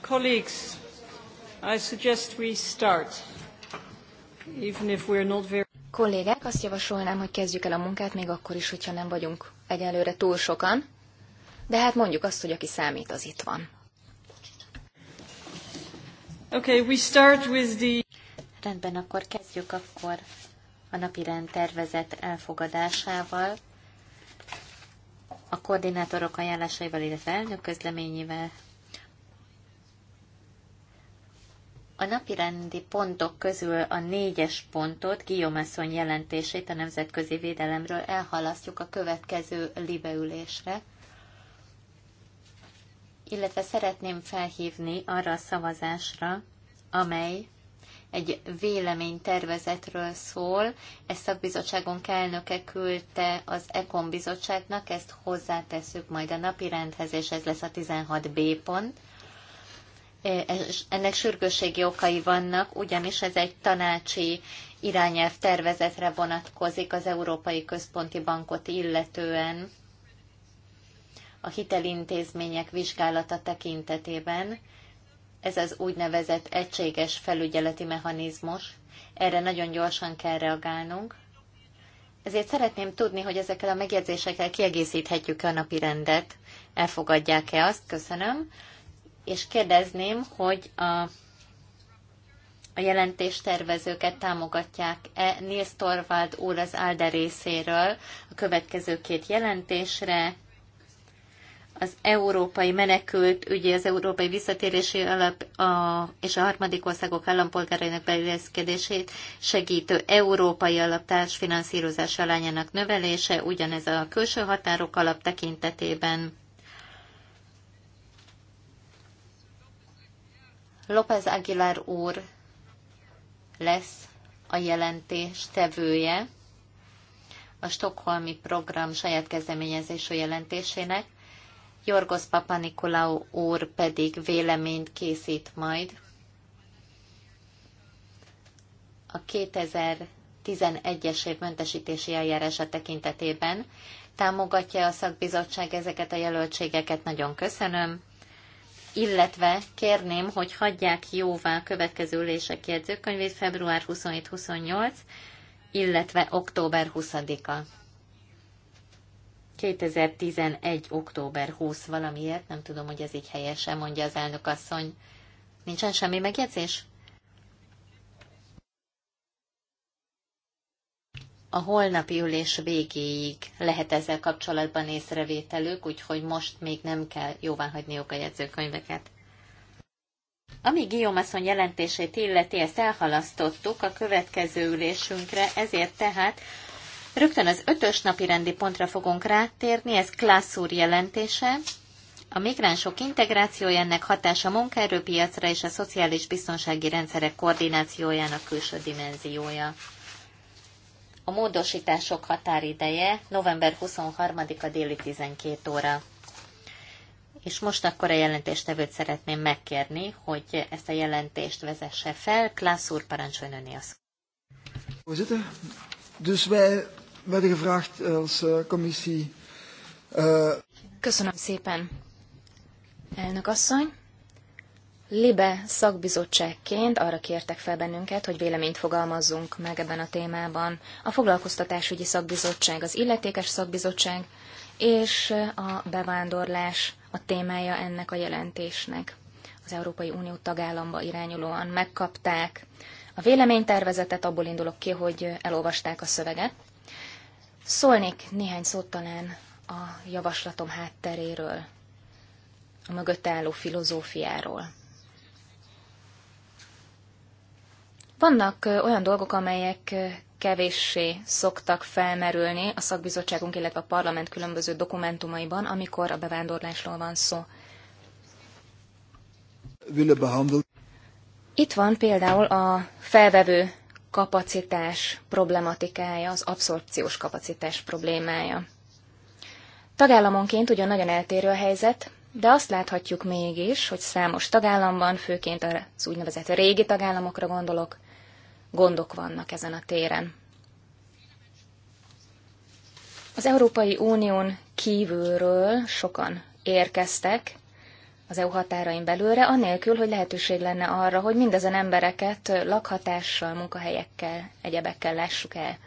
colleagues, I suggest we start, even if we're not very... Kollégák, azt javasolnám, hogy kezdjük el a munkát, még akkor is, hogyha nem vagyunk egyelőre túl sokan, de hát mondjuk azt, hogy aki számít, az itt van. Okay, we start with the... Rendben, akkor kezdjük akkor a napi rend tervezett elfogadásával, a koordinátorok ajánlásaival, illetve elnök közleményével A napirendi pontok közül a négyes pontot, Guillaume asszony jelentését a nemzetközi védelemről elhalasztjuk a következő libeülésre, illetve szeretném felhívni arra a szavazásra, amely egy véleménytervezetről szól. Ezt szakbizottságon elnöke küldte az ECOM bizottságnak, ezt hozzáteszük majd a napirendhez, és ez lesz a 16B pont. E, ennek sürgősségi okai vannak, ugyanis ez egy tanácsi irányelv tervezetre vonatkozik az Európai Központi Bankot illetően a hitelintézmények vizsgálata tekintetében. Ez az úgynevezett egységes felügyeleti mechanizmus. Erre nagyon gyorsan kell reagálnunk. Ezért szeretném tudni, hogy ezekkel a megjegyzésekkel kiegészíthetjük -e a napi rendet. Elfogadják-e azt? Köszönöm és kérdezném, hogy a, a jelentéstervezőket támogatják-e Nils Torvald úr az ALDE részéről a következő két jelentésre, az Európai Menekült Ügyi, az Európai Visszatérési Alap a, és a harmadik országok állampolgárainak beilleszkedését segítő Európai Alap társfinanszírozás alányának növelése, ugyanez a külső határok alap tekintetében López Aguilar úr lesz a jelentés tevője a Stockholmi Program saját kezdeményezésű jelentésének, Jorgos Papanikolaou úr pedig véleményt készít majd a 2011-es év mentesítési eljárása tekintetében. Támogatja a szakbizottság ezeket a jelöltségeket, nagyon köszönöm illetve kérném, hogy hagyják jóvá a következő ülések jegyzőkönyvét február 27-28, illetve október 20-a. 2011. október 20 valamiért, nem tudom, hogy ez így helyesen mondja az elnök asszony. Nincsen semmi megjegyzés? a holnapi ülés végéig lehet ezzel kapcsolatban észrevételük, úgyhogy most még nem kell hagyniuk a jegyzőkönyveket. Ami Guillaume jelentését illeti, ezt elhalasztottuk a következő ülésünkre, ezért tehát rögtön az ötös napi rendi pontra fogunk rátérni, ez klasszúr jelentése, a migránsok integrációja ennek hatása munkaerőpiacra és a szociális biztonsági rendszerek koordinációjának külső dimenziója. A módosítások határideje november 23-a déli 12 óra. És most akkor a jelentéstevőt szeretném megkérni, hogy ezt a jelentést vezesse fel. Klász úr, parancsoljon öné az. Voorzitter, dus wij werden gevraagd eh, als eh, commissie... Eh, Köszönöm szépen, elnök asszony. Libe szakbizottságként arra kértek fel bennünket, hogy véleményt fogalmazzunk meg ebben a témában. A foglalkoztatásügyi szakbizottság, az illetékes szakbizottság és a bevándorlás a témája ennek a jelentésnek. Az Európai Unió tagállamba irányulóan megkapták a véleménytervezetet, abból indulok ki, hogy elolvasták a szöveget. Szólnék néhány szót talán a javaslatom hátteréről, a mögött álló filozófiáról. Vannak olyan dolgok, amelyek kevéssé szoktak felmerülni a szakbizottságunk, illetve a parlament különböző dokumentumaiban, amikor a bevándorlásról van szó. Itt van például a felvevő kapacitás problematikája, az abszorpciós kapacitás problémája. Tagállamonként ugyan nagyon eltérő a helyzet, de azt láthatjuk mégis, hogy számos tagállamban, főként az úgynevezett régi tagállamokra gondolok, gondok vannak ezen a téren. Az Európai Unión kívülről sokan érkeztek az EU határain belőle, anélkül, hogy lehetőség lenne arra, hogy mindezen embereket lakhatással, munkahelyekkel, egyebekkel lássuk el.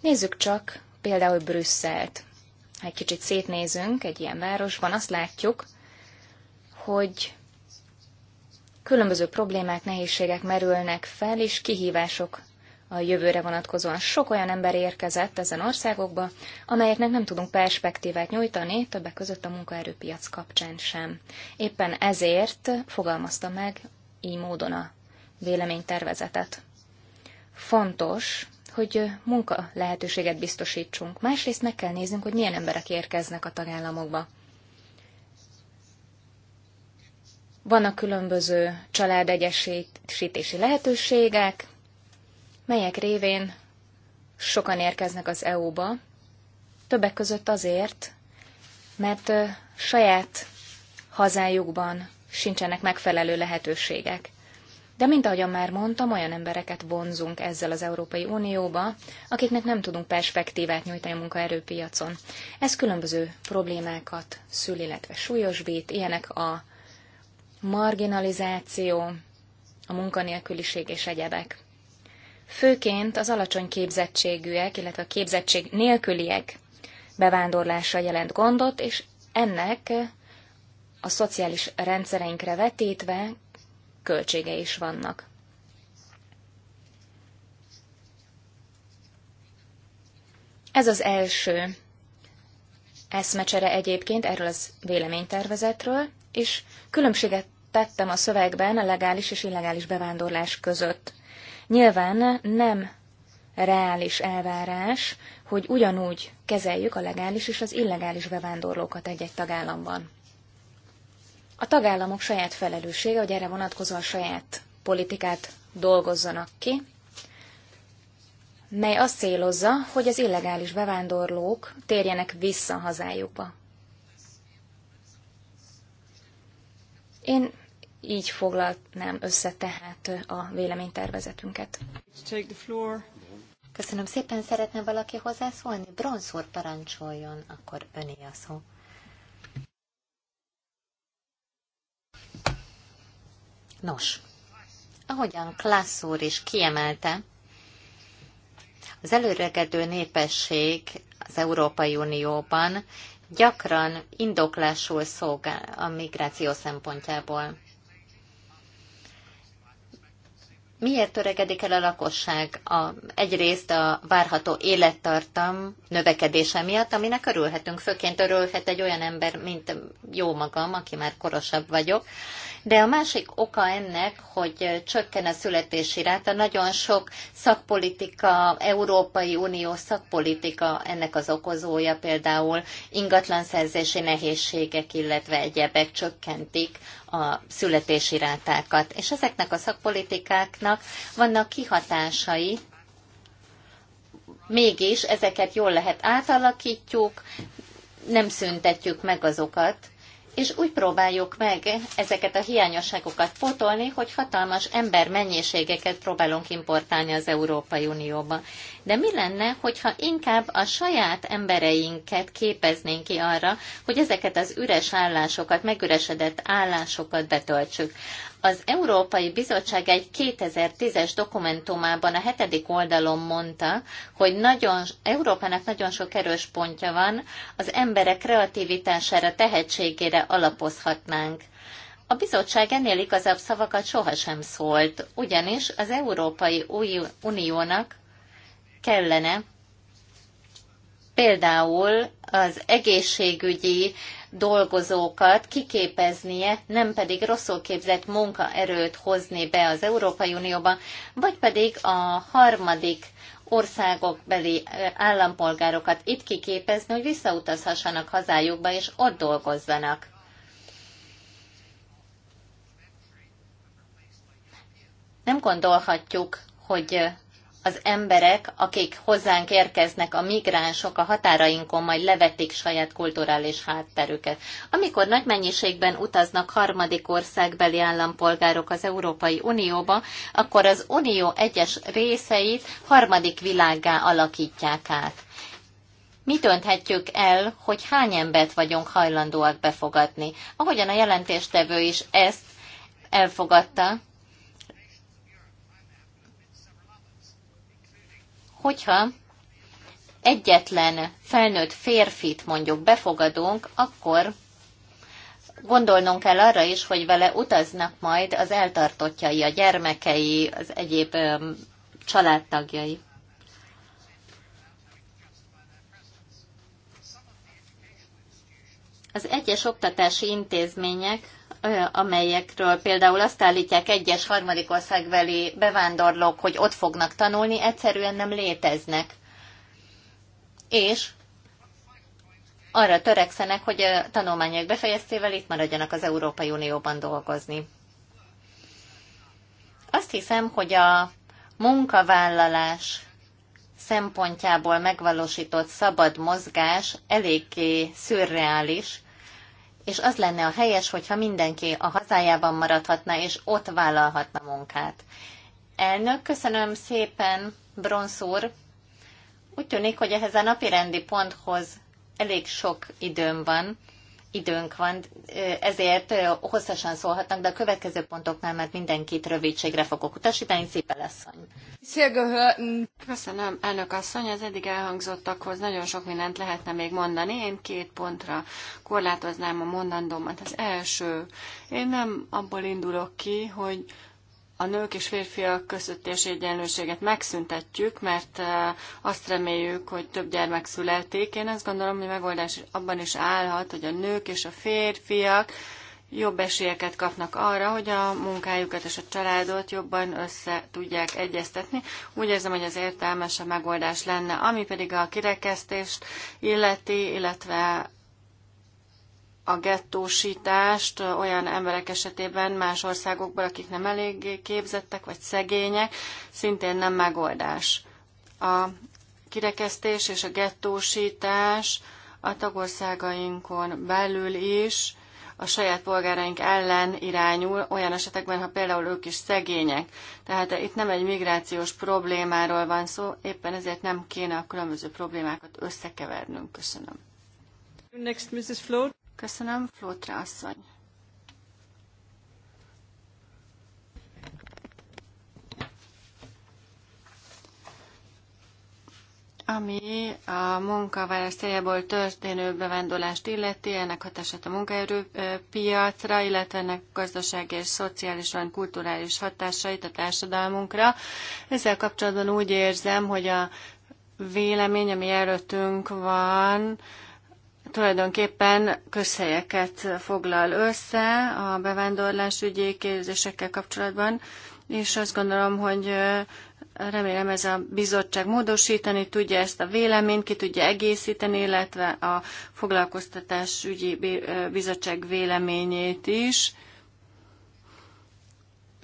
Nézzük csak például Brüsszelt. Ha egy kicsit szétnézünk egy ilyen városban, azt látjuk, hogy Különböző problémák, nehézségek merülnek fel, és kihívások a jövőre vonatkozóan. Sok olyan ember érkezett ezen országokba, amelyeknek nem tudunk perspektívát nyújtani, többek között a munkaerőpiac kapcsán sem. Éppen ezért fogalmazta meg így módon a véleménytervezetet. Fontos, hogy munka lehetőséget biztosítsunk. Másrészt meg kell néznünk, hogy milyen emberek érkeznek a tagállamokba. Vannak különböző családegyesítési lehetőségek, melyek révén sokan érkeznek az EU-ba, többek között azért, mert saját hazájukban sincsenek megfelelő lehetőségek. De mint ahogyan már mondtam, olyan embereket vonzunk ezzel az Európai Unióba, akiknek nem tudunk perspektívát nyújtani a munkaerőpiacon. Ez különböző problémákat szül, illetve súlyosbít, ilyenek a marginalizáció, a munkanélküliség és egyebek. Főként az alacsony képzettségűek, illetve a képzettség nélküliek bevándorlása jelent gondot, és ennek a szociális rendszereinkre vetítve költsége is vannak. Ez az első eszmecsere egyébként erről az véleménytervezetről, és különbséget tettem a szövegben a legális és illegális bevándorlás között. Nyilván nem reális elvárás, hogy ugyanúgy kezeljük a legális és az illegális bevándorlókat egy-egy tagállamban. A tagállamok saját felelőssége, hogy erre a saját politikát dolgozzanak ki, mely azt célozza, hogy az illegális bevándorlók térjenek vissza hazájukba. Én így foglalnám össze tehát a véleménytervezetünket. Köszönöm szépen, szeretne valaki hozzászólni? úr parancsoljon, akkor öné a szó. Nos, ahogyan Klassz úr is kiemelte, az előregedő népesség az Európai Unióban gyakran indoklásul szolgál a migráció szempontjából. Miért törekedik el a lakosság? A, egyrészt a várható élettartam növekedése miatt, aminek örülhetünk. Főként örülhet egy olyan ember, mint jó magam, aki már korosabb vagyok, de a másik oka ennek, hogy csökken a születési ráta, nagyon sok szakpolitika, Európai Unió szakpolitika ennek az okozója, például ingatlanszerzési nehézségek, illetve egyebek csökkentik a születési rátákat. És ezeknek a szakpolitikáknak vannak kihatásai, mégis ezeket jól lehet átalakítjuk, nem szüntetjük meg azokat, és úgy próbáljuk meg ezeket a hiányosságokat pótolni, hogy hatalmas ember mennyiségeket próbálunk importálni az Európai Unióba. De mi lenne, hogyha inkább a saját embereinket képeznénk ki arra, hogy ezeket az üres állásokat, megüresedett állásokat betöltsük? Az Európai Bizottság egy 2010-es dokumentumában a hetedik oldalon mondta, hogy nagyon, Európának nagyon sok erős pontja van, az emberek kreativitására, tehetségére alapozhatnánk. A bizottság ennél igazabb szavakat sohasem szólt, ugyanis az Európai Uniónak kellene például az egészségügyi dolgozókat kiképeznie, nem pedig rosszul képzett munkaerőt hozni be az Európai Unióba, vagy pedig a harmadik országokbeli állampolgárokat itt kiképezni, hogy visszautazhassanak hazájukba és ott dolgozzanak. Nem gondolhatjuk, hogy az emberek, akik hozzánk érkeznek, a migránsok a határainkon majd levetik saját kulturális hátterüket. Amikor nagy mennyiségben utaznak harmadik országbeli állampolgárok az Európai Unióba, akkor az Unió egyes részeit harmadik világgá alakítják át. Mi dönthetjük el, hogy hány embert vagyunk hajlandóak befogadni? Ahogyan a jelentéstevő is ezt elfogadta, hogyha egyetlen felnőtt férfit mondjuk befogadunk, akkor gondolnunk kell arra is, hogy vele utaznak majd az eltartottjai, a gyermekei, az egyéb családtagjai. Az egyes oktatási intézmények amelyekről például azt állítják egyes harmadik országbeli bevándorlók, hogy ott fognak tanulni, egyszerűen nem léteznek. És arra törekszenek, hogy a tanulmányok befejeztével itt maradjanak az Európai Unióban dolgozni. Azt hiszem, hogy a munkavállalás szempontjából megvalósított szabad mozgás eléggé szürreális, és az lenne a helyes, hogyha mindenki a hazájában maradhatna, és ott vállalhatna munkát. Elnök, köszönöm szépen, Bronsz úr. Úgy tűnik, hogy ehhez a rendi ponthoz elég sok időm van, időnk van, ezért hosszasan szólhatnak, de a következő pontoknál már mindenkit rövidségre fogok utasítani, Szépen asszony. Köszönöm, elnök asszony, az eddig elhangzottakhoz nagyon sok mindent lehetne még mondani. Én két pontra korlátoznám a mondandómat. Az első, én nem abból indulok ki, hogy a nők és férfiak közötti esélyegyenlőséget megszüntetjük, mert eh, azt reméljük, hogy több gyermek születik. Én azt gondolom, hogy megoldás abban is állhat, hogy a nők és a férfiak jobb esélyeket kapnak arra, hogy a munkájukat és a családot jobban össze tudják egyeztetni. Úgy érzem, hogy az értelmes a megoldás lenne, ami pedig a kirekesztést illeti, illetve a gettósítást olyan emberek esetében más országokból, akik nem elég képzettek vagy szegények, szintén nem megoldás. A kirekesztés és a gettósítás a tagországainkon belül is a saját polgáraink ellen irányul, olyan esetekben, ha például ők is szegények. Tehát itt nem egy migrációs problémáról van szó, éppen ezért nem kéne a különböző problémákat összekevernünk. Köszönöm. Next, Mrs. Flood. Köszönöm, Flótra asszony. ami a munkavállalás céljából történő bevándorlást illeti, ennek hatását a munkaerőpiacra, illetve ennek gazdasági és szociális, vagy kulturális hatásait a társadalmunkra. Ezzel kapcsolatban úgy érzem, hogy a vélemény, ami előttünk van, tulajdonképpen közhelyeket foglal össze a bevándorlás ügyi kérdésekkel kapcsolatban, és azt gondolom, hogy remélem ez a bizottság módosítani tudja ezt a véleményt, ki tudja egészíteni, illetve a foglalkoztatás ügyi bizottság véleményét is.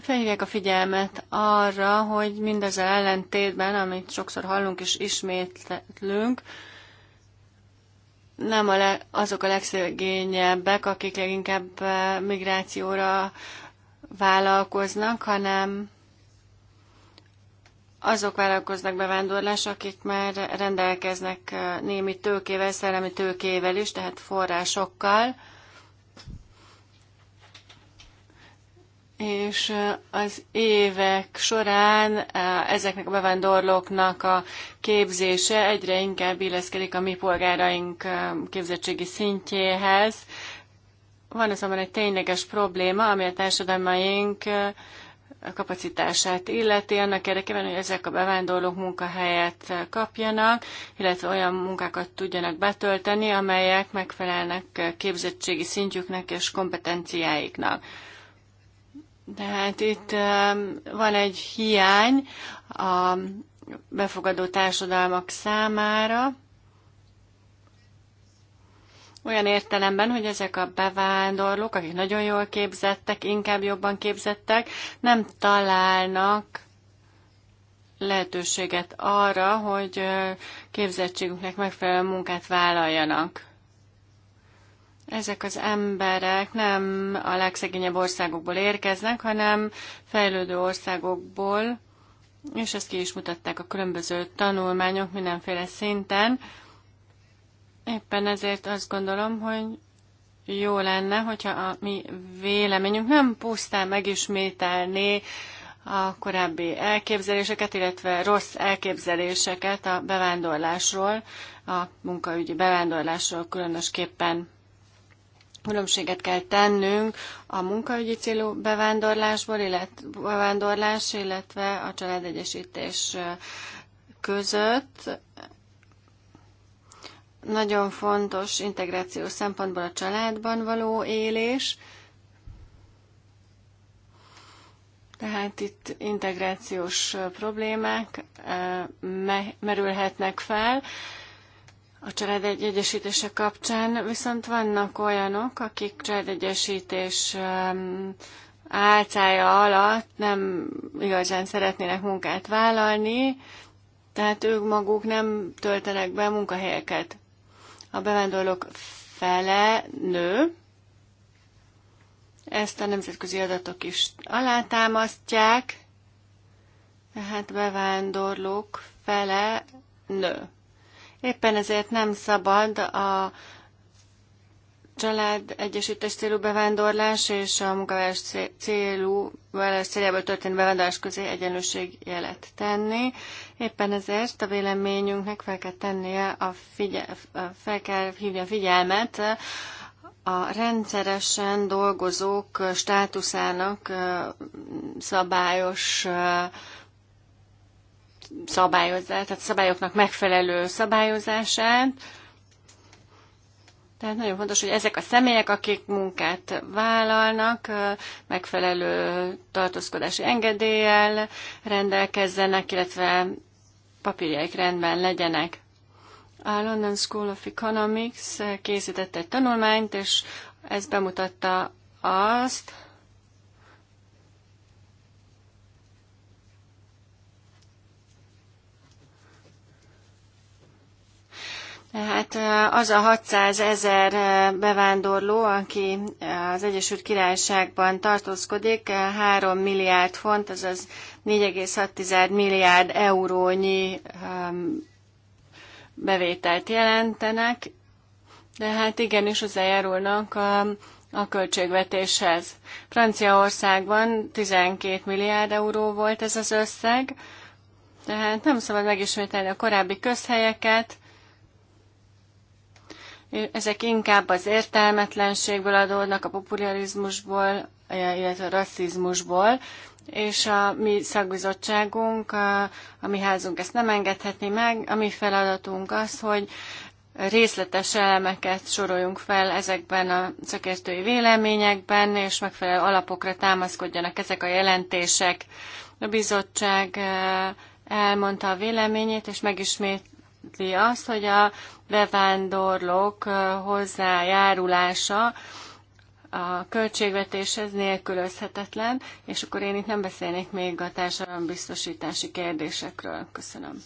Felhívják a figyelmet arra, hogy mindezzel ellentétben, amit sokszor hallunk és ismétlünk, nem a le, azok a legszegényebbek, akik leginkább eh, migrációra vállalkoznak, hanem azok vállalkoznak bevándorlás, akik már rendelkeznek eh, némi tőkével, szellemi tőkével is, tehát forrásokkal, és az évek során ezeknek a bevándorlóknak a képzése egyre inkább illeszkedik a mi polgáraink képzettségi szintjéhez. Van azonban egy tényleges probléma, ami a társadalmaink kapacitását illeti, annak érdekében, hogy ezek a bevándorlók munkahelyet kapjanak, illetve olyan munkákat tudjanak betölteni, amelyek megfelelnek képzettségi szintjüknek és kompetenciáiknak. Tehát itt van egy hiány a befogadó társadalmak számára, olyan értelemben, hogy ezek a bevándorlók, akik nagyon jól képzettek, inkább jobban képzettek, nem találnak lehetőséget arra, hogy képzettségüknek megfelelő munkát vállaljanak ezek az emberek nem a legszegényebb országokból érkeznek, hanem fejlődő országokból, és ezt ki is mutatták a különböző tanulmányok mindenféle szinten. Éppen ezért azt gondolom, hogy jó lenne, hogyha a mi véleményünk nem pusztán megismételné a korábbi elképzeléseket, illetve rossz elképzeléseket a bevándorlásról, a munkaügyi bevándorlásról különösképpen Különbséget kell tennünk a munkaügyi célú bevándorlásból, illetve bevándorlás, illetve a családegyesítés között. Nagyon fontos integráció szempontból a családban való élés, tehát itt integrációs problémák merülhetnek fel a családegyesítése kapcsán, viszont vannak olyanok, akik családegyesítés álcája alatt nem igazán szeretnének munkát vállalni, tehát ők maguk nem töltenek be munkahelyeket. A bevándorlók fele nő, ezt a nemzetközi adatok is alátámasztják, tehát bevándorlók fele nő. Éppen ezért nem szabad a család egyesítés célú bevándorlás és a munkavállás célú vállás céljából történő bevándorlás közé jelet tenni. Éppen ezért a véleményünknek fel kell tennie a figyel, fel kell hívni a figyelmet a rendszeresen dolgozók státuszának szabályos szabályozás, tehát szabályoknak megfelelő szabályozását. Tehát nagyon fontos, hogy ezek a személyek, akik munkát vállalnak, megfelelő tartózkodási engedéllyel rendelkezzenek, illetve papírjaik rendben legyenek. A London School of Economics készített egy tanulmányt, és ez bemutatta azt, Hát az a 600 ezer bevándorló, aki az Egyesült Királyságban tartózkodik, 3 milliárd font, azaz 4,6 milliárd eurónyi bevételt jelentenek, de hát igenis hozzájárulnak a, a költségvetéshez. Franciaországban 12 milliárd euró volt ez az összeg, tehát nem szabad megismételni a korábbi közhelyeket, ezek inkább az értelmetlenségből adódnak, a popularizmusból, illetve a rasszizmusból, és a mi szakbizottságunk, a, a mi házunk ezt nem engedhetni meg. A mi feladatunk az, hogy részletes elemeket soroljunk fel ezekben a szakértői véleményekben, és megfelelő alapokra támaszkodjanak ezek a jelentések. A bizottság eh, elmondta a véleményét, és megismét jelenti azt, hogy a bevándorlók hozzájárulása a költségvetéshez nélkülözhetetlen, és akkor én itt nem beszélnék még a társadalombiztosítási kérdésekről. Köszönöm.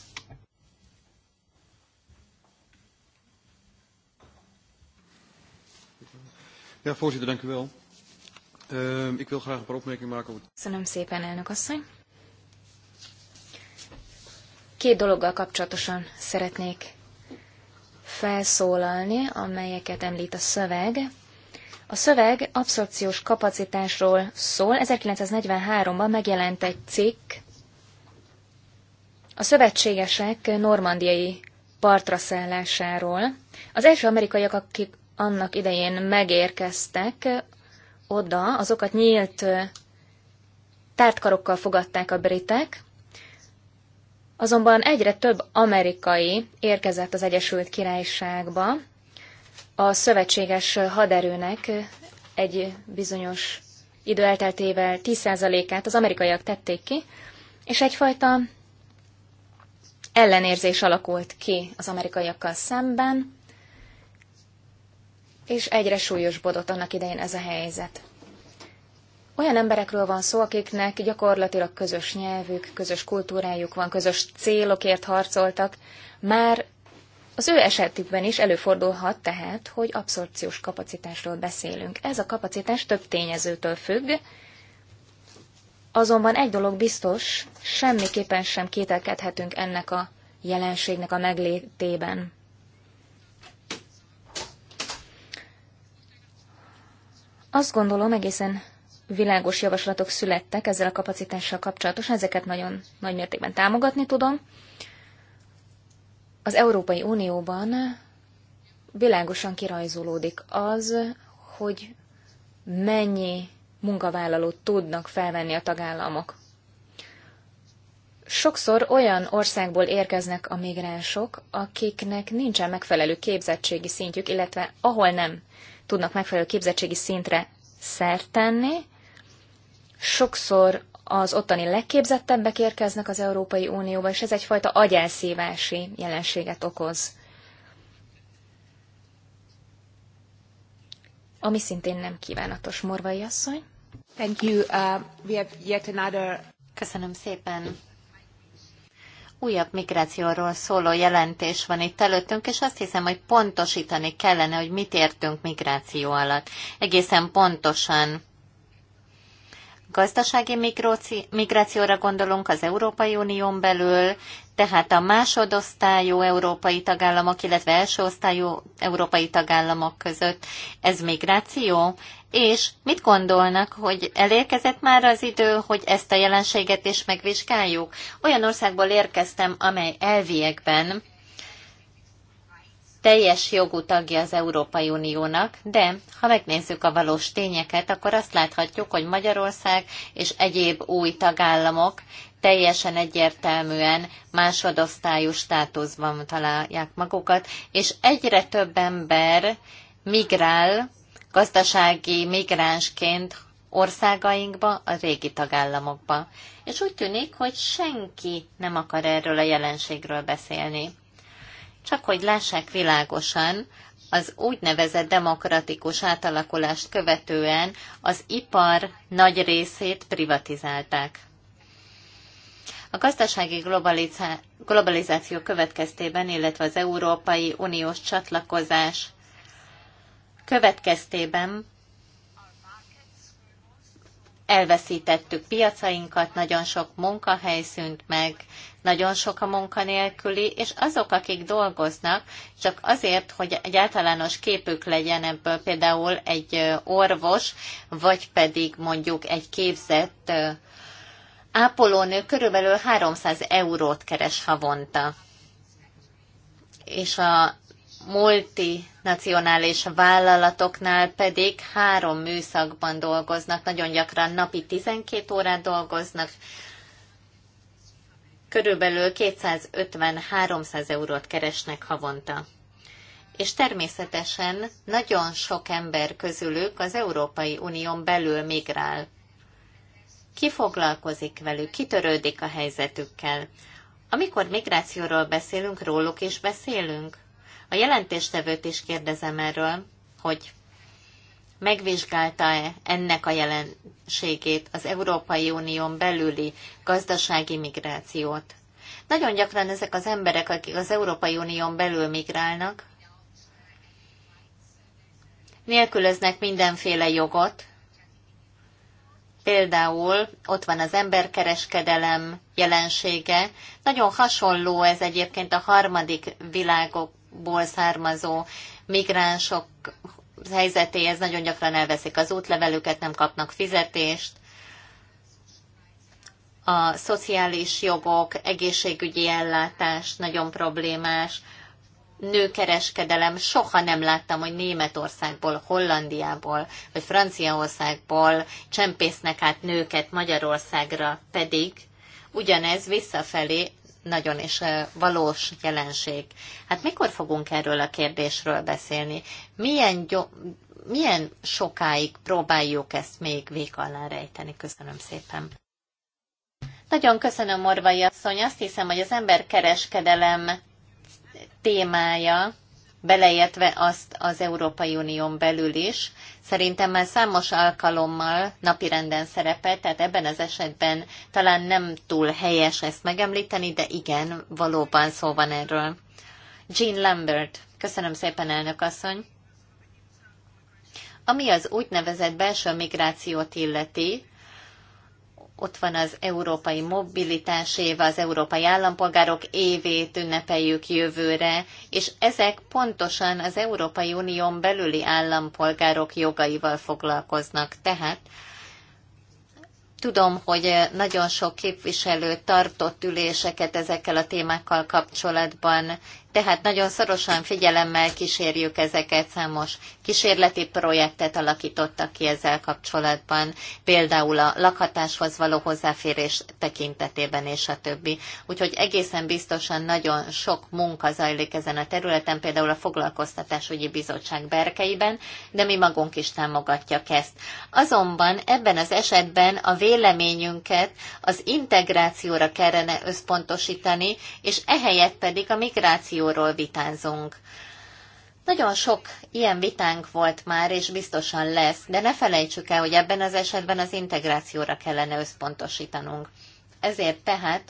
Ja, voorzitter, dank u wel. Uh, ik wil graag een paar opmerkingen maken. Köszönöm szépen, elnök asszony. Két dologgal kapcsolatosan szeretnék felszólalni, amelyeket említ a szöveg. A szöveg abszorpciós kapacitásról szól. 1943-ban megjelent egy cikk, a szövetségesek normandiai partra szállásáról. Az első amerikaiak, akik annak idején megérkeztek oda, azokat nyílt tártkarokkal fogadták a britek, Azonban egyre több amerikai érkezett az Egyesült Királyságba a szövetséges haderőnek egy bizonyos idő elteltével 10%-át az amerikaiak tették ki, és egyfajta ellenérzés alakult ki az amerikaiakkal szemben, és egyre súlyosbodott annak idején ez a helyzet. Olyan emberekről van szó, akiknek gyakorlatilag közös nyelvük, közös kultúrájuk van, közös célokért harcoltak. Már az ő esetükben is előfordulhat tehát, hogy abszorpciós kapacitásról beszélünk. Ez a kapacitás több tényezőtől függ, azonban egy dolog biztos, semmiképpen sem kételkedhetünk ennek a jelenségnek a meglétében. Azt gondolom egészen világos javaslatok születtek ezzel a kapacitással kapcsolatosan, ezeket nagyon nagy mértékben támogatni tudom. Az Európai Unióban világosan kirajzolódik az, hogy mennyi munkavállalót tudnak felvenni a tagállamok. Sokszor olyan országból érkeznek a migránsok, akiknek nincsen megfelelő képzettségi szintjük, illetve ahol nem tudnak megfelelő képzettségi szintre szert tenni, sokszor az ottani legképzettebbek érkeznek az Európai Unióba, és ez egyfajta agyelszívási jelenséget okoz. Ami szintén nem kívánatos, Morvai asszony. Thank you. Uh, we have yet another... Köszönöm szépen. Újabb migrációról szóló jelentés van itt előttünk, és azt hiszem, hogy pontosítani kellene, hogy mit értünk migráció alatt. Egészen pontosan gazdasági migrációra gondolunk az Európai Unión belül, tehát a másodosztályú európai tagállamok, illetve első osztályú európai tagállamok között. Ez migráció? És mit gondolnak, hogy elérkezett már az idő, hogy ezt a jelenséget is megvizsgáljuk? Olyan országból érkeztem, amely elviekben teljes jogú tagja az Európai Uniónak, de ha megnézzük a valós tényeket, akkor azt láthatjuk, hogy Magyarország és egyéb új tagállamok teljesen egyértelműen másodosztályú státuszban találják magukat, és egyre több ember migrál gazdasági migránsként országainkba, a régi tagállamokba. És úgy tűnik, hogy senki nem akar erről a jelenségről beszélni csak hogy lássák világosan, az úgynevezett demokratikus átalakulást követően az ipar nagy részét privatizálták. A gazdasági globalizáció következtében, illetve az Európai Uniós csatlakozás következtében elveszítettük piacainkat, nagyon sok munkahely szűnt meg, nagyon sok a munkanélküli, és azok, akik dolgoznak, csak azért, hogy egy általános képük legyen ebből például egy orvos, vagy pedig mondjuk egy képzett ápolónő körülbelül 300 eurót keres havonta. És a multinacionális vállalatoknál pedig három műszakban dolgoznak, nagyon gyakran napi 12 órát dolgoznak, körülbelül 250-300 eurót keresnek havonta. És természetesen nagyon sok ember közülük az Európai Unión belül migrál. Ki foglalkozik velük, kitörődik a helyzetükkel. Amikor migrációról beszélünk, róluk is beszélünk. A jelentéstevőt is kérdezem erről, hogy megvizsgálta-e ennek a jelenségét az Európai Unión belüli gazdasági migrációt. Nagyon gyakran ezek az emberek, akik az Európai Unión belül migrálnak, nélkülöznek mindenféle jogot, Például ott van az emberkereskedelem jelensége. Nagyon hasonló ez egyébként a harmadik világok országokból származó migránsok helyzetéhez nagyon gyakran elveszik az útlevelüket, nem kapnak fizetést, a szociális jogok, egészségügyi ellátás nagyon problémás, nőkereskedelem, soha nem láttam, hogy Németországból, Hollandiából vagy Franciaországból csempésznek át nőket Magyarországra, pedig ugyanez visszafelé nagyon is eh, valós jelenség. Hát mikor fogunk erről a kérdésről beszélni? Milyen, gyó, milyen sokáig próbáljuk ezt még vék alá rejteni? Köszönöm szépen. Nagyon köszönöm, Orvai asszony. Azt hiszem, hogy az emberkereskedelem témája beleértve azt az Európai Unión belül is. Szerintem már számos alkalommal napirenden szerepel, tehát ebben az esetben talán nem túl helyes ezt megemlíteni, de igen, valóban szó van erről. Jean Lambert, köszönöm szépen, elnök asszony. Ami az úgynevezett belső migrációt illeti, ott van az európai mobilitás éve, az európai állampolgárok évét ünnepeljük jövőre, és ezek pontosan az Európai Unión belüli állampolgárok jogaival foglalkoznak. Tehát tudom, hogy nagyon sok képviselő tartott üléseket ezekkel a témákkal kapcsolatban, tehát nagyon szorosan figyelemmel kísérjük ezeket, számos kísérleti projektet alakítottak ki ezzel kapcsolatban, például a lakhatáshoz való hozzáférés tekintetében és a többi. Úgyhogy egészen biztosan nagyon sok munka zajlik ezen a területen, például a Foglalkoztatásügyi Bizottság berkeiben, de mi magunk is támogatjuk ezt. Azonban ebben az esetben a véleményünket az integrációra kellene összpontosítani, és ehelyett pedig a migráció unióról vitázunk. Nagyon sok ilyen vitánk volt már, és biztosan lesz, de ne felejtsük el, hogy ebben az esetben az integrációra kellene összpontosítanunk. Ezért tehát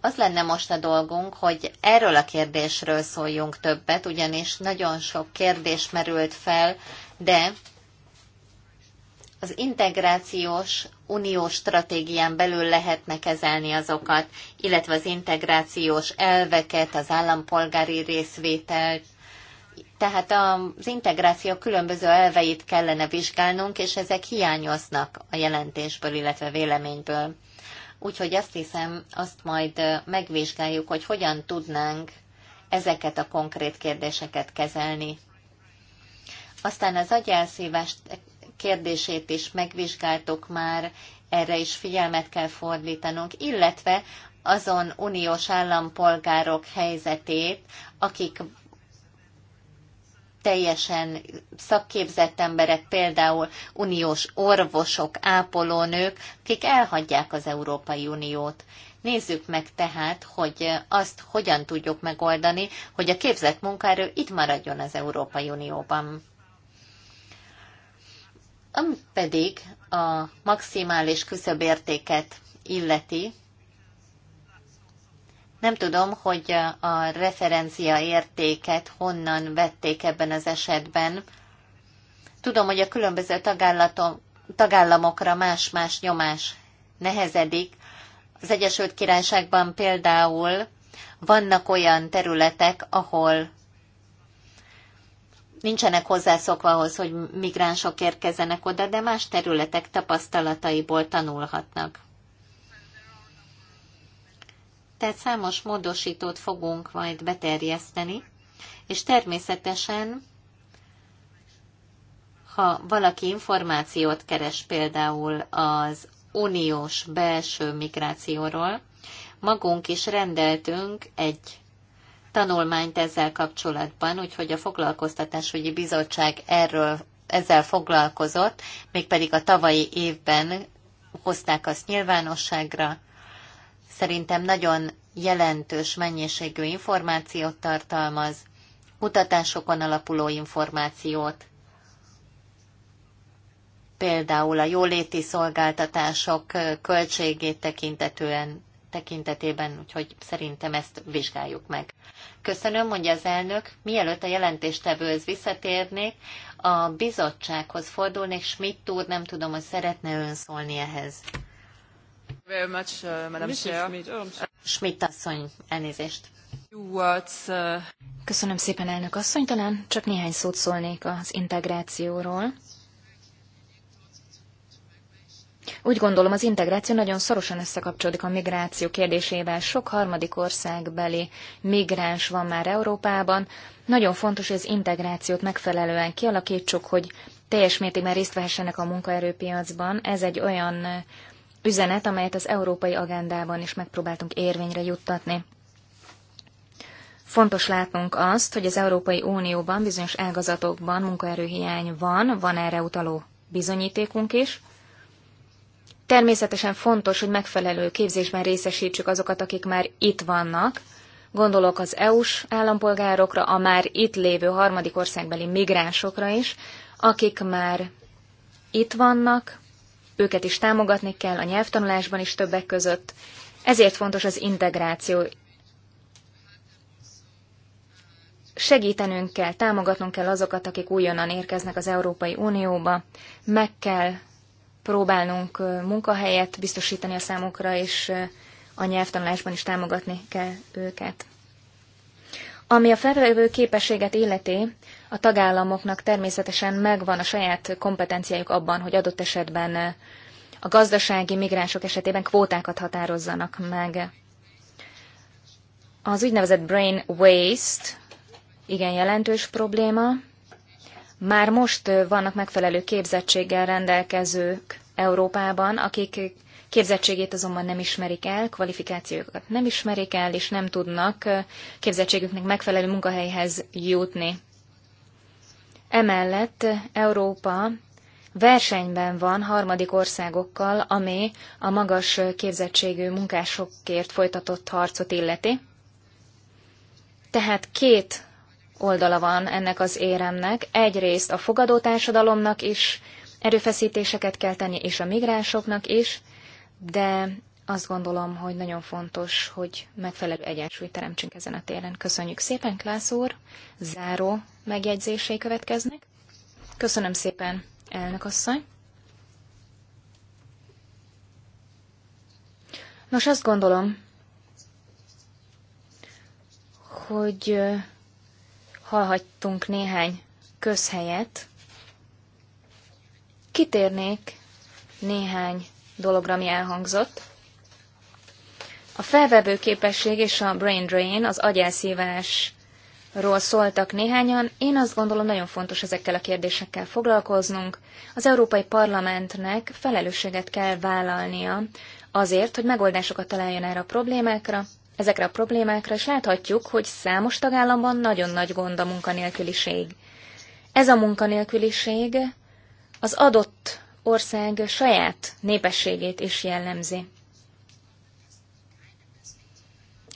az lenne most a dolgunk, hogy erről a kérdésről szóljunk többet, ugyanis nagyon sok kérdés merült fel, de az integrációs uniós stratégián belül lehetne kezelni azokat, illetve az integrációs elveket, az állampolgári részvételt. Tehát az integráció különböző elveit kellene vizsgálnunk, és ezek hiányoznak a jelentésből, illetve véleményből. Úgyhogy azt hiszem, azt majd megvizsgáljuk, hogy hogyan tudnánk ezeket a konkrét kérdéseket kezelni. Aztán az agyelszívás kérdését is megvizsgáltuk már, erre is figyelmet kell fordítanunk, illetve azon uniós állampolgárok helyzetét, akik teljesen szakképzett emberek, például uniós orvosok, ápolónők, akik elhagyják az Európai Uniót. Nézzük meg tehát, hogy azt hogyan tudjuk megoldani, hogy a képzett munkáról itt maradjon az Európai Unióban. Ami pedig a maximális küszöbértéket illeti, nem tudom, hogy a referencia értéket honnan vették ebben az esetben. Tudom, hogy a különböző tagállamokra más-más nyomás nehezedik. Az Egyesült Királyságban például vannak olyan területek, ahol nincsenek hozzászokva ahhoz, hogy migránsok érkezzenek oda, de más területek tapasztalataiból tanulhatnak. Tehát számos módosítót fogunk majd beterjeszteni, és természetesen, ha valaki információt keres például az uniós belső migrációról, magunk is rendeltünk egy tanulmányt ezzel kapcsolatban, úgyhogy a Foglalkoztatásügyi Bizottság erről ezzel foglalkozott, mégpedig a tavalyi évben hozták azt nyilvánosságra. Szerintem nagyon jelentős mennyiségű információt tartalmaz, kutatásokon alapuló információt, például a jóléti szolgáltatások költségét tekintetően tekintetében, úgyhogy szerintem ezt vizsgáljuk meg. Köszönöm, mondja az elnök. Mielőtt a jelentéstevőhöz visszatérnék, a bizottsághoz fordulnék. Schmidt úr, nem tudom, hogy szeretne ön szólni ehhez. Very much, uh, Madam Chair. Oh, Schmidt asszony, elnézést. Uh, Köszönöm szépen, elnök asszony. Talán csak néhány szót szólnék az integrációról. Úgy gondolom, az integráció nagyon szorosan összekapcsolódik a migráció kérdésével. Sok harmadik országbeli migráns van már Európában. Nagyon fontos, hogy az integrációt megfelelően kialakítsuk, hogy teljes mértékben részt vehessenek a munkaerőpiacban. Ez egy olyan üzenet, amelyet az európai agendában is megpróbáltunk érvényre juttatni. Fontos látnunk azt, hogy az Európai Unióban bizonyos ágazatokban munkaerőhiány van, van erre utaló bizonyítékunk is, Természetesen fontos, hogy megfelelő képzésben részesítsük azokat, akik már itt vannak. Gondolok az EU-s állampolgárokra, a már itt lévő harmadik országbeli migránsokra is, akik már itt vannak, őket is támogatni kell a nyelvtanulásban is többek között. Ezért fontos az integráció. Segítenünk kell, támogatnunk kell azokat, akik újonnan érkeznek az Európai Unióba. Meg kell próbálnunk munkahelyet biztosítani a számukra, és a nyelvtanulásban is támogatni kell őket. Ami a felvevő képességet illeti, a tagállamoknak természetesen megvan a saját kompetenciájuk abban, hogy adott esetben a gazdasági migránsok esetében kvótákat határozzanak meg. Az úgynevezett brain waste igen jelentős probléma, már most vannak megfelelő képzettséggel rendelkezők Európában, akik képzettségét azonban nem ismerik el, kvalifikációkat nem ismerik el, és nem tudnak képzettségüknek megfelelő munkahelyhez jutni. Emellett Európa versenyben van harmadik országokkal, ami a magas képzettségű munkásokért folytatott harcot illeti. Tehát két oldala van ennek az éremnek. Egyrészt a fogadó társadalomnak is erőfeszítéseket kell tenni, és a migránsoknak is, de azt gondolom, hogy nagyon fontos, hogy megfelelő egyensúlyt teremtsünk ezen a téren. Köszönjük szépen, Klász úr! Záró megjegyzései következnek. Köszönöm szépen, elnök asszony! Nos, azt gondolom, hogy hallhattunk néhány közhelyet. Kitérnék néhány dologra, ami elhangzott. A felvevő képesség és a brain drain, az agyelszívásról szóltak néhányan. Én azt gondolom, nagyon fontos ezekkel a kérdésekkel foglalkoznunk. Az Európai Parlamentnek felelősséget kell vállalnia azért, hogy megoldásokat találjon erre a problémákra, ezekre a problémákra, is láthatjuk, hogy számos tagállamban nagyon nagy gond a munkanélküliség. Ez a munkanélküliség az adott ország saját népességét is jellemzi.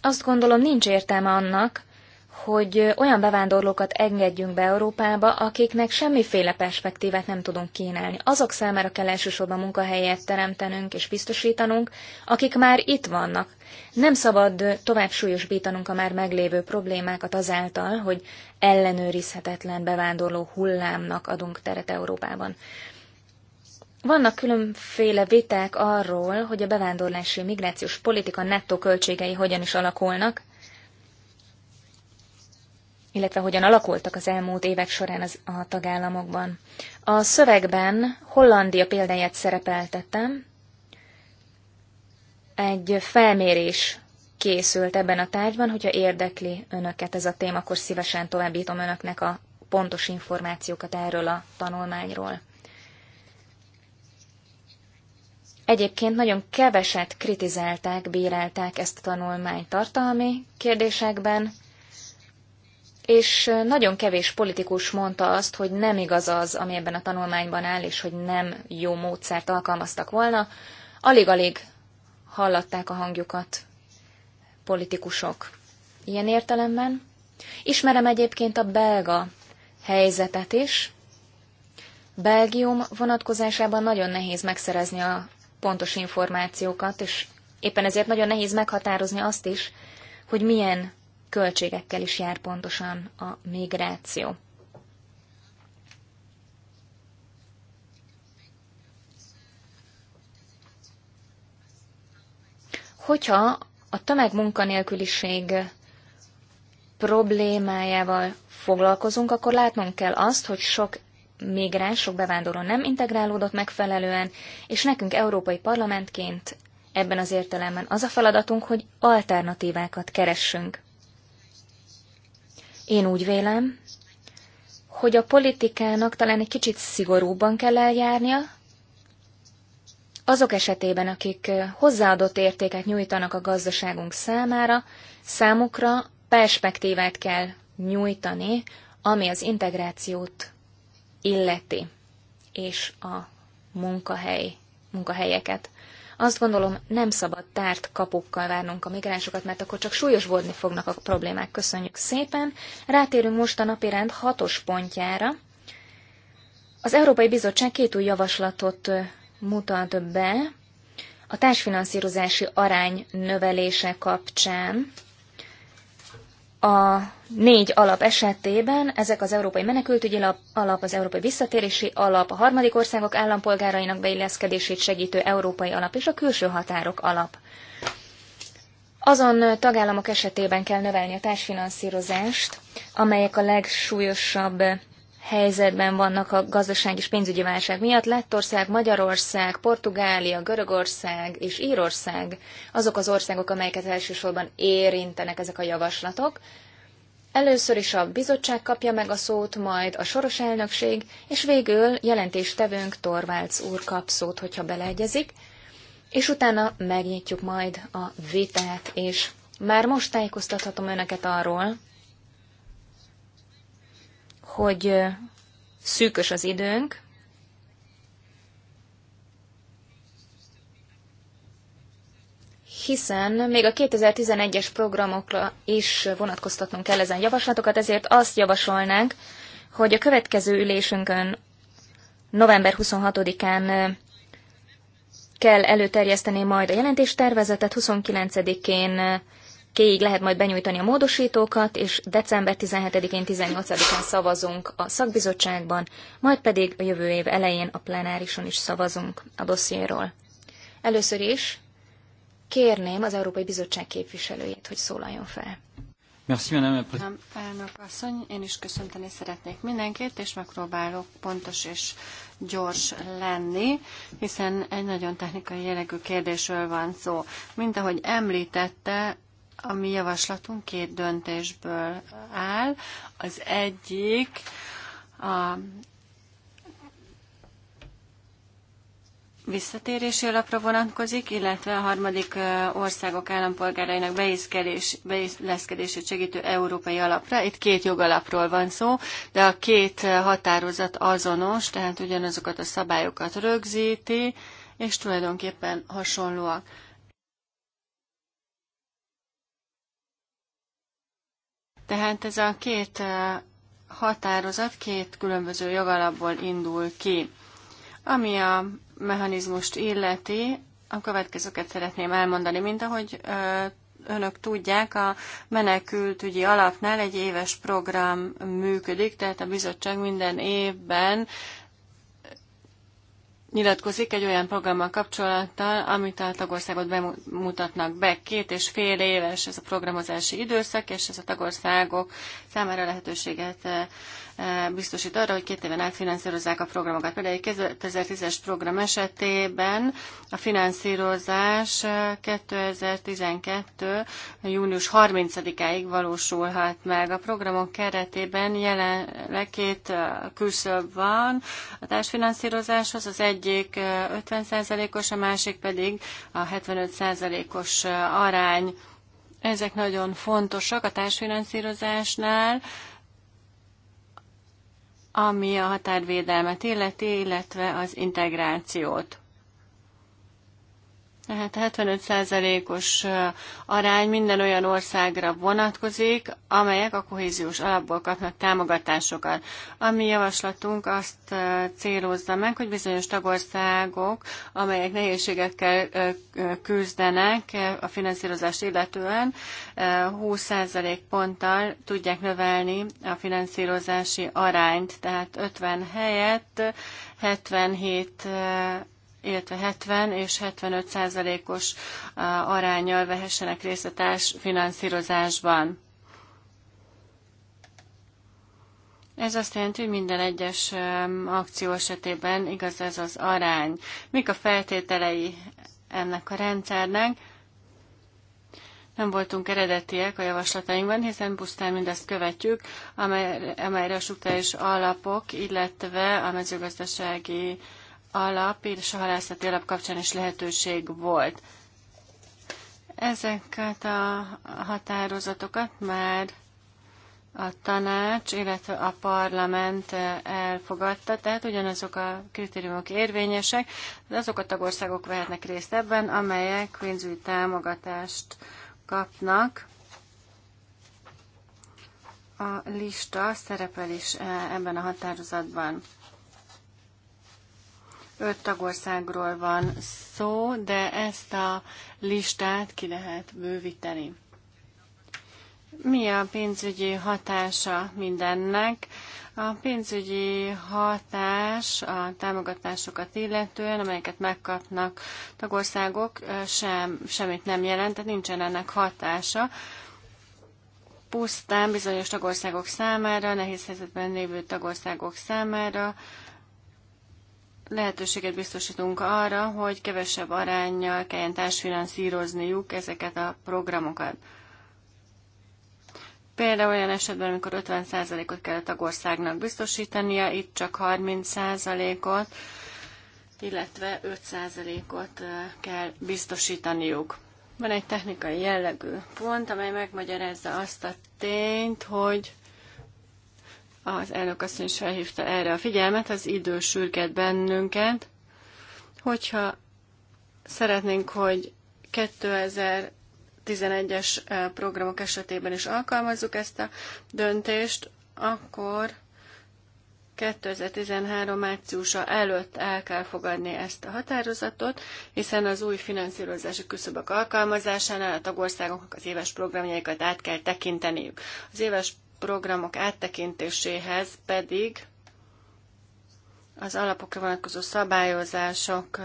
Azt gondolom, nincs értelme annak, hogy olyan bevándorlókat engedjünk be Európába, akiknek semmiféle perspektívát nem tudunk kínálni. Azok számára kell elsősorban munkahelyet teremtenünk és biztosítanunk, akik már itt vannak. Nem szabad tovább súlyosbítanunk a már meglévő problémákat azáltal, hogy ellenőrizhetetlen bevándorló hullámnak adunk teret Európában. Vannak különféle viták arról, hogy a bevándorlási migrációs politika nettó költségei hogyan is alakulnak, illetve hogyan alakultak az elmúlt évek során az, a tagállamokban. A szövegben Hollandia példáját szerepeltettem, egy felmérés készült ebben a tárgyban, hogyha érdekli önöket ez a téma, akkor szívesen továbbítom önöknek a pontos információkat erről a tanulmányról. Egyébként nagyon keveset kritizálták, bírálták ezt a tanulmány tartalmi kérdésekben, és nagyon kevés politikus mondta azt, hogy nem igaz az, ami ebben a tanulmányban áll, és hogy nem jó módszert alkalmaztak volna. Alig-alig hallatták a hangjukat politikusok ilyen értelemben. Ismerem egyébként a belga helyzetet is. Belgium vonatkozásában nagyon nehéz megszerezni a pontos információkat, és éppen ezért nagyon nehéz meghatározni azt is, hogy milyen költségekkel is jár pontosan a migráció. Hogyha a tömegmunkanélküliség problémájával foglalkozunk, akkor látnunk kell azt, hogy sok migráns, sok bevándorló nem integrálódott megfelelően, és nekünk európai parlamentként ebben az értelemben az a feladatunk, hogy alternatívákat keressünk. Én úgy vélem, hogy a politikának talán egy kicsit szigorúbban kell eljárnia, azok esetében, akik hozzáadott értéket nyújtanak a gazdaságunk számára, számukra perspektívát kell nyújtani, ami az integrációt illeti, és a munkahely, munkahelyeket. Azt gondolom, nem szabad tárt kapukkal várnunk a migránsokat, mert akkor csak súlyosbodni fognak a problémák. Köszönjük szépen. Rátérünk most a napirend hatos pontjára. Az Európai Bizottság két új javaslatot mutat be a társfinanszírozási arány növelése kapcsán a négy alap esetében ezek az Európai Menekültügyi alap, az Európai Visszatérési Alap, a harmadik országok állampolgárainak beilleszkedését segítő Európai Alap és a külső határok alap. Azon tagállamok esetében kell növelni a társfinanszírozást, amelyek a legsúlyosabb helyzetben vannak a gazdaság és pénzügyi válság miatt. Lettország, Magyarország, Portugália, Görögország és Írország azok az országok, amelyeket elsősorban érintenek ezek a javaslatok. Először is a bizottság kapja meg a szót, majd a soros elnökség, és végül jelentéstevőnk Torvalds úr kap szót, hogyha beleegyezik, és utána megnyitjuk majd a vitát, és már most tájékoztathatom önöket arról, hogy szűkös az időnk, hiszen még a 2011-es programokra is vonatkoztatnunk kell ezen javaslatokat, ezért azt javasolnánk, hogy a következő ülésünkön november 26-án kell előterjeszteni majd a jelentéstervezetet, 29-én Kéig lehet majd benyújtani a módosítókat, és december 17-én, 18-án szavazunk a szakbizottságban, majd pedig a jövő év elején a plenárison is szavazunk a dossziéról. Először is kérném az Európai Bizottság képviselőjét, hogy szólaljon fel. Merci, madame. Elnök asszony, én is köszönteni szeretnék mindenkit, és megpróbálok pontos és gyors lenni, hiszen egy nagyon technikai jellegű kérdésről van szó. Mint ahogy említette, a mi javaslatunk két döntésből áll. Az egyik a visszatérési alapra vonatkozik, illetve a harmadik országok állampolgárainak beilleszkedését segítő európai alapra. Itt két jogalapról van szó, de a két határozat azonos, tehát ugyanazokat a szabályokat rögzíti, és tulajdonképpen hasonlóak. Tehát ez a két határozat két különböző jogalapból indul ki. Ami a mechanizmust illeti, a következőket szeretném elmondani, mint ahogy önök tudják, a menekültügyi alapnál egy éves program működik, tehát a bizottság minden évben nyilatkozik egy olyan programmal kapcsolattal, amit a tagországot bemutatnak be. Két és fél éves ez a programozási időszak, és ez a tagországok számára lehetőséget eh, Eh, biztosít arra, hogy két éven át finanszírozzák a programokat. Például egy 2010-es program esetében a finanszírozás 2012. Eh, június 30-áig valósulhat meg. A programok keretében jelenleg két eh, külszöbb van a társfinanszírozáshoz, az egyik 50%-os, a másik pedig a 75%-os arány. Ezek nagyon fontosak a társfinanszírozásnál, ami a határvédelmet illeti, illetve az integrációt. Tehát 75%-os arány minden olyan országra vonatkozik, amelyek a kohéziós alapból kapnak támogatásokat. A mi javaslatunk azt célozza meg, hogy bizonyos tagországok, amelyek nehézségekkel küzdenek a finanszírozást illetően, 20% ponttal tudják növelni a finanszírozási arányt, tehát 50 helyett 77 illetve 70 és 75 százalékos arányjal vehessenek részt a társfinanszírozásban. Ez azt jelenti, hogy minden egyes akció esetében igaz ez az arány. Mik a feltételei ennek a rendszernek? Nem voltunk eredetiek a javaslatainkban, hiszen pusztán mindezt követjük, amely, amelyre a struktúrális alapok, illetve a mezőgazdasági uh, alap és a halászati alap kapcsán is lehetőség volt. Ezeket a határozatokat már a tanács, illetve a parlament elfogadta, tehát ugyanazok a kritériumok érvényesek, de azok a tagországok vehetnek részt ebben, amelyek pénzügyi támogatást kapnak. A lista szerepel is eh, ebben a határozatban öt tagországról van szó, de ezt a listát ki lehet bővíteni. Mi a pénzügyi hatása mindennek? A pénzügyi hatás a támogatásokat illetően, amelyeket megkapnak tagországok, sem, semmit nem jelent, tehát nincsen ennek hatása. Pusztán bizonyos tagországok számára, nehéz helyzetben lévő tagországok számára lehetőséget biztosítunk arra, hogy kevesebb arányjal kelljen társfinanszírozniuk ezeket a programokat. Például olyan esetben, amikor 50%-ot kell a tagországnak biztosítania, itt csak 30%-ot, illetve 5%-ot kell biztosítaniuk. Van egy technikai jellegű pont, amely megmagyarázza azt a tényt, hogy az elnök asszony is felhívta erre a figyelmet, az idő sürget bennünket, hogyha szeretnénk, hogy 2011-es eh, programok esetében is alkalmazzuk ezt a döntést, akkor 2013 márciusa előtt el kell fogadni ezt a határozatot, hiszen az új finanszírozási küszöbök alkalmazásánál a tagországoknak az éves programjaikat át kell tekinteniük. Az éves programok áttekintéséhez pedig az alapokra vonatkozó szabályozások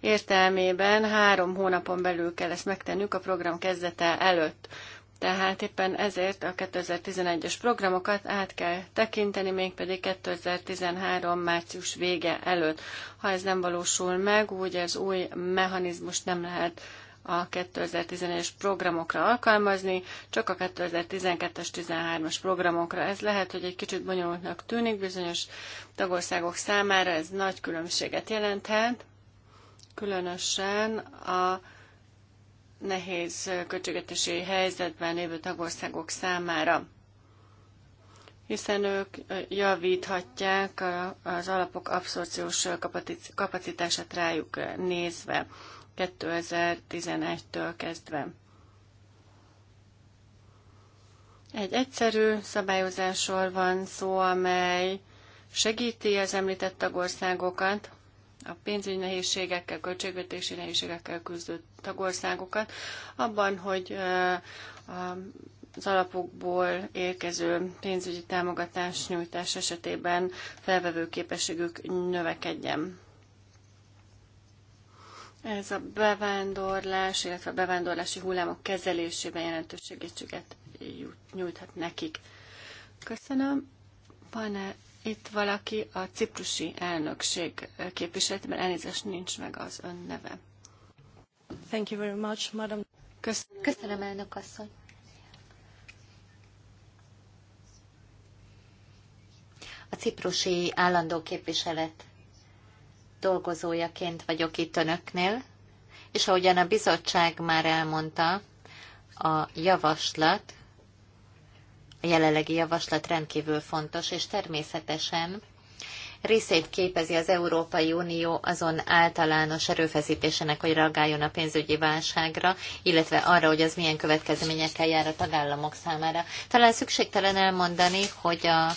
értelmében három hónapon belül kell ezt megtennünk a program kezdete előtt. Tehát éppen ezért a 2011-es programokat át kell tekinteni, mégpedig 2013. március vége előtt. Ha ez nem valósul meg, úgy az új mechanizmus nem lehet a 2011-es programokra alkalmazni, csak a 2012-es, 13-as programokra. Ez lehet, hogy egy kicsit bonyolultnak tűnik, bizonyos tagországok számára ez nagy különbséget jelenthet, különösen a nehéz költségetési helyzetben lévő tagországok számára hiszen ők javíthatják az alapok abszorciós kapacitását rájuk nézve. 2011-től kezdve. Egy egyszerű szabályozásról van szó, amely segíti az említett tagországokat, a pénzügyi nehézségekkel, költségvetési nehézségekkel küzdő tagországokat, abban, hogy az alapokból érkező pénzügyi támogatás nyújtás esetében felvevő képességük növekedjen. Ez a bevándorlás, illetve a bevándorlási hullámok kezelésében jelentős segítséget nyújthat nekik. Köszönöm. Van-e itt valaki a ciprusi elnökség képviseletében? Elnézést nincs meg az ön neve. Thank you very much, madam. Köszönöm, Köszönöm elnök asszony. A ciprusi állandó képviselet dolgozójaként vagyok itt önöknél, és ahogyan a bizottság már elmondta, a javaslat, a jelenlegi javaslat rendkívül fontos, és természetesen részét képezi az Európai Unió azon általános erőfeszítésének, hogy reagáljon a pénzügyi válságra, illetve arra, hogy az milyen következményekkel jár a tagállamok számára. Talán szükségtelen elmondani, hogy a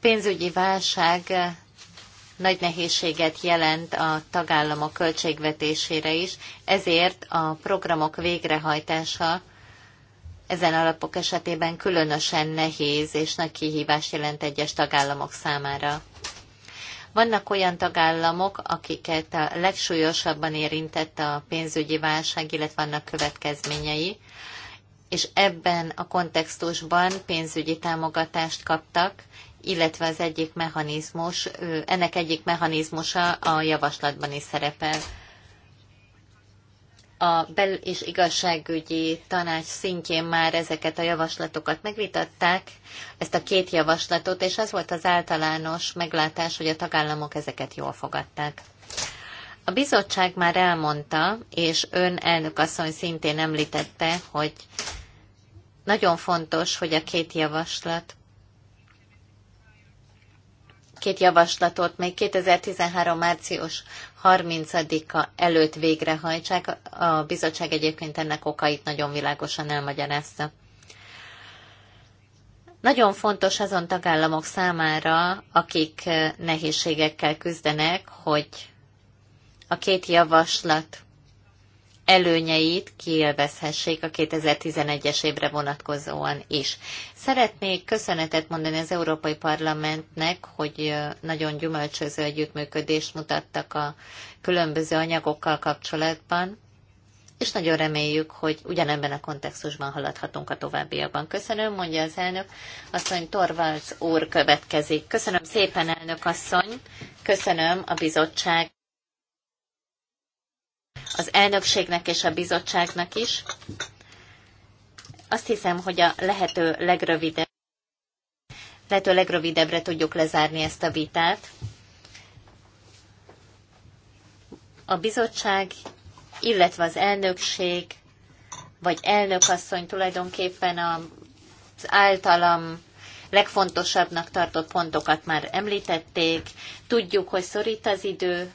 pénzügyi válság nagy nehézséget jelent a tagállamok költségvetésére is, ezért a programok végrehajtása ezen alapok esetében különösen nehéz és nagy kihívást jelent egyes tagállamok számára. Vannak olyan tagállamok, akiket a legsúlyosabban érintett a pénzügyi válság, illetve vannak következményei, és ebben a kontextusban pénzügyi támogatást kaptak, illetve az egyik mechanizmus, ennek egyik mechanizmusa a javaslatban is szerepel. A bel- és igazságügyi tanács szintjén már ezeket a javaslatokat megvitatták, ezt a két javaslatot, és az volt az általános meglátás, hogy a tagállamok ezeket jól fogadták. A bizottság már elmondta, és ön elnök asszony szintén említette, hogy nagyon fontos, hogy a két javaslat két javaslatot még 2013 március 30-a előtt végrehajtsák. A bizottság egyébként ennek okait nagyon világosan elmagyarázta. Nagyon fontos azon tagállamok számára, akik nehézségekkel küzdenek, hogy a két javaslat előnyeit kielvezhessék a 2011-es évre vonatkozóan is. Szeretnék köszönetet mondani az Európai Parlamentnek, hogy nagyon gyümölcsöző együttműködést mutattak a különböző anyagokkal kapcsolatban, és nagyon reméljük, hogy ugyanebben a kontextusban haladhatunk a továbbiakban. Köszönöm, mondja az elnök. Asszony Torvalds úr következik. Köszönöm szépen, elnök asszony. Köszönöm a bizottság az elnökségnek és a bizottságnak is. Azt hiszem, hogy a lehető legrövidebb, lehető legrövidebbre tudjuk lezárni ezt a vitát. A bizottság, illetve az elnökség, vagy elnökasszony tulajdonképpen az általam legfontosabbnak tartott pontokat már említették. Tudjuk, hogy szorít az idő,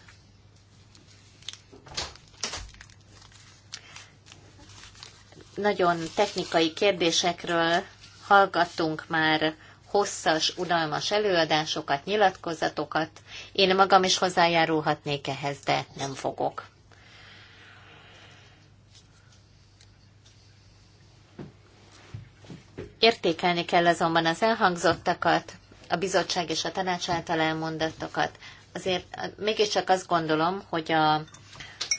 nagyon technikai kérdésekről hallgattunk már hosszas, unalmas előadásokat, nyilatkozatokat. Én magam is hozzájárulhatnék ehhez, de nem fogok. Értékelni kell azonban az elhangzottakat, a bizottság és a tanács által elmondottakat. Azért mégiscsak azt gondolom, hogy a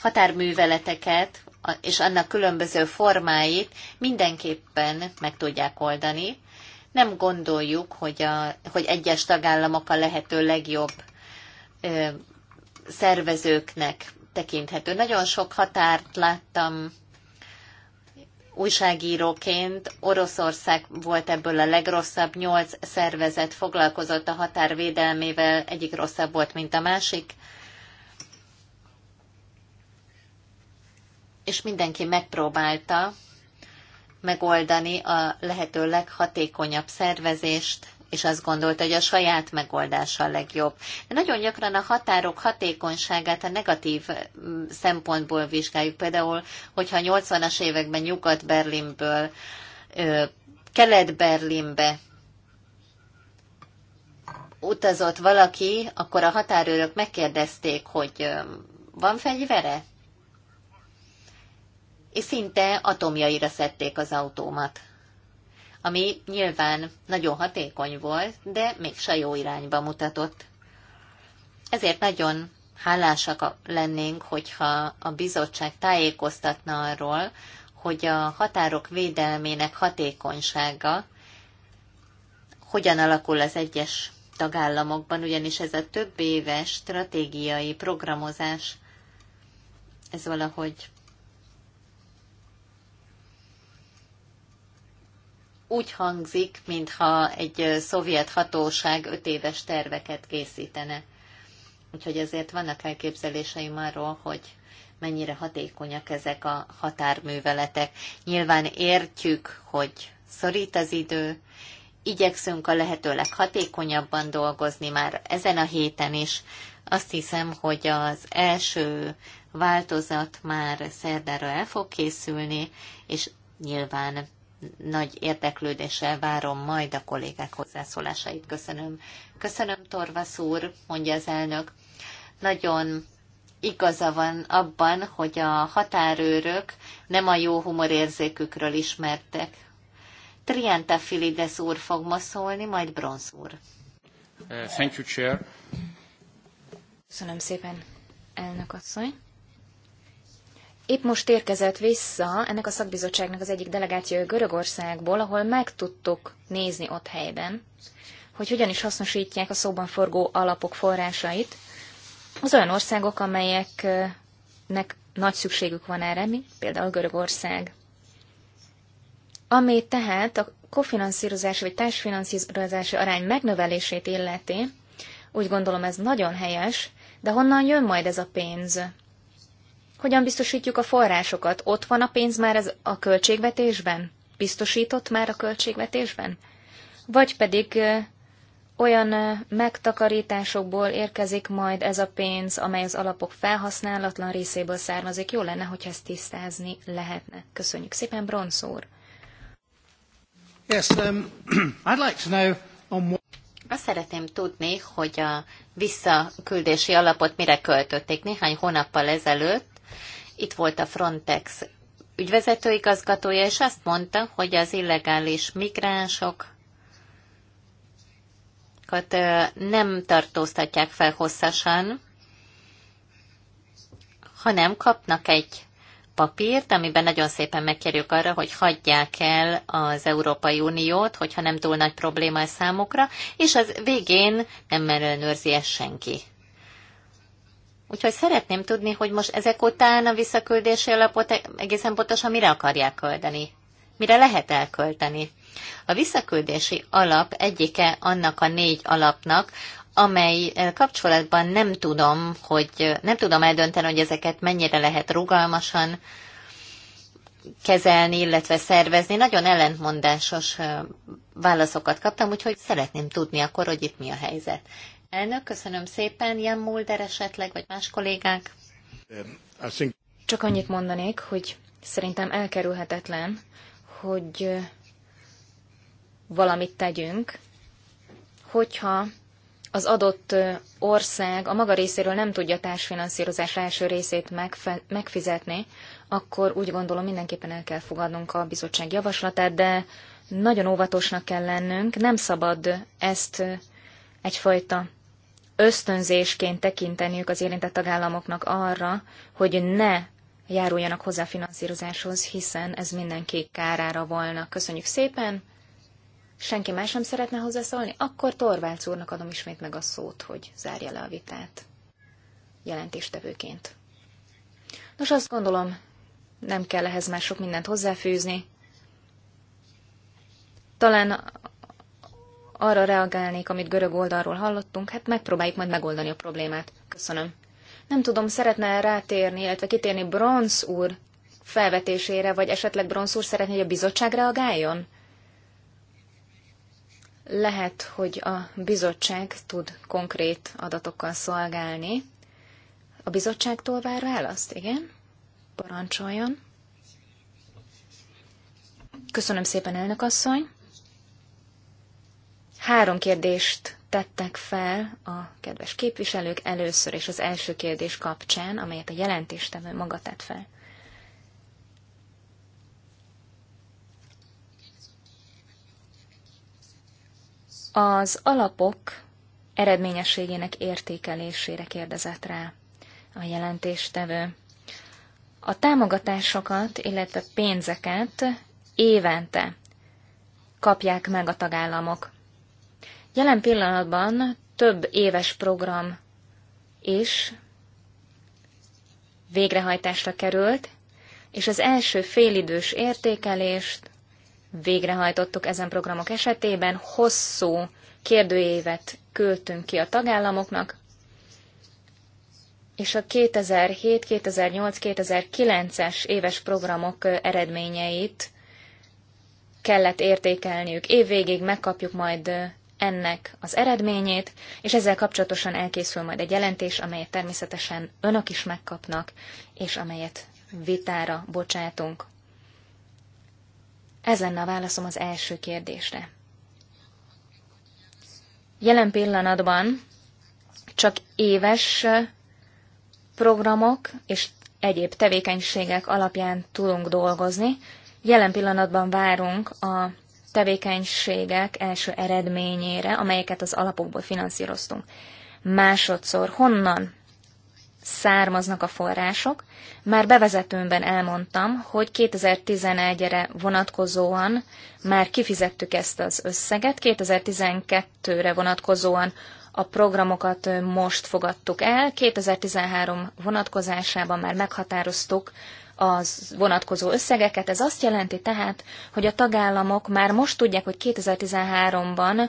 határműveleteket és annak különböző formáit mindenképpen meg tudják oldani. Nem gondoljuk, hogy, a, hogy egyes tagállamok a lehető legjobb ö, szervezőknek tekinthető. Nagyon sok határt láttam újságíróként. Oroszország volt ebből a legrosszabb, nyolc szervezet foglalkozott a határvédelmével, egyik rosszabb volt, mint a másik. és mindenki megpróbálta megoldani a lehető leghatékonyabb szervezést, és azt gondolta, hogy a saját megoldása a legjobb. De nagyon gyakran a határok hatékonyságát a negatív mm, szempontból vizsgáljuk. Például, hogyha 80-as években Nyugat-Berlinből Kelet-Berlinbe utazott valaki, akkor a határőrök megkérdezték, hogy van fegyvere? és szinte atomjaira szedték az autómat. Ami nyilván nagyon hatékony volt, de se jó irányba mutatott. Ezért nagyon hálásak lennénk, hogyha a bizottság tájékoztatna arról, hogy a határok védelmének hatékonysága hogyan alakul az egyes tagállamokban, ugyanis ez a több éves stratégiai programozás, ez valahogy úgy hangzik, mintha egy szovjet hatóság öt éves terveket készítene. Úgyhogy ezért vannak elképzeléseim arról, hogy mennyire hatékonyak ezek a határműveletek. Nyilván értjük, hogy szorít az idő, igyekszünk a lehető leghatékonyabban dolgozni már ezen a héten is. Azt hiszem, hogy az első változat már szerdára el fog készülni, és nyilván nagy érdeklődéssel várom majd a kollégák hozzászólásait. Köszönöm. Köszönöm, Torvasz úr, mondja az elnök. Nagyon igaza van abban, hogy a határőrök nem a jó humorérzékükről ismertek. Trienta Filides úr fog ma szólni, majd Bronz úr. Uh, thank you, Chair. Köszönöm szépen, elnök asszony. Épp most érkezett vissza ennek a szakbizottságnak az egyik delegációja Görögországból, ahol meg tudtuk nézni ott helyben, hogy hogyan is hasznosítják a szóban forgó alapok forrásait az olyan országok, amelyeknek nagy szükségük van erre, mint például Görögország. Ami tehát a kofinanszírozási vagy társfinanszírozási arány megnövelését illeti, úgy gondolom ez nagyon helyes, de honnan jön majd ez a pénz? Hogyan biztosítjuk a forrásokat? Ott van a pénz már az a költségvetésben? Biztosított már a költségvetésben? Vagy pedig olyan megtakarításokból érkezik majd ez a pénz, amely az alapok felhasználatlan részéből származik. Jó lenne, hogyha ezt tisztázni lehetne. Köszönjük szépen, Bronszór! Yes, um, I'd like to know on what... Azt szeretném tudni, hogy a visszaküldési alapot mire költötték. Néhány hónappal ezelőtt itt volt a Frontex ügyvezetőigazgatója, és azt mondta, hogy az illegális migránsokat nem tartóztatják fel hosszasan, hanem kapnak egy papírt, amiben nagyon szépen megkérjük arra, hogy hagyják el az Európai Uniót, hogyha nem túl nagy probléma a számukra, és az végén nem ellenőrzi ezt senki. Úgyhogy szeretném tudni, hogy most ezek után a visszaküldési alapot egészen pontosan mire akarják küldeni? Mire lehet elkölteni? A visszaküldési alap egyike annak a négy alapnak, amely eh, kapcsolatban nem tudom, hogy eh, nem tudom eldönteni, hogy ezeket mennyire lehet rugalmasan kezelni, illetve szervezni. Nagyon ellentmondásos eh, válaszokat kaptam, úgyhogy szeretném tudni akkor, hogy itt mi a helyzet. Elnök, köszönöm szépen. Jan Mulder esetleg, vagy más kollégák? Um, Csak annyit mondanék, hogy szerintem elkerülhetetlen, hogy valamit tegyünk, hogyha az adott ország a maga részéről nem tudja társfinanszírozás első részét megfe- megfizetni, akkor úgy gondolom mindenképpen el kell fogadnunk a bizottság javaslatát, de nagyon óvatosnak kell lennünk, nem szabad ezt egyfajta ösztönzésként tekinteniük az érintett tagállamoknak arra, hogy ne járuljanak hozzá finanszírozáshoz, hiszen ez mindenki kárára volna. Köszönjük szépen! Senki más nem szeretne hozzászólni? Akkor Torvalds úrnak adom ismét meg a szót, hogy zárja le a vitát. Jelentéstevőként. Nos, azt gondolom, nem kell ehhez már sok mindent hozzáfűzni. Talán arra reagálnék, amit görög oldalról hallottunk, hát megpróbáljuk majd megoldani a problémát. Köszönöm. Nem tudom, szeretne rátérni, illetve kitérni Bronz úr felvetésére, vagy esetleg Bronz úr szeretné, hogy a bizottság reagáljon? Lehet, hogy a bizottság tud konkrét adatokkal szolgálni. A bizottságtól vár választ, igen? Parancsoljon. Köszönöm szépen, elnök asszony. Három kérdést tettek fel a kedves képviselők először, és az első kérdés kapcsán, amelyet a jelentéstevő maga tett fel. Az alapok eredményességének értékelésére kérdezett rá a jelentéstevő. A támogatásokat, illetve pénzeket évente kapják meg a tagállamok. Jelen pillanatban több éves program is végrehajtásra került, és az első félidős értékelést végrehajtottuk ezen programok esetében, hosszú kérdőévet küldtünk ki a tagállamoknak, és a 2007, 2008, 2009-es éves programok eredményeit kellett értékelniük. Évvégig megkapjuk majd ennek az eredményét, és ezzel kapcsolatosan elkészül majd egy jelentés, amelyet természetesen önök is megkapnak, és amelyet vitára bocsátunk. Ez lenne a válaszom az első kérdésre. Jelen pillanatban csak éves programok és egyéb tevékenységek alapján tudunk dolgozni. Jelen pillanatban várunk a tevékenységek első eredményére, amelyeket az alapokból finanszíroztunk. Másodszor, honnan származnak a források? Már bevezetőmben elmondtam, hogy 2011-re vonatkozóan már kifizettük ezt az összeget, 2012-re vonatkozóan a programokat most fogadtuk el, 2013 vonatkozásában már meghatároztuk az vonatkozó összegeket. Ez azt jelenti tehát, hogy a tagállamok már most tudják, hogy 2013-ban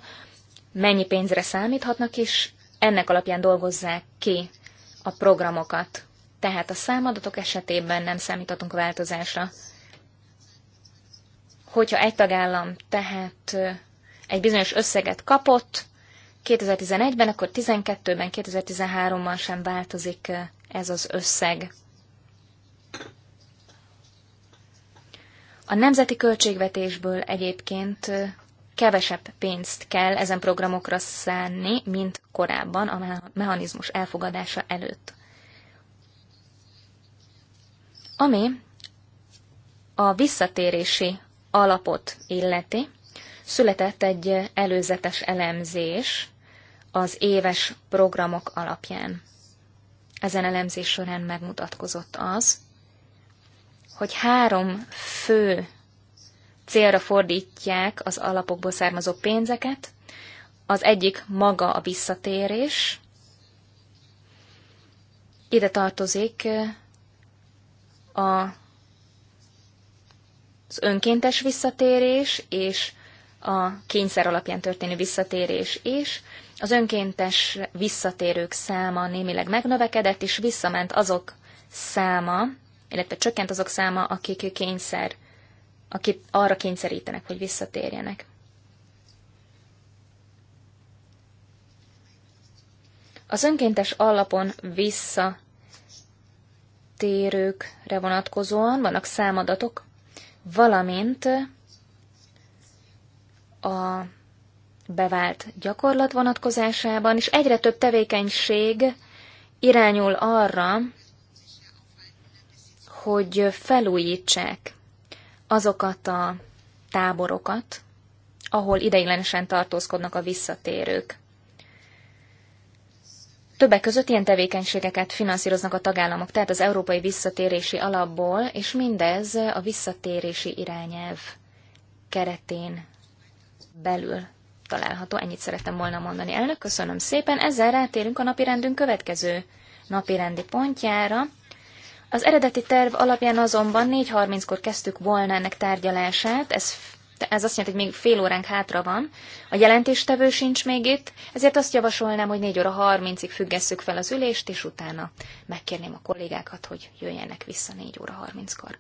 mennyi pénzre számíthatnak, és ennek alapján dolgozzák ki a programokat. Tehát a számadatok esetében nem számíthatunk változásra. Hogyha egy tagállam tehát egy bizonyos összeget kapott 2011-ben, akkor 12-ben, 2013-ban sem változik ez az összeg. A nemzeti költségvetésből egyébként kevesebb pénzt kell ezen programokra szánni, mint korábban a mechanizmus elfogadása előtt. Ami a visszatérési alapot illeti, született egy előzetes elemzés az éves programok alapján. Ezen elemzés során megmutatkozott az, hogy három fő célra fordítják az alapokból származó pénzeket. Az egyik maga a visszatérés. Ide tartozik a, az önkéntes visszatérés és a kényszer alapján történő visszatérés is. Az önkéntes visszatérők száma némileg megnövekedett, és visszament azok száma, illetve csökkent azok száma, akik kényszer, akik arra kényszerítenek, hogy visszatérjenek. Az önkéntes alapon visszatérőkre vonatkozóan vannak számadatok, valamint a bevált gyakorlat vonatkozásában, és egyre több tevékenység irányul arra, hogy felújítsák azokat a táborokat, ahol ideiglenesen tartózkodnak a visszatérők. Többek között ilyen tevékenységeket finanszíroznak a tagállamok, tehát az Európai Visszatérési Alapból, és mindez a visszatérési irányelv keretén belül található. Ennyit szerettem volna mondani. Elnök, köszönöm szépen. Ezzel rátérünk a napirendünk következő napirendi pontjára, az eredeti terv alapján azonban 4.30-kor kezdtük volna ennek tárgyalását, ez, ez azt jelenti, hogy még fél óránk hátra van, a jelentéstevő sincs még itt, ezért azt javasolnám, hogy 4 óra 30-ig függesszük fel az ülést, és utána megkérném a kollégákat, hogy jöjjenek vissza 4 óra 30-kor.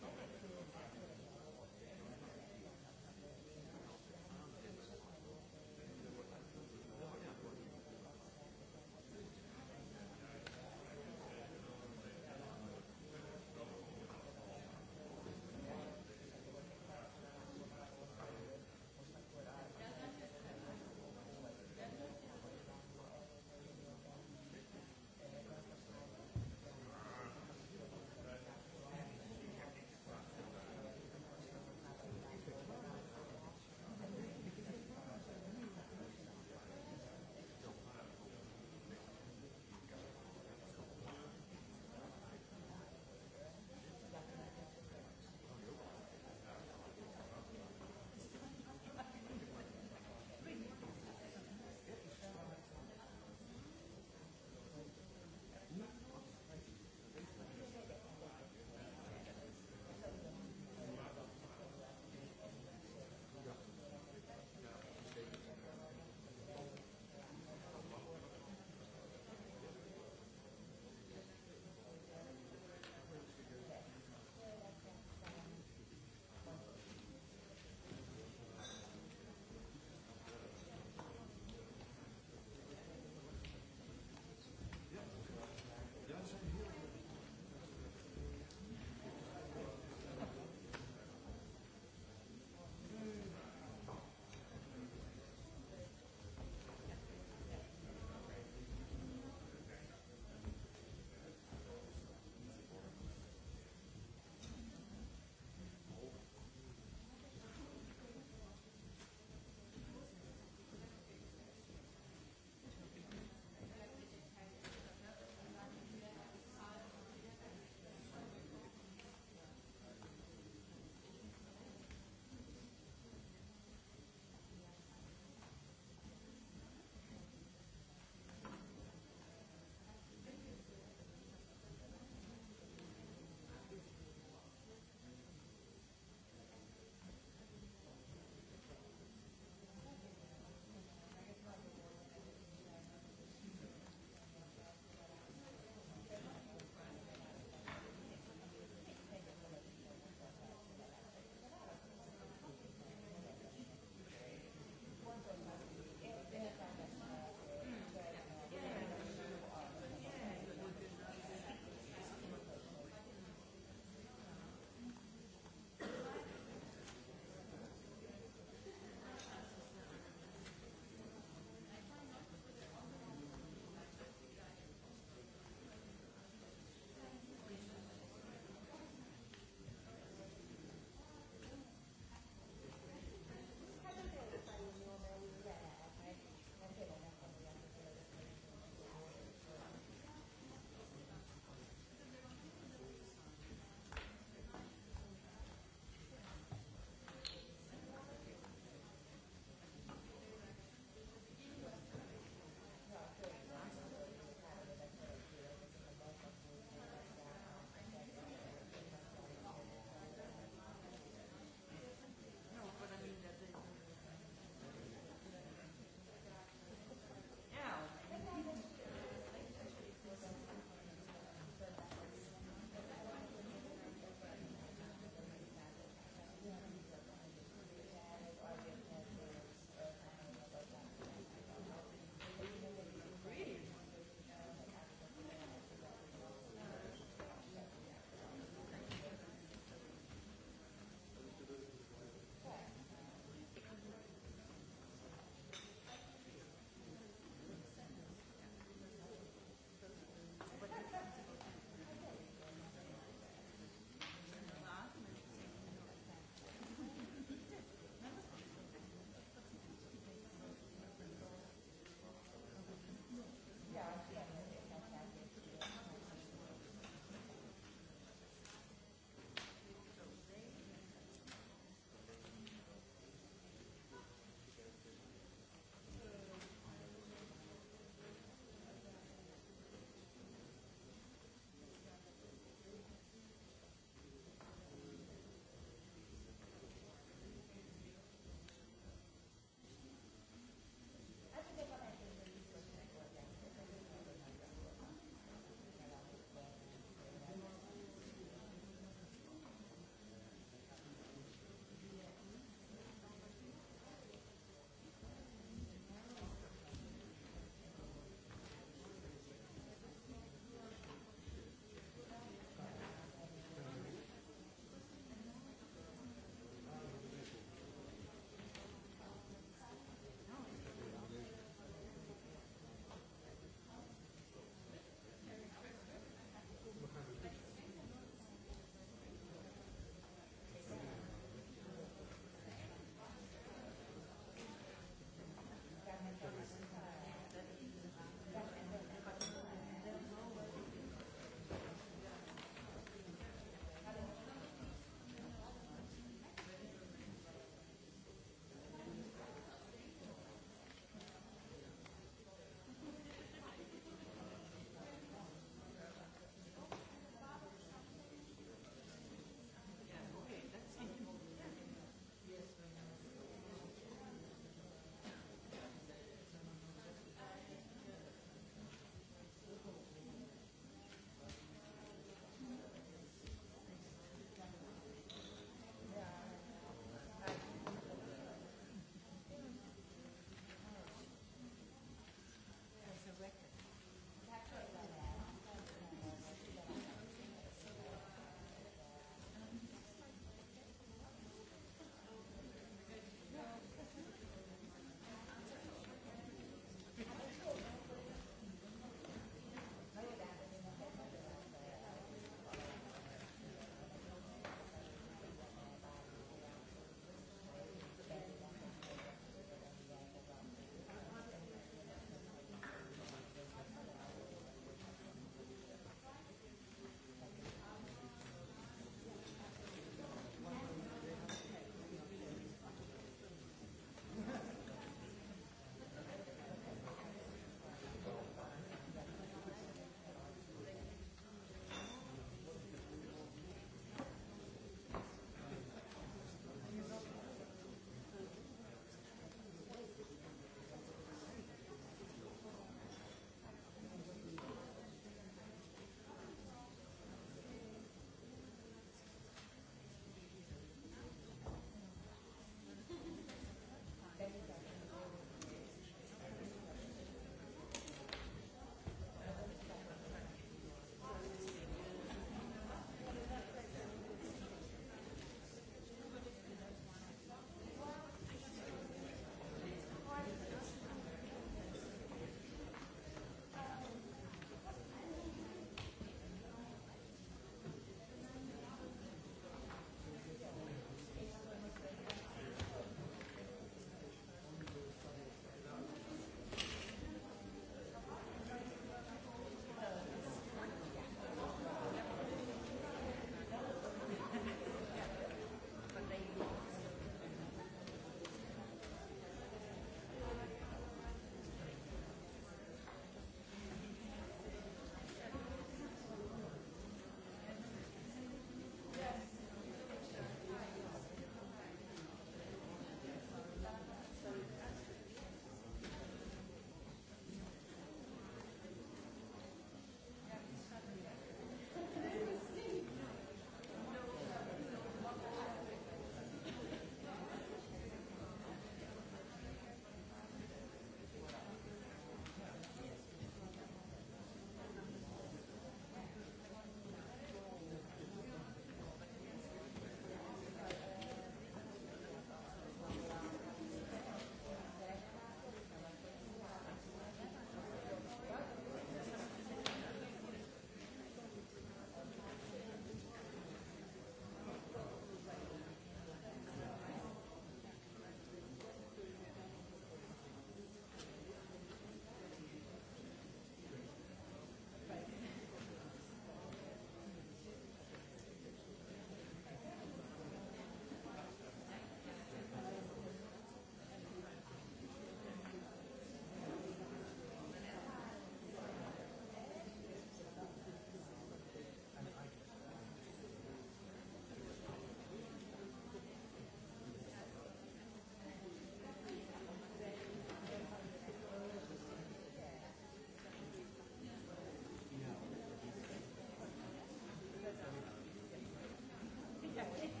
Köszönöm.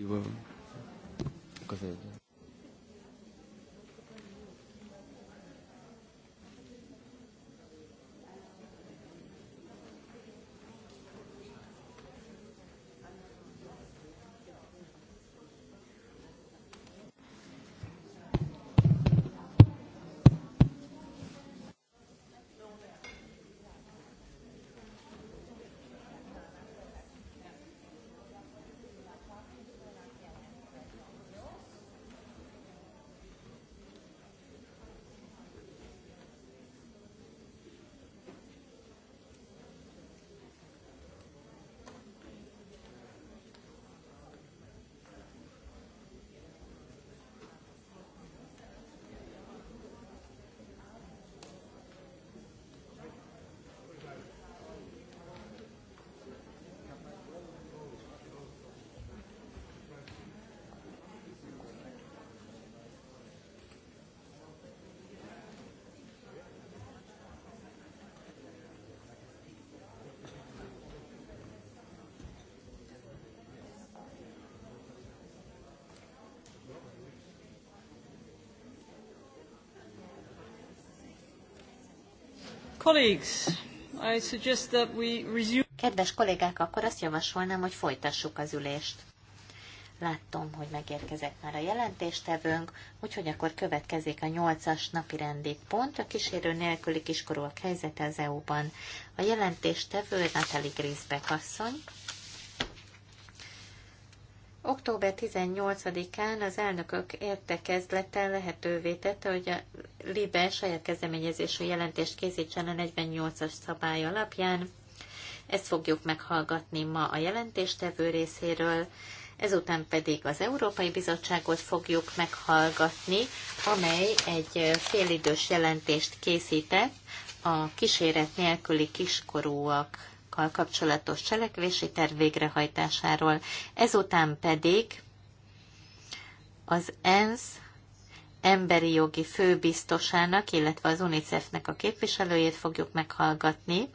you were... Kedves kollégák, akkor azt javasolnám, hogy folytassuk az ülést. Láttam, hogy megérkezett már a jelentéstevőnk, úgyhogy akkor következik a nyolcas napi rendi pont, a kísérő nélküli kiskorúak helyzete az EU-ban. A jelentéstevő Natali Grisbeck asszony. Október 18-án az elnökök értekezlete lehetővé tette, hogy a Libe saját kezdeményezésű jelentést készítsen a 48-as szabály alapján. Ezt fogjuk meghallgatni ma a jelentéstevő részéről, ezután pedig az Európai Bizottságot fogjuk meghallgatni, amely egy félidős jelentést készített a kíséret nélküli kiskorúak kapcsolatos cselekvési terv végrehajtásáról. Ezután pedig az ENSZ emberi jogi főbiztosának, illetve az UNICEF-nek a képviselőjét fogjuk meghallgatni.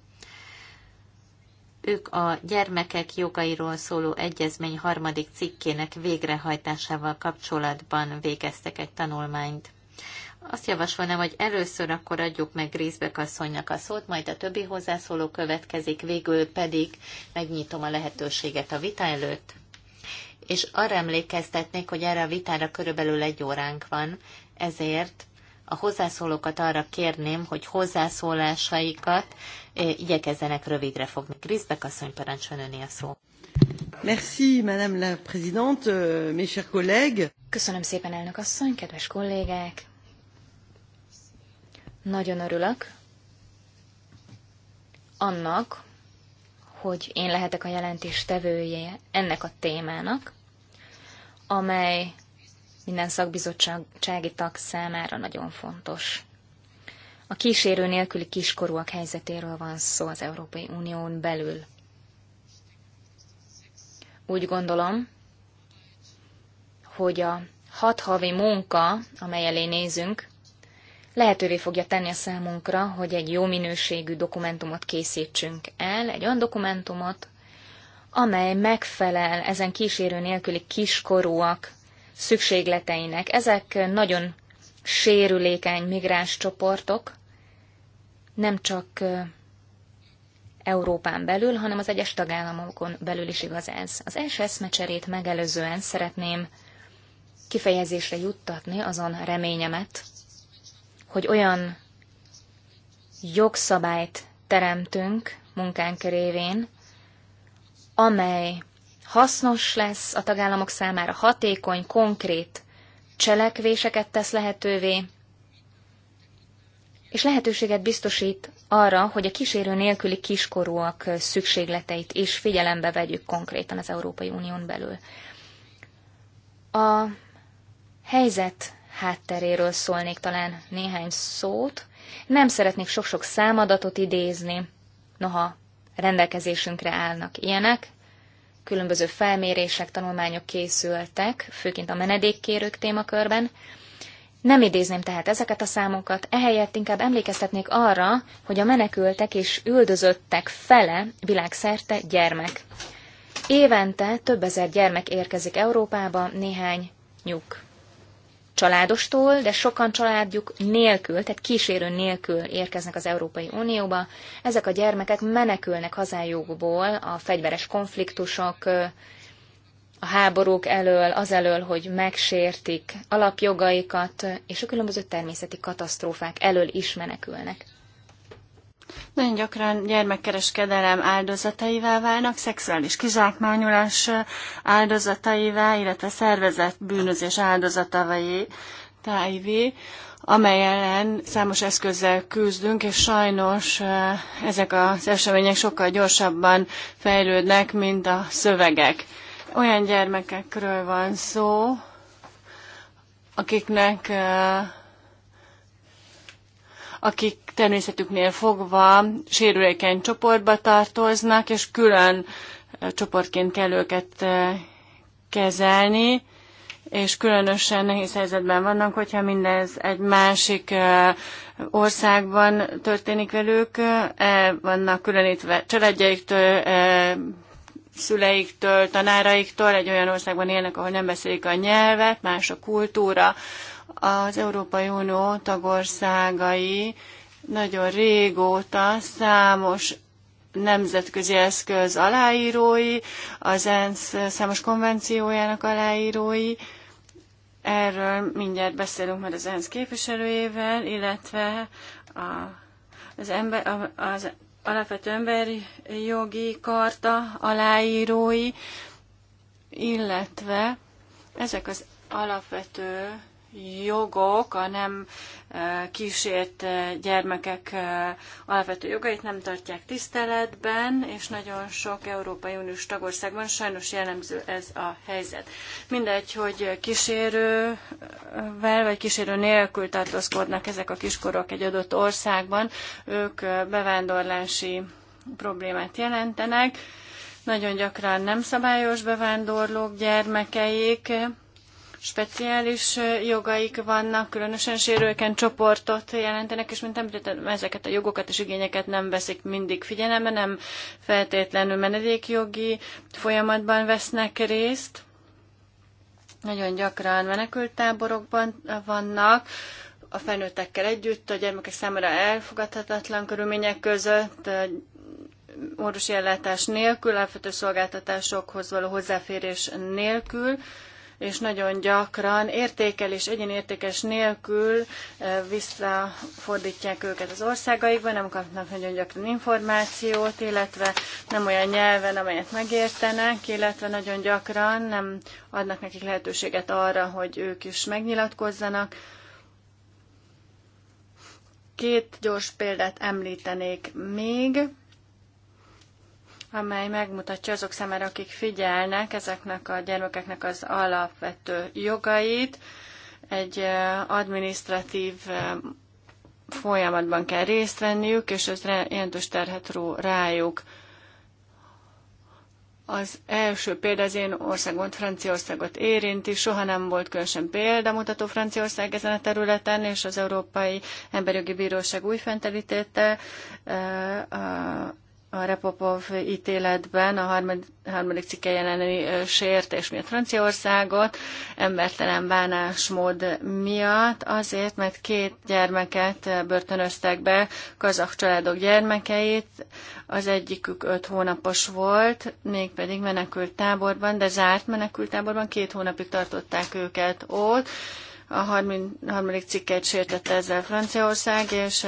Ők a gyermekek jogairól szóló egyezmény harmadik cikkének végrehajtásával kapcsolatban végeztek egy tanulmányt. Azt javasolnám, hogy először akkor adjuk meg Grészbek asszonynak a szót, majd a többi hozzászóló következik, végül pedig megnyitom a lehetőséget a vita előtt és arra emlékeztetnék, hogy erre a vitára körülbelül egy óránk van, ezért a hozzászólókat arra kérném, hogy hozzászólásaikat eh, igyekezzenek rövidre fogni. Griszbek asszony parancsoljon a szó. Merci, Madame la Présidente, euh, mes chers collègues. Köszönöm szépen, elnök asszony, kedves kollégák. Nagyon örülök annak, hogy én lehetek a jelentés tevője ennek a témának, amely minden szakbizottsági tag számára nagyon fontos. A kísérő nélküli kiskorúak helyzetéről van szó az Európai Unión belül. Úgy gondolom, hogy a hat havi munka, amely elé nézünk, lehetővé fogja tenni a számunkra, hogy egy jó minőségű dokumentumot készítsünk el, egy olyan dokumentumot, amely megfelel ezen kísérő nélküli kiskorúak szükségleteinek. Ezek nagyon sérülékeny migráns csoportok, nem csak Európán belül, hanem az egyes tagállamokon belül is igaz ez. Az első eszmecserét megelőzően szeretném kifejezésre juttatni azon reményemet, hogy olyan jogszabályt teremtünk munkánk révén, amely hasznos lesz a tagállamok számára, hatékony, konkrét cselekvéseket tesz lehetővé, és lehetőséget biztosít arra, hogy a kísérő nélküli kiskorúak szükségleteit is figyelembe vegyük konkrétan az Európai Unión belül. A helyzet hátteréről szólnék talán néhány szót. Nem szeretnék sok-sok számadatot idézni, noha rendelkezésünkre állnak ilyenek. Különböző felmérések, tanulmányok készültek, főként a menedékkérők témakörben. Nem idézném tehát ezeket a számokat, ehelyett inkább emlékeztetnék arra, hogy a menekültek és üldözöttek fele világszerte gyermek. Évente több ezer gyermek érkezik Európába, néhány nyug családostól, de sokan családjuk nélkül, tehát kísérő nélkül érkeznek az Európai Unióba. Ezek a gyermekek menekülnek hazájukból a fegyveres konfliktusok, a háborúk elől, az elől, hogy megsértik alapjogaikat, és a különböző természeti katasztrófák elől is menekülnek. Nagyon gyakran gyermekkereskedelem áldozataivá válnak, szexuális kizsákmányolás áldozataivá, illetve szervezett bűnözés áldozatavai tájvé, amely ellen számos eszközzel küzdünk, és sajnos eh, ezek az események sokkal gyorsabban fejlődnek, mint a szövegek. Olyan gyermekekről van szó, akiknek eh, akik természetüknél fogva sérülékeny csoportba tartoznak, és külön csoportként kell őket kezelni, és különösen nehéz helyzetben vannak, hogyha mindez egy másik országban történik velük, e, vannak különítve családjaiktól, szüleiktől, tanáraiktól, egy olyan országban élnek, ahol nem beszélik a nyelvet, más a kultúra. Az Európai Unió tagországai nagyon régóta számos nemzetközi eszköz aláírói, az ENSZ számos konvenciójának aláírói. Erről mindjárt beszélünk már az ENSZ képviselőjével, illetve a, az, ember, az alapvető emberi jogi karta aláírói, illetve ezek az alapvető jogok, a nem e, kísért e, gyermekek e, alapvető jogait nem tartják tiszteletben, és nagyon sok Európai Uniós tagországban sajnos jellemző ez a helyzet. Mindegy, hogy kísérővel vagy kísérő nélkül tartózkodnak ezek a kiskorok egy adott országban, ők bevándorlási problémát jelentenek. Nagyon gyakran nem szabályos bevándorlók gyermekeik, speciális jogaik vannak, különösen sérülékeny csoportot jelentenek, és mint említettem, ezeket a jogokat és igényeket nem veszik mindig figyelembe, nem feltétlenül menedékjogi folyamatban vesznek részt. Nagyon gyakran menekültáborokban vannak, a felnőttekkel együtt, a gyermekek számára elfogadhatatlan körülmények között, orvosi ellátás nélkül, alapvető szolgáltatásokhoz való hozzáférés nélkül, és nagyon gyakran értékelés, és értékes nélkül eh, visszafordítják őket az országaikba, nem kapnak nagyon gyakran információt, illetve nem olyan nyelven, amelyet megértenek, illetve nagyon gyakran nem adnak nekik lehetőséget arra, hogy ők is megnyilatkozzanak. Két gyors példát említenék még amely megmutatja azok számára, akik figyelnek ezeknek a gyermekeknek az alapvető jogait. Egy administratív folyamatban kell részt venniük, és ez jelentős terhet ró rájuk. Az első példa az én országot, Franciaországot érinti, soha nem volt különösen példamutató Franciaország ezen a területen, és az Európai Emberjogi Bíróság új fentelítéte a Repopov ítéletben a harmadik cikke jelenlő sértés miatt Franciaországot, embertelen bánásmód miatt, azért, mert két gyermeket börtönöztek be, kazak családok gyermekeit, az egyikük öt hónapos volt, mégpedig menekült táborban, de zárt menekült táborban, két hónapig tartották őket ott, a harmadik cikket sértette ezzel Franciaország, és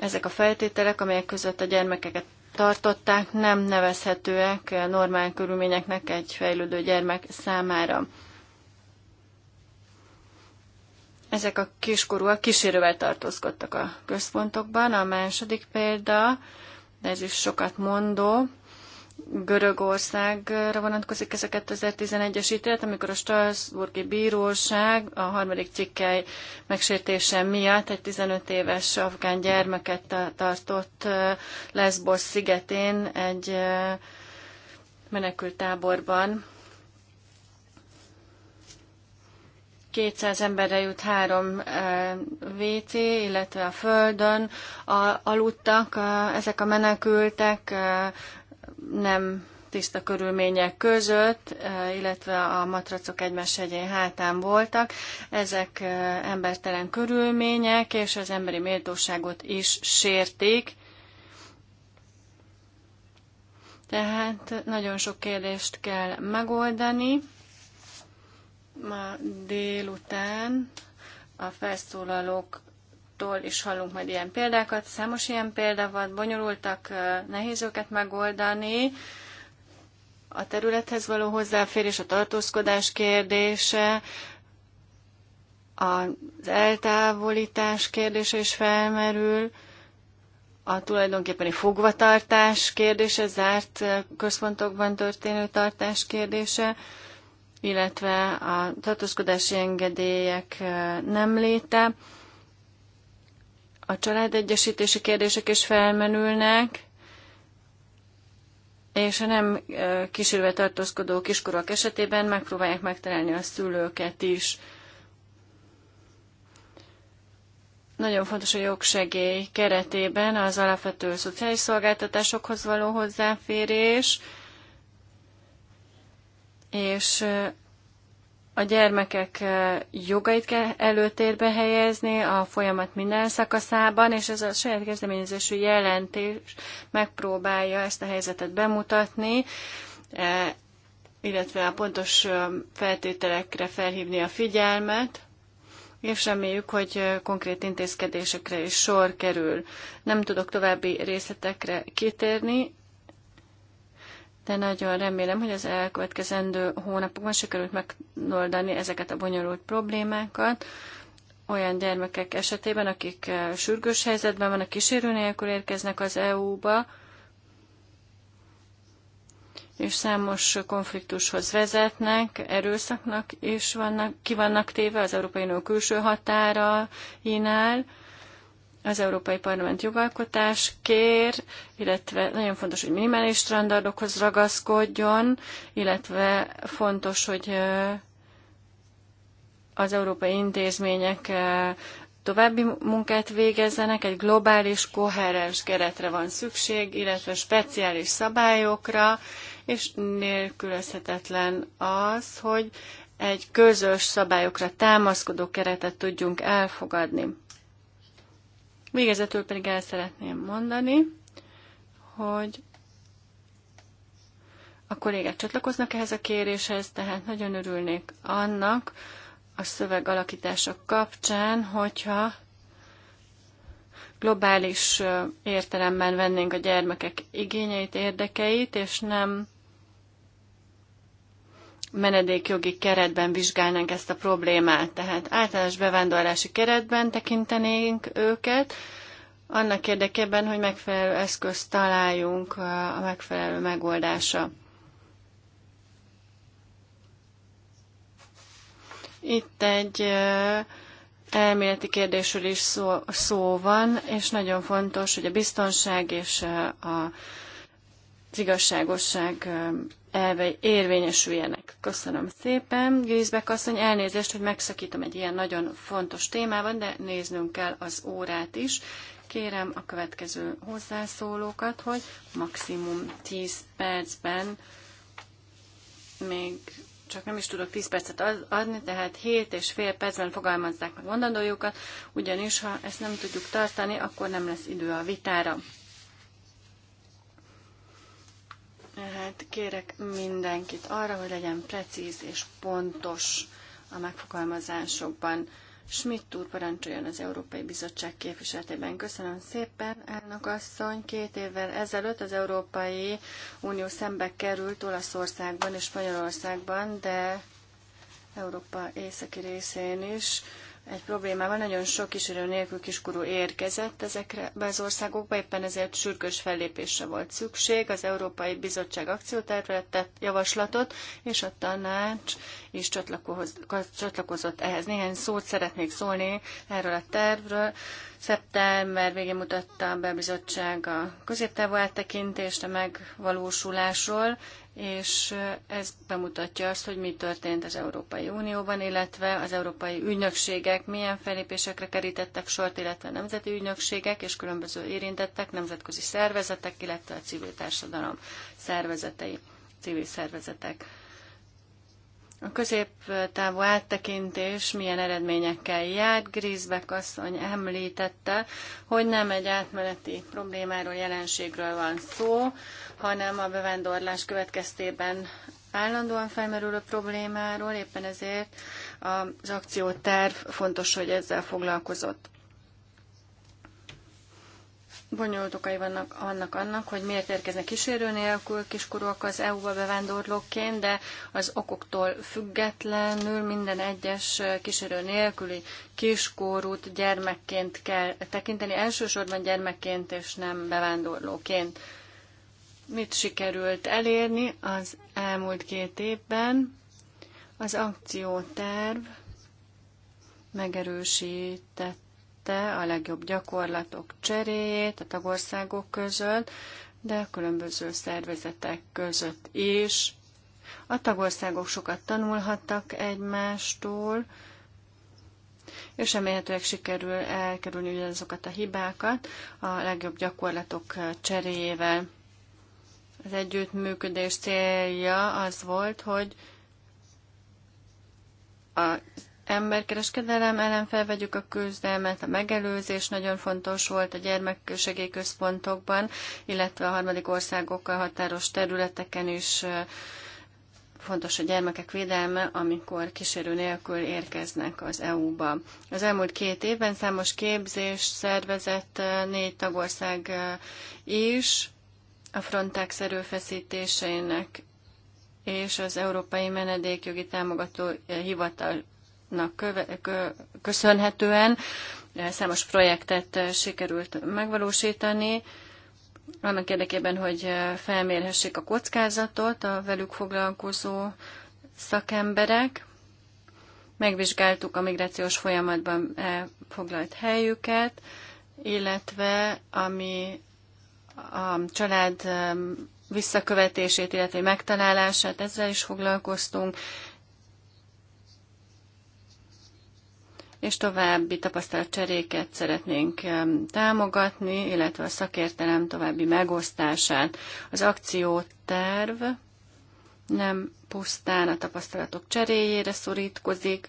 ezek a feltételek, amelyek között a gyermekeket tartották, nem nevezhetőek normál körülményeknek egy fejlődő gyermek számára. Ezek a kiskorúak kísérővel tartózkodtak a központokban. A második példa, de ez is sokat mondó, Görögországra vonatkozik ez a 2011-es ítélet, amikor a Strasburgi Bíróság a harmadik cikkely megsértése miatt egy 15 éves afgán gyermeket tartott Lesbos szigetén egy menekültáborban. 200 emberre jut három WC, illetve a földön a, aludtak a, ezek a menekültek, nem tiszta körülmények között, eh, illetve a matracok egymás egyén hátán voltak. Ezek eh, embertelen körülmények, és az emberi méltóságot is sérték. Tehát nagyon sok kérdést kell megoldani. Ma délután a felszólalók Másoktól is hallunk majd ilyen példákat, számos ilyen példa van, bonyolultak, nehéz őket megoldani. A területhez való hozzáférés, a tartózkodás kérdése, az eltávolítás kérdése is felmerül, a tulajdonképpeni fogvatartás kérdése, zárt központokban történő tartás kérdése, illetve a tartózkodási engedélyek nem léte a családegyesítési kérdések is felmenülnek, és a nem kísérve tartózkodó kiskorok esetében megpróbálják megtalálni a szülőket is. Nagyon fontos a jogsegély keretében az alapvető szociális szolgáltatásokhoz való hozzáférés, és a gyermekek eh, jogait kell előtérbe helyezni a folyamat minden szakaszában, és ez a saját kezdeményezésű jelentés megpróbálja ezt a helyzetet bemutatni, eh, illetve a pontos eh, feltételekre felhívni a figyelmet, és reméljük, hogy konkrét intézkedésekre is sor kerül. Nem tudok további részletekre kitérni, de nagyon remélem, hogy az elkövetkezendő hónapokban sikerült megoldani ezeket a bonyolult problémákat olyan gyermekek esetében, akik eh, sürgős helyzetben vannak, kísérő nélkül érkeznek az EU-ba, és számos konfliktushoz vezetnek, erőszaknak is vannak, ki vannak téve az Európai Unió külső határainál az Európai Parlament jogalkotás kér, illetve nagyon fontos, hogy minimális standardokhoz ragaszkodjon, illetve fontos, hogy az európai intézmények további munkát végezzenek, egy globális, koherens keretre van szükség, illetve speciális szabályokra, és nélkülözhetetlen az, hogy egy közös szabályokra támaszkodó keretet tudjunk elfogadni. Végezetül pedig el szeretném mondani, hogy a kollégák csatlakoznak ehhez a kéréshez, tehát nagyon örülnék annak a szöveg alakítása kapcsán, hogyha globális értelemben vennénk a gyermekek igényeit, érdekeit, és nem menedékjogi keretben vizsgálnánk ezt a problémát. Tehát általános bevándorlási keretben tekintenénk őket, annak érdekében, hogy megfelelő eszközt találjunk a megfelelő megoldása. Itt egy elméleti kérdésről is szó, szó van, és nagyon fontos, hogy a biztonság és a az igazságosság elvei érvényesüljenek. Köszönöm szépen. Gézbek asszony, elnézést, hogy megszakítom egy ilyen nagyon fontos témában, de néznünk kell az órát is. Kérem a következő hozzászólókat, hogy maximum 10 percben még csak nem is tudok 10 percet adni, tehát 7 és fél percben fogalmazzák meg mondandójukat, ugyanis ha ezt nem tudjuk tartani, akkor nem lesz idő a vitára. Hát kérek mindenkit arra, hogy legyen precíz és pontos a megfogalmazásokban. Schmidt úr parancsoljon az Európai Bizottság képviseletében. Köszönöm szépen, elnök asszony. Két évvel ezelőtt az Európai Unió szembe került Olaszországban és Spanyolországban, de Európa északi részén is egy problémával. Nagyon sok kísérő nélkül kiskorú érkezett ezekre az országokba, éppen ezért sürgős fellépésre volt szükség. Az Európai Bizottság akciótervet tett javaslatot, és a tanács is csatlakozott ehhez. Néhány szót szeretnék szólni erről a tervről. Szeptember végén mutatta be a bizottság a középtávú áttekintést a megvalósulásról, és ez bemutatja azt, hogy mi történt az Európai Unióban, illetve az európai ügynökségek milyen felépésekre kerítettek sort, illetve nemzeti ügynökségek és különböző érintettek, nemzetközi szervezetek, illetve a civil társadalom szervezetei, civil szervezetek. A középtávú áttekintés milyen eredményekkel járt. Grisbeck asszony említette, hogy nem egy átmeneti problémáról, jelenségről van szó, hanem a bevándorlás következtében állandóan felmerülő problémáról, éppen ezért az akcióterv fontos, hogy ezzel foglalkozott. Bonyolult okai vannak annak, annak, hogy miért érkeznek kísérő nélkül kiskorúak az EU-ba bevándorlóként, de az okoktól függetlenül minden egyes kísérő nélküli kiskorút gyermekként kell tekinteni, elsősorban gyermekként és nem bevándorlóként. Mit sikerült elérni az elmúlt két évben? Az akcióterv megerősített vezette a legjobb gyakorlatok cseréjét a tagországok között, de a különböző szervezetek között is. A tagországok sokat tanulhattak egymástól, és remélhetőleg sikerül elkerülni ugyanazokat a hibákat a legjobb gyakorlatok cseréjével. Az együttműködés célja az volt, hogy az emberkereskedelem ellen felvegyük a küzdelmet, a megelőzés nagyon fontos volt a gyermeksegélyközpontokban, illetve a harmadik országokkal határos területeken is fontos a gyermekek védelme, amikor kísérő nélkül érkeznek az EU-ba. Az elmúlt két évben számos képzés szervezett négy tagország is a Frontex erőfeszítéseinek és az Európai Menedékjogi Támogató Hivatal köszönhetően eh, számos projektet eh, sikerült megvalósítani, annak érdekében, hogy eh, felmérhessék a kockázatot a velük foglalkozó szakemberek. Megvizsgáltuk a migrációs folyamatban foglalt helyüket, illetve ami a család visszakövetését, illetve megtalálását, ezzel is foglalkoztunk, és további tapasztalatcseréket szeretnénk támogatni, illetve a szakértelem további megosztását. Az akcióterv nem pusztán a tapasztalatok cseréjére szorítkozik,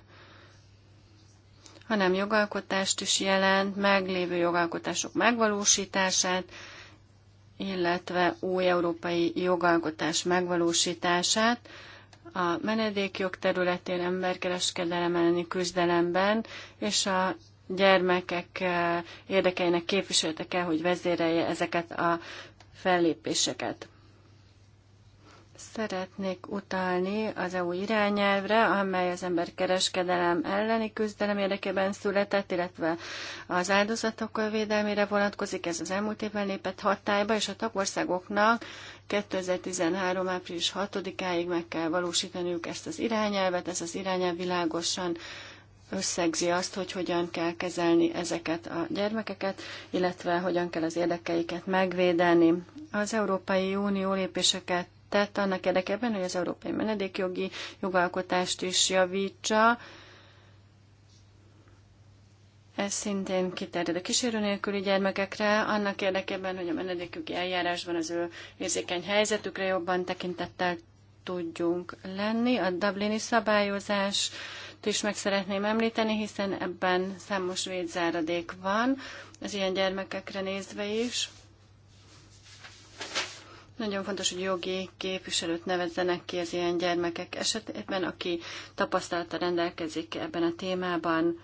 hanem jogalkotást is jelent, meglévő jogalkotások megvalósítását, illetve új európai jogalkotás megvalósítását, a menedékjog területén, emberkereskedelem elleni küzdelemben, és a gyermekek eh, érdekeinek képviselte kell, hogy vezérelje ezeket a fellépéseket. Szeretnék utalni az EU irányelvre, amely az emberkereskedelem elleni küzdelem érdekében született, illetve az áldozatok védelmére vonatkozik. Ez az elmúlt évben lépett hatályba, és a tagországoknak 2013. április 6-áig meg kell valósítaniuk ezt az irányelvet, ez az irányelv világosan összegzi azt, hogy hogyan kell kezelni ezeket a gyermekeket, illetve hogyan kell az érdekeiket megvédeni. Az Európai Unió lépéseket tett annak érdekében, hogy az európai menedékjogi jogalkotást is javítsa, ez szintén kiterjed a kísérő nélküli gyermekekre, annak érdekében, hogy a menedékügyi eljárásban az ő érzékeny helyzetükre jobban tekintettel tudjunk lenni. A Dublini szabályozás is meg szeretném említeni, hiszen ebben számos védzáradék van, az ilyen gyermekekre nézve is. Nagyon fontos, hogy jogi képviselőt nevezzenek ki az ilyen gyermekek esetében, aki tapasztalata rendelkezik ebben a témában.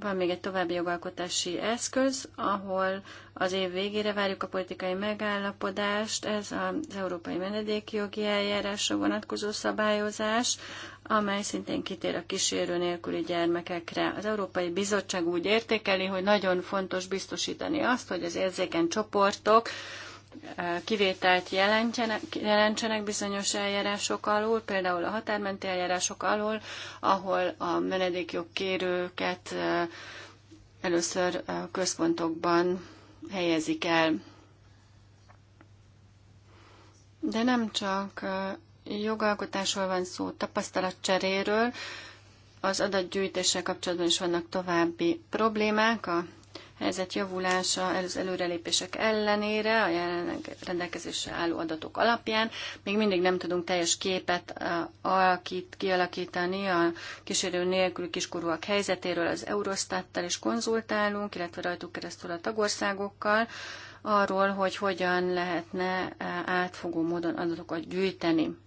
Van még egy további jogalkotási eszköz, ahol az év végére várjuk a politikai megállapodást, ez az Európai Menedékjogi eljárásra vonatkozó szabályozás, amely szintén kitér a kísérő nélküli gyermekekre. Az Európai Bizottság úgy értékeli, hogy nagyon fontos biztosítani azt, hogy az érzéken csoportok, kivételt jelentsenek, bizonyos eljárások alól, például a határmenti eljárások alól, ahol a kérőket először központokban helyezik el. De nem csak jogalkotásról van szó, tapasztalatcseréről, az adatgyűjtéssel kapcsolatban is vannak további problémák, a helyzet javulása az előrelépések ellenére, a jelenleg rendelkezésre álló adatok alapján. Még mindig nem tudunk teljes képet e, alakít, kialakítani a kísérő nélkül kiskorúak helyzetéről az Eurostattal is konzultálunk, illetve rajtuk keresztül a tagországokkal arról, hogy hogyan lehetne e, átfogó módon adatokat gyűjteni.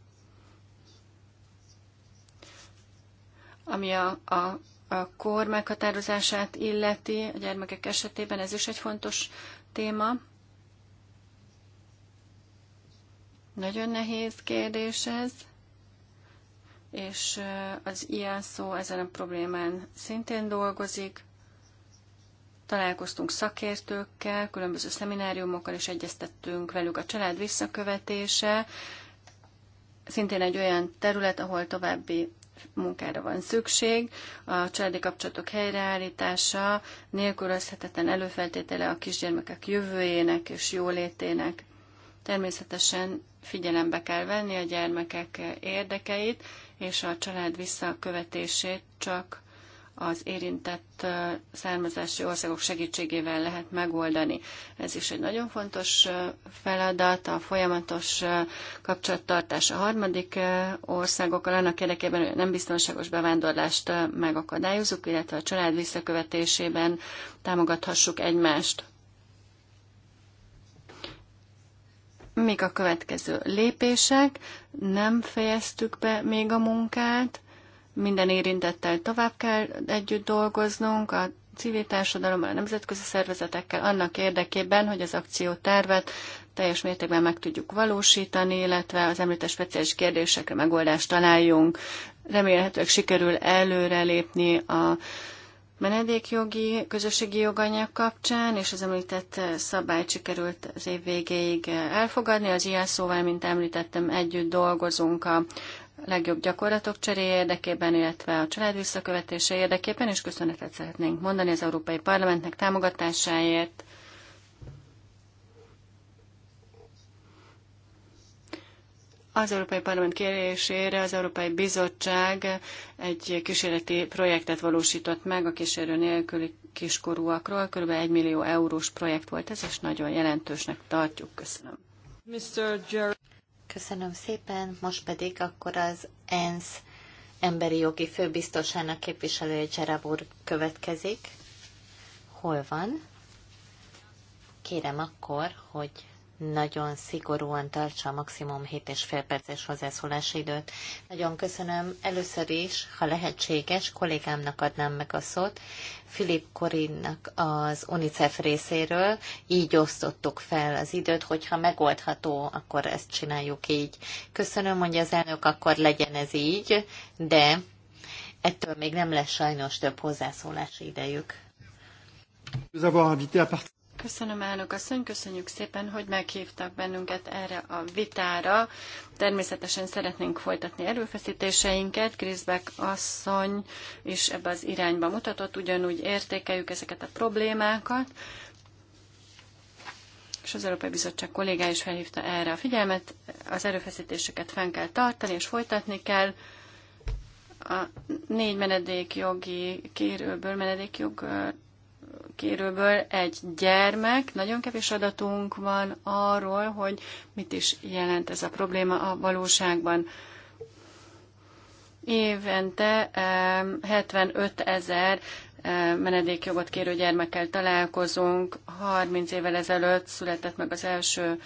Ami a, a a kor meghatározását illeti a gyermekek esetében, ez is egy fontos téma. Nagyon nehéz kérdés ez, és az szó ezen a problémán szintén dolgozik. Találkoztunk szakértőkkel, különböző szemináriumokkal is egyeztettünk velük a család visszakövetése. Szintén egy olyan terület, ahol további munkára van szükség. A családi kapcsolatok helyreállítása nélkülözhetetlen előfeltétele a kisgyermekek jövőjének és jólétének. Természetesen figyelembe kell venni a gyermekek érdekeit, és a család visszakövetését csak az érintett származási országok segítségével lehet megoldani. Ez is egy nagyon fontos feladat, a folyamatos kapcsolattartás a harmadik országokkal, annak érdekében, hogy nem biztonságos bevándorlást megakadályozunk, illetve a család visszakövetésében támogathassuk egymást. Még a következő lépések? Nem fejeztük be még a munkát minden érintettel tovább kell együtt dolgoznunk, a civil társadalommal, a nemzetközi szervezetekkel, annak érdekében, hogy az akciótervet teljes mértékben meg tudjuk valósítani, illetve az említett speciális kérdésekre megoldást találjunk. Remélhetőleg sikerül előrelépni a menedékjogi, közösségi joganyag kapcsán, és az említett szabályt sikerült az év végéig elfogadni. Az ilyen szóval, mint említettem, együtt dolgozunk a legjobb gyakorlatok cseréje érdekében, illetve a család visszakövetése érdekében, és köszönetet szeretnénk mondani az Európai Parlamentnek támogatásáért. Az Európai Parlament kérésére az Európai Bizottság egy kísérleti projektet valósított meg a kísérő nélküli kiskorúakról. Körülbelül 1 millió eurós projekt volt ez, és nagyon jelentősnek tartjuk. Köszönöm. Mr. Köszönöm szépen, most pedig akkor az ENSZ emberi jogi főbiztosának képviselője Gerabur következik. Hol van? Kérem akkor, hogy nagyon szigorúan tartsa a maximum 7,5 perces hozzászólási időt. Nagyon köszönöm. Először is, ha lehetséges, kollégámnak adnám meg a szót, Filip Korinnak az UNICEF részéről. Így osztottuk fel az időt, hogyha megoldható, akkor ezt csináljuk így. Köszönöm, mondja az elnök, akkor legyen ez így, de ettől még nem lesz sajnos több hozzászólási idejük. Nous invité à partir Köszönöm, elnök asszony, köszönjük szépen, hogy meghívtak bennünket erre a vitára. Természetesen szeretnénk folytatni előfeszítéseinket. Kriszbek asszony is ebbe az irányba mutatott, ugyanúgy értékeljük ezeket a problémákat. És az Európai Bizottság kollégája is felhívta erre a figyelmet. Az erőfeszítéseket fenn kell tartani, és folytatni kell a négy menedékjogi kérőből menedékjog kérőből egy gyermek. Nagyon kevés adatunk van arról, hogy mit is jelent ez a probléma a valóságban. Évente 75 ezer menedékjogot kérő gyermekkel találkozunk. 30 évvel ezelőtt született meg az első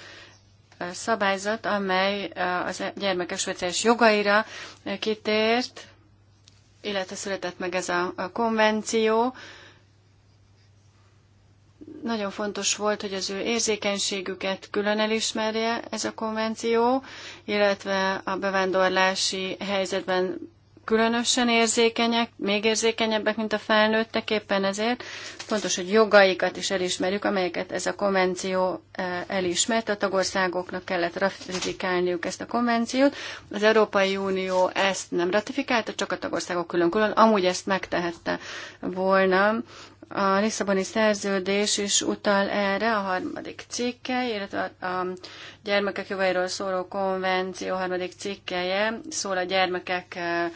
szabályzat, amely a e, gyermekek speciális jogaira kitért, illetve született meg ez a konvenció, nagyon fontos volt, hogy az ő érzékenységüket külön elismerje ez a konvenció, illetve a bevándorlási helyzetben különösen érzékenyek, még érzékenyebbek, mint a felnőttek, éppen ezért fontos, hogy jogaikat is elismerjük, amelyeket ez a konvenció eh, elismert. A tagországoknak kellett ratifikálniuk ezt a konvenciót. Az Európai Unió ezt nem ratifikálta, csak a tagországok külön-külön, amúgy ezt megtehette volna. A Lisszaboni szerződés is utal erre a harmadik cikke, illetve a gyermekek jogairól szóló konvenció harmadik cikkeje szól a gyermekek eh,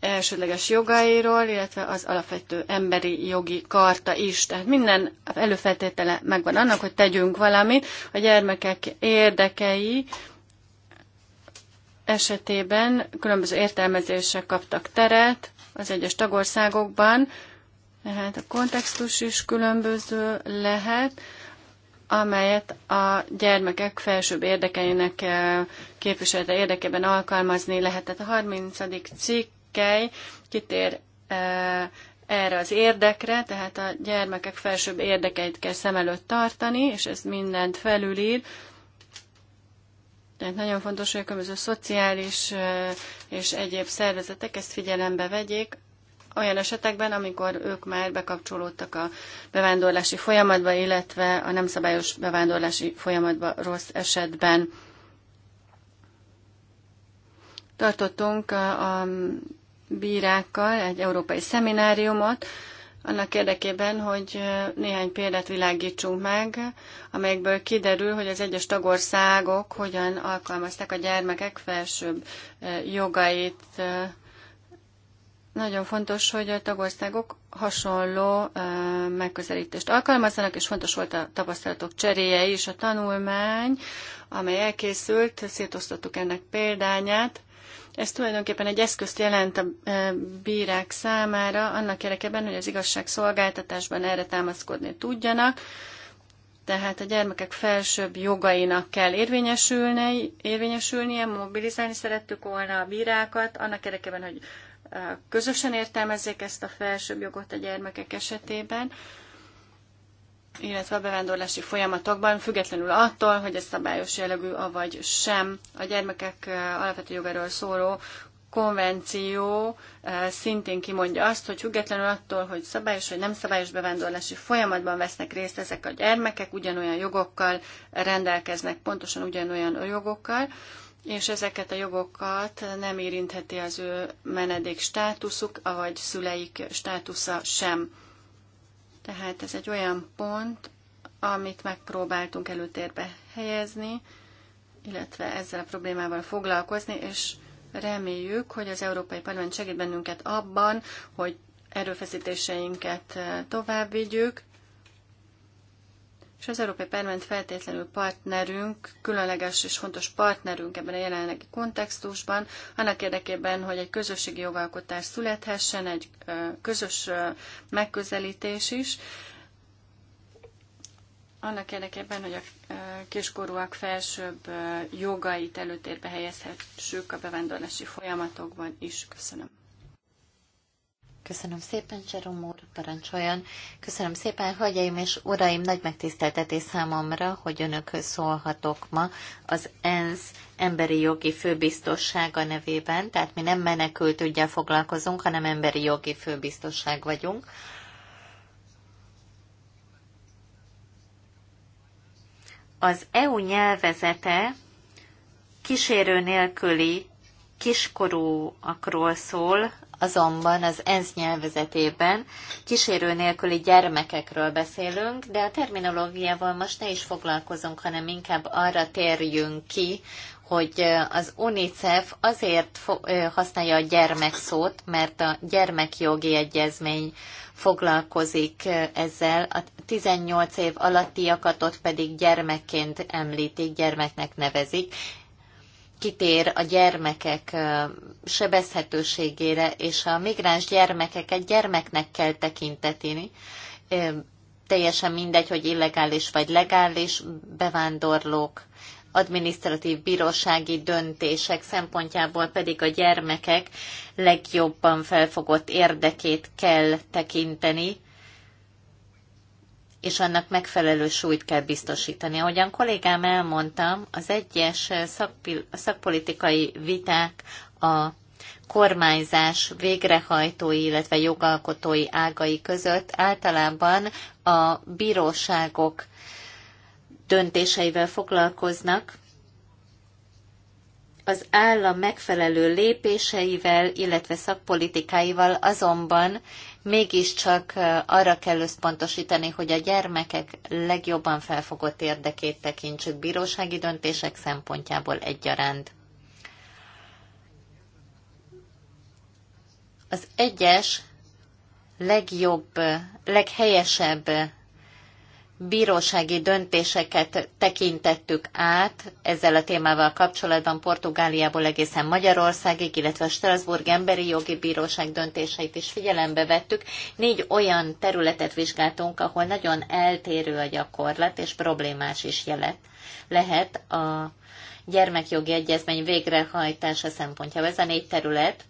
elsődleges jogairól, illetve az alapvető emberi jogi karta is. Tehát minden előfeltétele megvan annak, hogy tegyünk valamit. A gyermekek érdekei esetében különböző értelmezések kaptak teret az egyes tagországokban, tehát a kontextus is különböző lehet, amelyet a gyermekek felsőbb érdekeinek eh, képviselete érdekében alkalmazni lehet. Tehát a 30. cikkely kitér eh, erre az érdekre, tehát a gyermekek felsőbb érdekeit kell szem előtt tartani, és ez mindent felülír. Tehát nagyon fontos, hogy a különböző szociális eh, és egyéb szervezetek ezt figyelembe vegyék, olyan esetekben, amikor ők már bekapcsolódtak a bevándorlási folyamatba, illetve a nem szabályos bevándorlási folyamatba rossz esetben. Tartottunk a, a bírákkal egy európai szemináriumot, annak érdekében, hogy néhány példát világítsunk meg, amelyekből kiderül, hogy az egyes tagországok hogyan alkalmazták a gyermekek felsőbb jogait nagyon fontos, hogy a tagországok hasonló megközelítést alkalmazzanak, és fontos volt a tapasztalatok cseréje is. A tanulmány, amely elkészült, szétosztottuk ennek példányát. Ez tulajdonképpen egy eszközt jelent a bírák számára, annak érdekében, hogy az igazságszolgáltatásban erre támaszkodni tudjanak, tehát a gyermekek felsőbb jogainak kell érvényesülnie, érvényesülnie mobilizálni szerettük volna a bírákat, annak érdekében, hogy közösen értelmezzék ezt a felsőbb jogot a gyermekek esetében, illetve a bevándorlási folyamatokban, függetlenül attól, hogy ez szabályos jellegű, avagy sem. A gyermekek eh, alapvető jogáról szóló konvenció eh, szintén kimondja azt, hogy függetlenül attól, hogy szabályos vagy nem szabályos bevándorlási folyamatban vesznek részt ezek a gyermekek, ugyanolyan jogokkal rendelkeznek, pontosan ugyanolyan jogokkal, és ezeket a jogokat nem érintheti az ő menedék státuszuk, vagy szüleik státusza sem. Tehát ez egy olyan pont, amit megpróbáltunk előtérbe helyezni, illetve ezzel a problémával foglalkozni, és reméljük, hogy az Európai Parlament segít bennünket abban, hogy erőfeszítéseinket tovább vigyük, és az Európai Parlament feltétlenül partnerünk, különleges és fontos partnerünk ebben a jelenlegi kontextusban, annak érdekében, hogy egy közösségi jogalkotás születhessen, egy közös megközelítés is, annak érdekében, hogy a kiskorúak felsőbb jogait előtérbe helyezhessük a bevándorlási folyamatokban is. Köszönöm. Köszönöm szépen, Jerome úr, parancsoljon. Köszönöm szépen, hölgyeim és uraim, nagy megtiszteltetés számomra, hogy önökhöz szólhatok ma az ENSZ emberi jogi főbiztossága nevében, tehát mi nem menekült ügyel foglalkozunk, hanem emberi jogi főbiztosság vagyunk. Az EU nyelvezete kísérő nélküli kiskorúakról szól, azonban az ENSZ nyelvezetében kísérő nélküli gyermekekről beszélünk, de a terminológiával most ne is foglalkozunk, hanem inkább arra térjünk ki, hogy az UNICEF azért használja a gyermek szót, mert a gyermekjogi egyezmény foglalkozik ezzel, a 18 év alattiakat ott pedig gyermekként említik, gyermeknek nevezik, kitér a gyermekek sebezhetőségére, és a migráns gyermekeket gyermeknek kell tekinteni. Teljesen mindegy, hogy illegális vagy legális bevándorlók, adminisztratív bírósági döntések szempontjából pedig a gyermekek legjobban felfogott érdekét kell tekinteni, és annak megfelelő súlyt kell biztosítani. Ahogyan kollégám elmondtam, az egyes szakpolitikai viták a kormányzás végrehajtói, illetve jogalkotói ágai között általában a bíróságok döntéseivel foglalkoznak, az állam megfelelő lépéseivel, illetve szakpolitikáival azonban mégiscsak arra kell összpontosítani, hogy a gyermekek legjobban felfogott érdekét tekintsük bírósági döntések szempontjából egyaránt. Az egyes legjobb, leghelyesebb bírósági döntéseket tekintettük át ezzel a témával kapcsolatban Portugáliából egészen Magyarországig, illetve a Strasbourg Emberi Jogi Bíróság döntéseit is figyelembe vettük. Négy olyan területet vizsgáltunk, ahol nagyon eltérő a gyakorlat, és problémás is jelet. lehet a gyermekjogi egyezmény végrehajtása szempontjából. Ez a négy terület,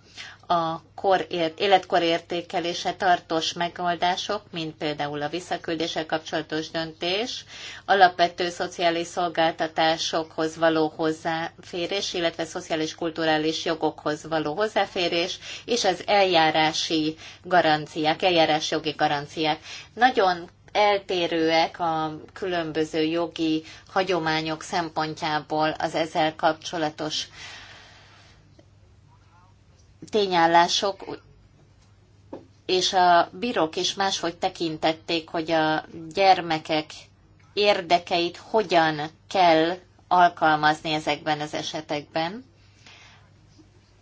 a korért, életkorértékelése tartós megoldások, mint például a visszaküldéssel kapcsolatos döntés, alapvető szociális szolgáltatásokhoz való hozzáférés, illetve szociális kulturális jogokhoz való hozzáférés, és az eljárási garanciák, eljárásjogi garanciák. Nagyon eltérőek a különböző jogi hagyományok szempontjából az ezzel kapcsolatos uh, tényállások és a bírók is máshogy tekintették, hogy a gyermekek érdekeit hogyan kell alkalmazni ezekben az esetekben.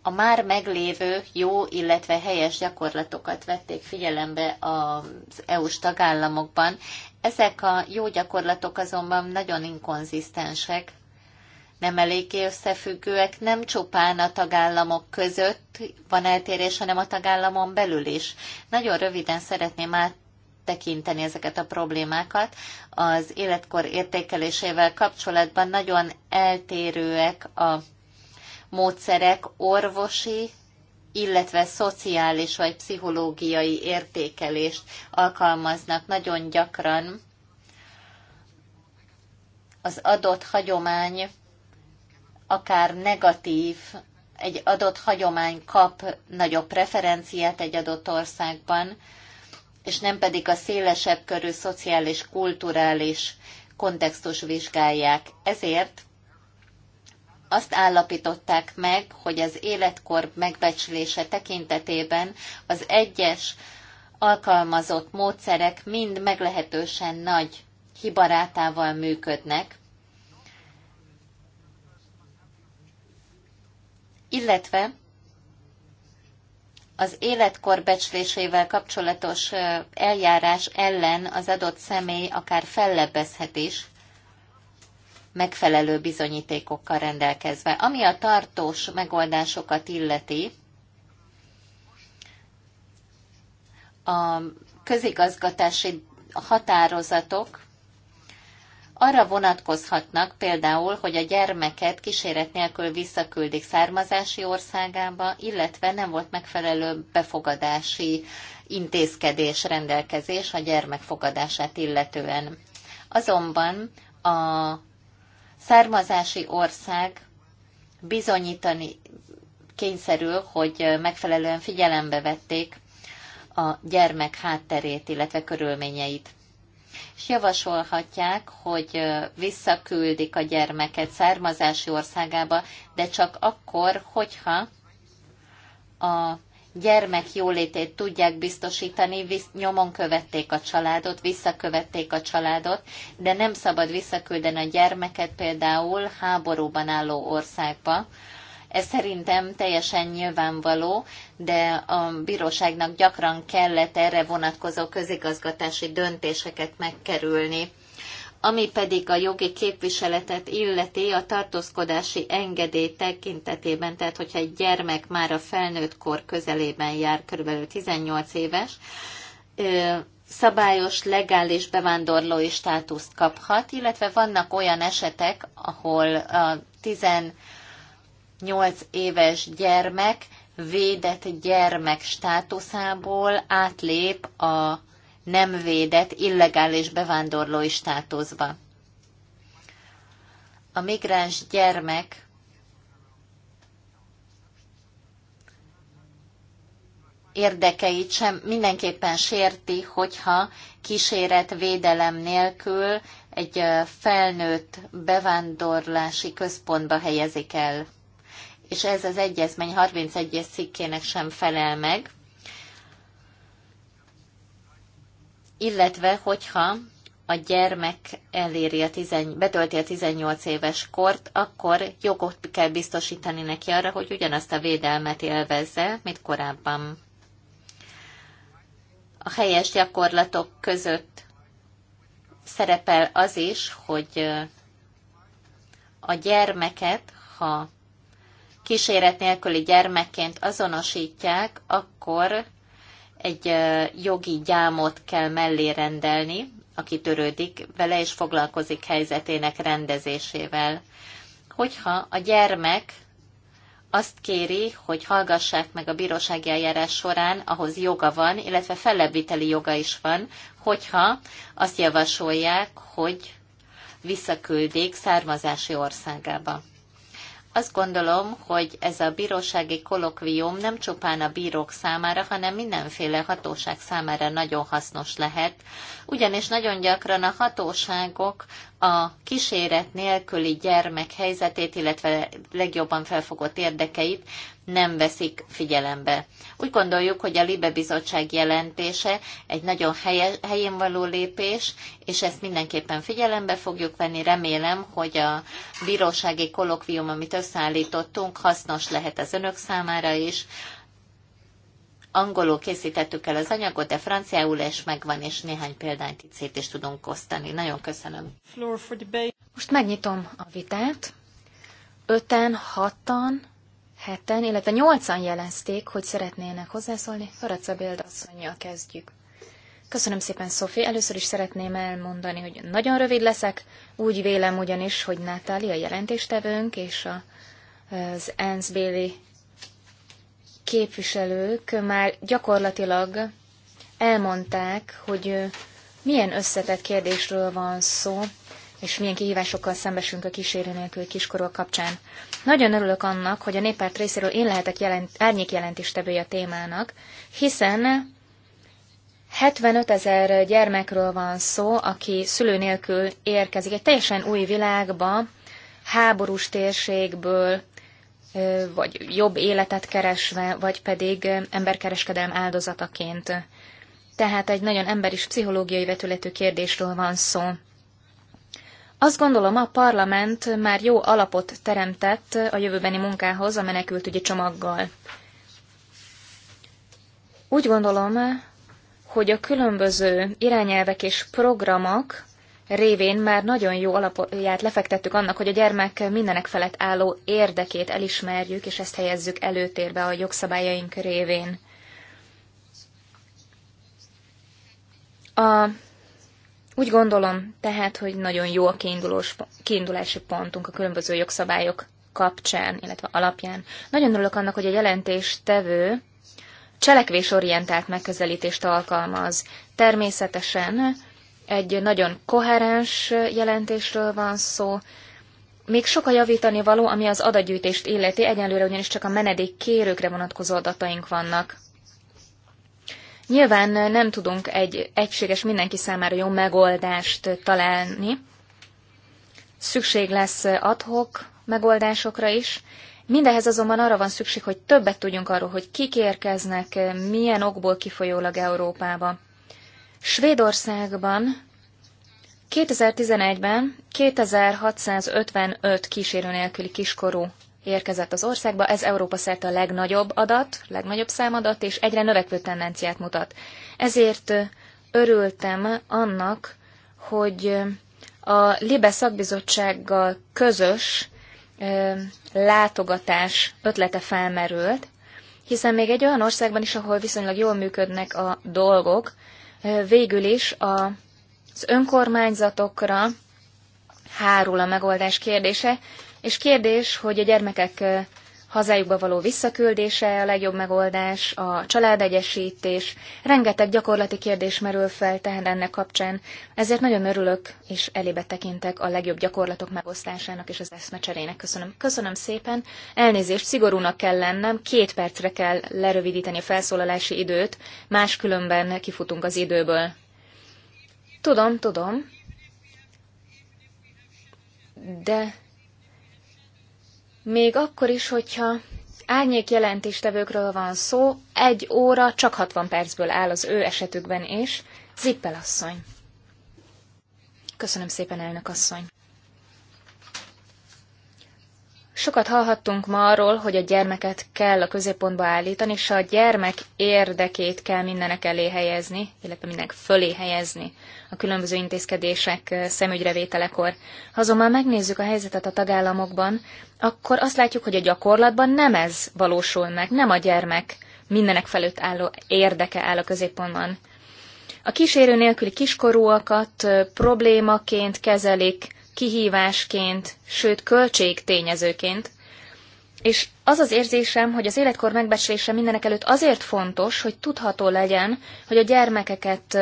A már meglévő jó, illetve helyes gyakorlatokat vették figyelembe az EU-s tagállamokban. Ezek a jó gyakorlatok azonban nagyon inkonzisztensek, nem eléggé összefüggőek, nem csupán a tagállamok között van eltérés, hanem a tagállamon belül is. Nagyon röviden szeretném át tekinteni ezeket a problémákat. Az életkor értékelésével kapcsolatban nagyon eltérőek a módszerek orvosi, illetve szociális vagy pszichológiai értékelést alkalmaznak nagyon gyakran az adott hagyomány akár negatív, egy adott hagyomány kap nagyobb preferenciát egy adott országban, és nem pedig a szélesebb körű szociális, kulturális kontextus vizsgálják. Ezért azt állapították meg, hogy az életkor megbecslése tekintetében az egyes alkalmazott módszerek mind meglehetősen nagy hibarátával működnek, illetve az életkor becslésével kapcsolatos eljárás ellen az adott személy akár fellebbezhet is, megfelelő bizonyítékokkal rendelkezve. Ami a tartós megoldásokat illeti, a közigazgatási határozatok arra vonatkozhatnak például, hogy a gyermeket kíséret nélkül visszaküldik származási országába, illetve nem volt megfelelő befogadási intézkedés rendelkezés a gyermek fogadását illetően. Azonban a származási ország bizonyítani kényszerül, hogy megfelelően figyelembe vették a gyermek hátterét, illetve körülményeit és javasolhatják, hogy visszaküldik a gyermeket származási országába, de csak akkor, hogyha a gyermek jólétét tudják biztosítani, nyomon követték a családot, visszakövették a családot, de nem szabad visszaküldeni a gyermeket például háborúban álló országba, ez szerintem teljesen nyilvánvaló, de a bíróságnak gyakran kellett erre vonatkozó közigazgatási döntéseket megkerülni. Ami pedig a jogi képviseletet illeti a tartózkodási engedély tekintetében, tehát hogyha egy gyermek már a felnőtt kor közelében jár, körülbelül 18 éves, szabályos, legális bevándorlói státuszt kaphat, illetve vannak olyan esetek, ahol a 16 8 éves gyermek védett gyermek státuszából átlép a nem védett illegális bevándorlói státuszba. A migráns gyermek érdekeit sem mindenképpen sérti, hogyha kíséret védelem nélkül egy felnőtt bevándorlási központba helyezik el és ez az egyezmény 31-es cikkének sem felel meg, illetve hogyha a gyermek eléri a tizen, betölti a 18 éves kort, akkor jogot kell biztosítani neki arra, hogy ugyanazt a védelmet élvezze, mint korábban. A helyes gyakorlatok között szerepel az is, hogy a gyermeket, ha kíséret nélküli gyermekként azonosítják, akkor egy jogi gyámot kell mellé rendelni, aki törődik vele és foglalkozik helyzetének rendezésével. Hogyha a gyermek azt kéri, hogy hallgassák meg a bírósági eljárás során, ahhoz joga van, illetve fellebbviteli joga is van, hogyha azt javasolják, hogy visszaküldik származási országába. Azt gondolom, hogy ez a bírósági kolokvium nem csupán a bírók számára, hanem mindenféle hatóság számára nagyon hasznos lehet, ugyanis nagyon gyakran a hatóságok a kíséret nélküli gyermek helyzetét, illetve legjobban felfogott érdekeit nem veszik figyelembe. Úgy gondoljuk, hogy a Libe Bizottság jelentése egy nagyon helye, helyén való lépés, és ezt mindenképpen figyelembe fogjuk venni. Remélem, hogy a bírósági kolokvium, amit összeállítottunk, hasznos lehet az önök számára is. Angolul készítettük el az anyagot, de franciául is megvan, és néhány példányt itt szét is tudunk osztani. Nagyon köszönöm. Most megnyitom a vitát. Öten, hatan heten, illetve nyolcan jelezték, hogy szeretnének hozzászólni. Faraca Béld asszonyjal kezdjük. Köszönöm szépen, Szofi. Először is szeretném elmondani, hogy nagyon rövid leszek. Úgy vélem ugyanis, hogy Natália jelentéstevőnk és a, az ENSZ Béli képviselők már gyakorlatilag elmondták, hogy milyen összetett kérdésről van szó, és milyen kihívásokkal szembesünk a kísérő nélkül kiskorúak kapcsán. Nagyon örülök annak, hogy a néppárt részéről én lehetek jelent, árnyékjelentéstevője a témának, hiszen 75 ezer gyermekről van szó, aki szülő nélkül érkezik egy teljesen új világba, háborús térségből, vagy jobb életet keresve, vagy pedig emberkereskedelem áldozataként. Tehát egy nagyon emberis pszichológiai vetületű kérdésről van szó. Azt gondolom, a parlament már jó alapot teremtett a jövőbeni munkához a menekültügyi csomaggal. Úgy gondolom, hogy a különböző irányelvek és programok révén már nagyon jó alapját lefektettük annak, hogy a gyermek mindenek felett álló érdekét elismerjük, és ezt helyezzük előtérbe a jogszabályaink révén. A úgy gondolom tehát, hogy nagyon jó a kiindulós, kiindulási pontunk a különböző jogszabályok kapcsán, illetve alapján. Nagyon örülök annak, hogy a jelentéstevő cselekvésorientált megközelítést alkalmaz. Természetesen egy nagyon koherens jelentésről van szó, még sok a javítani való, ami az adatgyűjtést illeti, egyelőre ugyanis csak a menedék kérőkre vonatkozó adataink vannak. Nyilván nem tudunk egy egységes mindenki számára jó megoldást találni. Szükség lesz adhok megoldásokra is. Mindehez azonban arra van szükség, hogy többet tudjunk arról, hogy kik érkeznek, milyen okból kifolyólag Európába. Svédországban 2011-ben 2655 kísérő nélküli kiskorú érkezett az országba. Ez Európa szerte a legnagyobb adat, legnagyobb számadat, és egyre növekvő tendenciát mutat. Ezért örültem annak, hogy a Libe szakbizottsággal közös látogatás ötlete felmerült, hiszen még egy olyan országban is, ahol viszonylag jól működnek a dolgok, végül is az önkormányzatokra hárul a megoldás kérdése, és kérdés, hogy a gyermekek hazájukba való visszaküldése a legjobb megoldás, a családegyesítés, rengeteg gyakorlati kérdés merül fel tehát ennek kapcsán, ezért nagyon örülök és elébe tekintek a legjobb gyakorlatok megosztásának és az eszmecserének. Köszönöm. Köszönöm szépen, elnézést, szigorúnak kell lennem, két percre kell lerövidíteni a felszólalási időt, máskülönben kifutunk az időből. Tudom, tudom, de még akkor is, hogyha árnyék jelentéstevőkről van szó, egy óra csak 60 percből áll az ő esetükben is. Zippel asszony. Köszönöm szépen, elnök asszony. Sokat hallhattunk ma arról, hogy a gyermeket kell a középpontba állítani, és a gyermek érdekét kell mindenek elé helyezni, illetve mindenek fölé helyezni a különböző intézkedések szemügyrevételekor. Ha azonban megnézzük a helyzetet a tagállamokban, akkor azt látjuk, hogy a gyakorlatban nem ez valósul meg, nem a gyermek mindenek felőtt álló érdeke áll a középpontban. A kísérő nélküli kiskorúakat problémaként kezelik, kihívásként, sőt költségtényezőként. És az az érzésem, hogy az életkor megbecslése mindenek előtt azért fontos, hogy tudható legyen, hogy a gyermekeket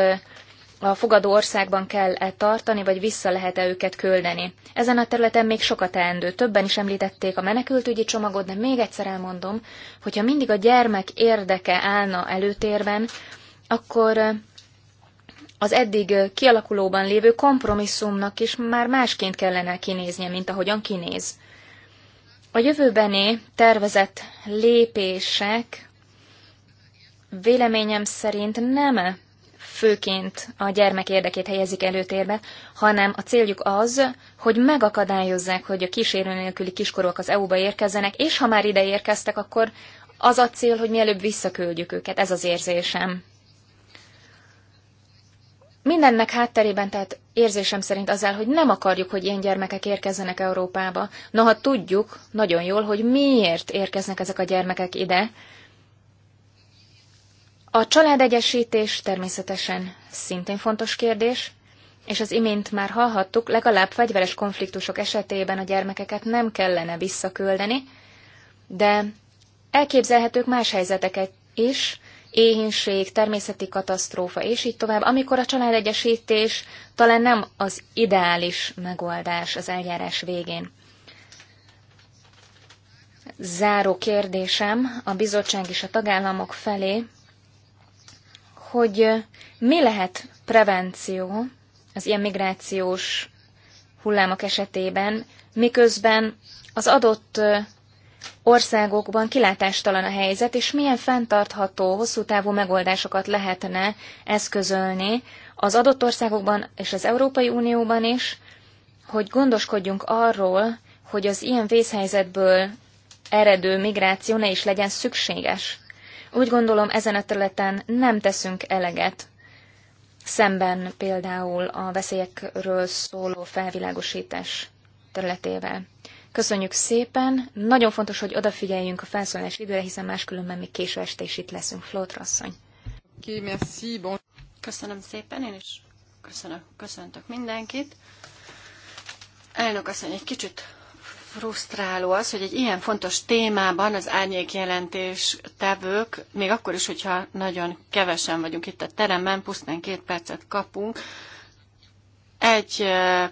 a fogadó országban kell-e tartani, vagy vissza lehet-e őket küldeni. Ezen a területen még sokat teendő. Többen is említették a menekültügyi csomagot, de még egyszer elmondom, hogyha mindig a gyermek érdeke állna előtérben, akkor az eddig kialakulóban lévő kompromisszumnak is már másként kellene kinéznie, mint ahogyan kinéz. A jövőbeni tervezett lépések véleményem szerint nem főként a gyermek érdekét helyezik előtérbe, hanem a céljuk az, hogy megakadályozzák, hogy a kísérő nélküli kiskorúak az EU-ba érkezzenek, és ha már ide érkeztek, akkor az a cél, hogy mielőbb visszaküldjük őket. Ez az érzésem. Mindennek hátterében, tehát érzésem szerint áll, hogy nem akarjuk, hogy ilyen gyermekek érkezzenek Európába. Noha tudjuk nagyon jól, hogy miért érkeznek ezek a gyermekek ide. A családegyesítés természetesen szintén fontos kérdés, és az imént már hallhattuk, legalább fegyveres konfliktusok esetében a gyermekeket nem kellene visszaküldeni, de elképzelhetők más helyzeteket is, éhínség, természeti katasztrófa, és így tovább, amikor a családegyesítés talán nem az ideális megoldás az eljárás végén. Záró kérdésem a bizottság és a tagállamok felé, hogy mi lehet prevenció az ilyen migrációs hullámok esetében, miközben az adott országokban kilátástalan a helyzet, és milyen fenntartható, hosszú távú megoldásokat lehetne eszközölni az adott országokban és az Európai Unióban is, hogy gondoskodjunk arról, hogy az ilyen vészhelyzetből eredő migráció ne is legyen szükséges. Úgy gondolom, ezen a területen nem teszünk eleget. Szemben például a veszélyekről szóló felvilágosítás területével. Köszönjük szépen. Nagyon fontos, hogy odafigyeljünk a felszólalás időre, hiszen máskülönben még késő este is itt leszünk. Flótra asszony. merci, bon. Köszönöm szépen, én is köszönök, köszöntök mindenkit. Elnök asszony, egy kicsit frusztráló az, hogy egy ilyen fontos témában az árnyék jelentés tevők, még akkor is, hogyha nagyon kevesen vagyunk itt a teremben, pusztán két percet kapunk, egy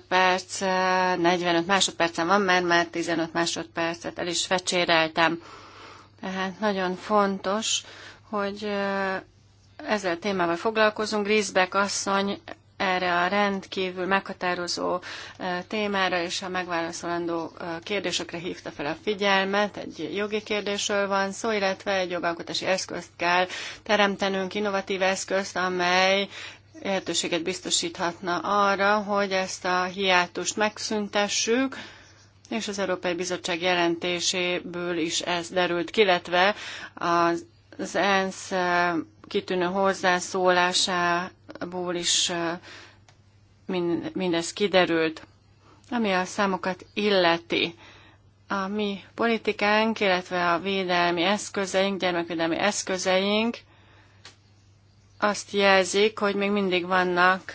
perc, 45 másodpercen van, mert már 15 másodpercet el is fecséreltem. Tehát nagyon fontos, hogy ezzel a témával foglalkozunk. Grisbeck asszony erre a rendkívül meghatározó témára és a megválaszolandó kérdésekre hívta fel a figyelmet. Egy jogi kérdésről van szó, illetve egy jogalkotási eszközt kell teremtenünk, innovatív eszközt, amely lehetőséget biztosíthatna arra, hogy ezt a hiátust megszüntessük, és az Európai Bizottság jelentéséből is ez derült ki, illetve az ENSZ eh, kitűnő hozzászólásából is eh, mindez kiderült. Ami a számokat illeti, a mi politikánk, illetve a védelmi eszközeink, gyermekvédelmi eszközeink azt jelzik, hogy még mindig vannak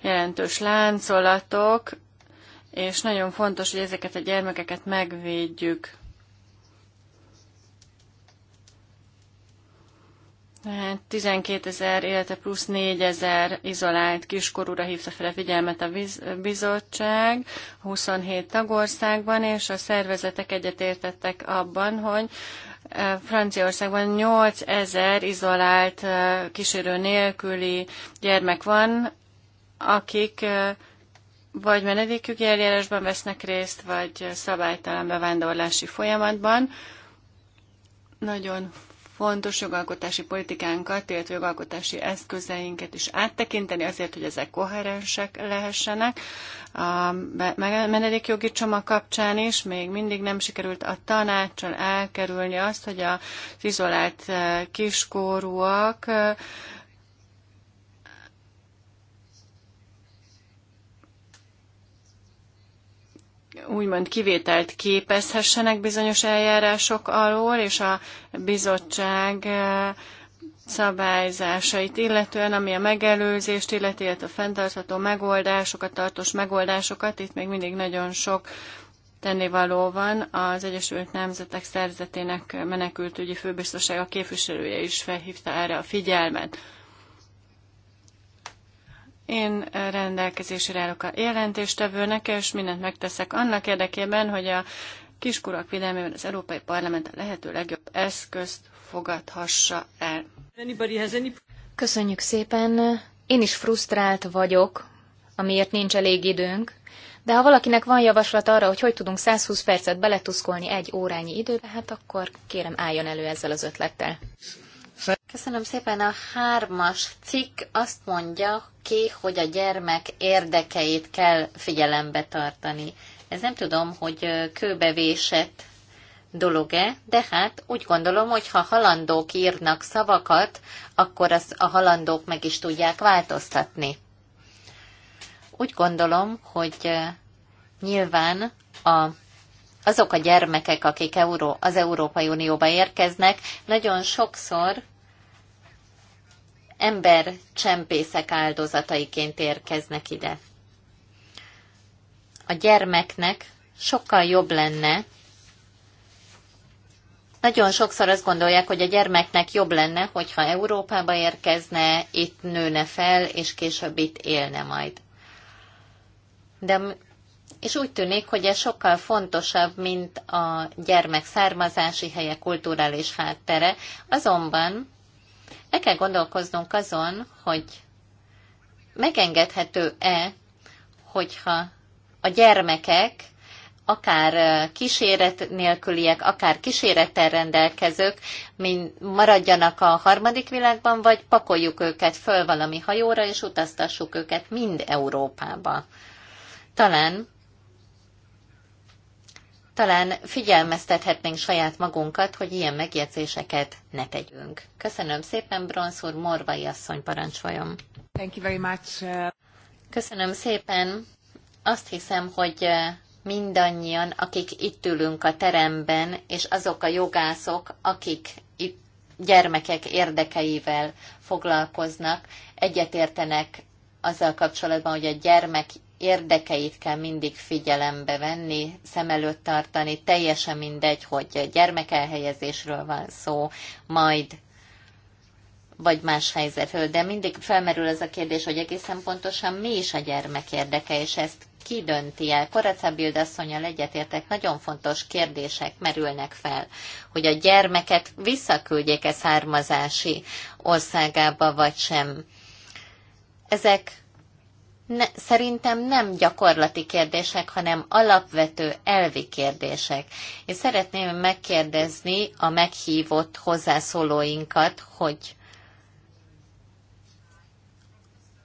jelentős láncolatok, és nagyon fontos, hogy ezeket a gyermekeket megvédjük. Tehát 12 ezer, illetve plusz 4 ezer izolált kiskorúra hívta fel a figyelmet a bizottság 27 tagországban, és a szervezetek egyetértettek abban, hogy Franciaországban 8 ezer izolált kísérő nélküli gyermek van, akik vagy menedékük eljárásban vesznek részt, vagy szabálytalan bevándorlási folyamatban. Nagyon fontos jogalkotási politikánkat, illetve jogalkotási eszközeinket is áttekinteni azért, hogy ezek koherensek lehessenek. A menedékjogi csomag kapcsán is még mindig nem sikerült a tanácson elkerülni azt, hogy az izolált eh, kiskorúak eh, úgymond kivételt képezhessenek bizonyos eljárások alól, és a bizottság eh, szabályzásait illetően, ami a megelőzést illeti, illetve a fenntartható megoldásokat, tartós megoldásokat, itt még mindig nagyon sok tennivaló van. Az Egyesült Nemzetek Szerzetének menekültügyi főbiztossága képviselője is felhívta erre a figyelmet. Én rendelkezésre állok a jelentéstevőnek, és mindent megteszek annak érdekében, hogy a kiskorúak védelmében az Európai Parlament a lehető legjobb eszközt fogadhassa el. Köszönjük szépen. Én is frusztrált vagyok, amiért nincs elég időnk, de ha valakinek van javaslat arra, hogy hogy tudunk 120 percet beletuszkolni egy órányi időbe, hát akkor kérem álljon elő ezzel az ötlettel. Köszönöm szépen. A hármas cikk azt mondja ki, hogy a gyermek érdekeit kell figyelembe tartani. Ez nem tudom, hogy kőbevésett dolog-e, de hát úgy gondolom, hogy ha halandók írnak szavakat, akkor az a halandók meg is tudják változtatni. Úgy gondolom, hogy nyilván a azok a gyermekek, akik Euró, az Európai Unióba érkeznek, nagyon sokszor ember csempészek áldozataiként érkeznek ide. A gyermeknek sokkal jobb lenne, nagyon sokszor azt gondolják, hogy a gyermeknek jobb lenne, hogyha Európába érkezne, itt nőne fel, és később itt élne majd. De és úgy tűnik, hogy ez sokkal fontosabb, mint a gyermek származási helye, kulturális háttere. Azonban el kell gondolkoznunk azon, hogy megengedhető-e, hogyha a gyermekek akár kíséret nélküliek, akár kísérettel rendelkezők, mint maradjanak a harmadik világban, vagy pakoljuk őket föl valami hajóra, és utaztassuk őket mind Európába. Talán talán figyelmeztethetnénk saját magunkat, hogy ilyen megjegyzéseket ne tegyünk. Köszönöm szépen, Bronsz úr, Morvai asszony parancsoljon. Thank you very much. Uh, Köszönöm szépen. Azt hiszem, hogy uh, mindannyian, akik itt ülünk a teremben, és azok a jogászok, akik itt gyermekek érdekeivel foglalkoznak, egyetértenek azzal kapcsolatban, hogy a gyermek érdekeit kell mindig figyelembe venni, szem előtt tartani, teljesen mindegy, hogy gyermekelhelyezésről van szó, majd vagy más helyzetről, de mindig felmerül az a kérdés, hogy egészen pontosan mi is a gyermek érdeke, és ezt ki dönti el. Koracabild asszonyal egyetértek, nagyon fontos kérdések merülnek fel, hogy a gyermeket visszaküldjék-e származási országába, vagy sem. Ezek ne, szerintem nem gyakorlati kérdések, hanem alapvető elvi kérdések. Én szeretném megkérdezni a meghívott hozzászólóinkat, hogy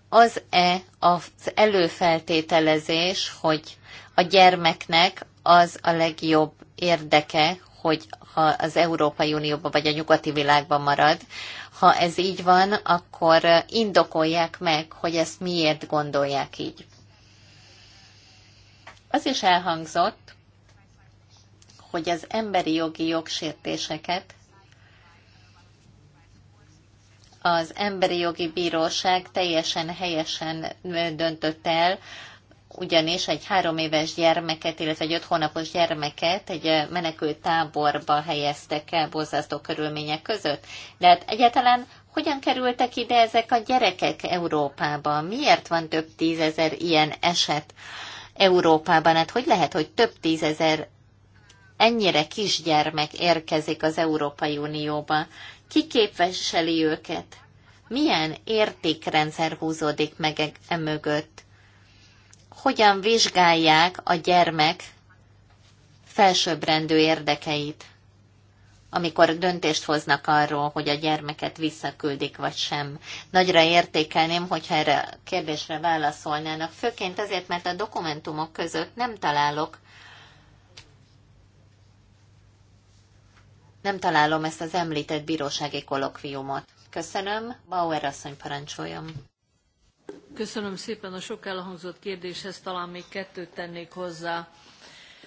az-e az előfeltételezés, hogy a gyermeknek az a legjobb érdeke, hogy ha az Európai Unióban vagy a nyugati világban marad, ha ez így van, akkor indokolják meg, hogy ezt miért gondolják így. Az is elhangzott, hogy az emberi jogi jogsértéseket az Emberi Jogi Bíróság teljesen helyesen döntött el ugyanis egy három éves gyermeket, illetve egy öt hónapos gyermeket egy menekült táborba helyeztek el borzasztó körülmények között. De hát egyáltalán hogyan kerültek ide ezek a gyerekek Európába? Miért van több tízezer ilyen eset Európában? Hát hogy lehet, hogy több tízezer ennyire kisgyermek érkezik az Európai Unióba? Ki képviseli őket? Milyen értékrendszer húzódik meg e, e mögött? hogyan vizsgálják a gyermek felsőbbrendű érdekeit, amikor döntést hoznak arról, hogy a gyermeket visszaküldik vagy sem. Nagyra értékelném, hogyha erre a kérdésre válaszolnának, főként azért, mert a dokumentumok között nem találok nem találom ezt az említett bírósági kolokviumot. Köszönöm, Bauer asszony parancsoljon. Köszönöm szépen a sok elhangzott kérdéshez, talán még kettőt tennék hozzá.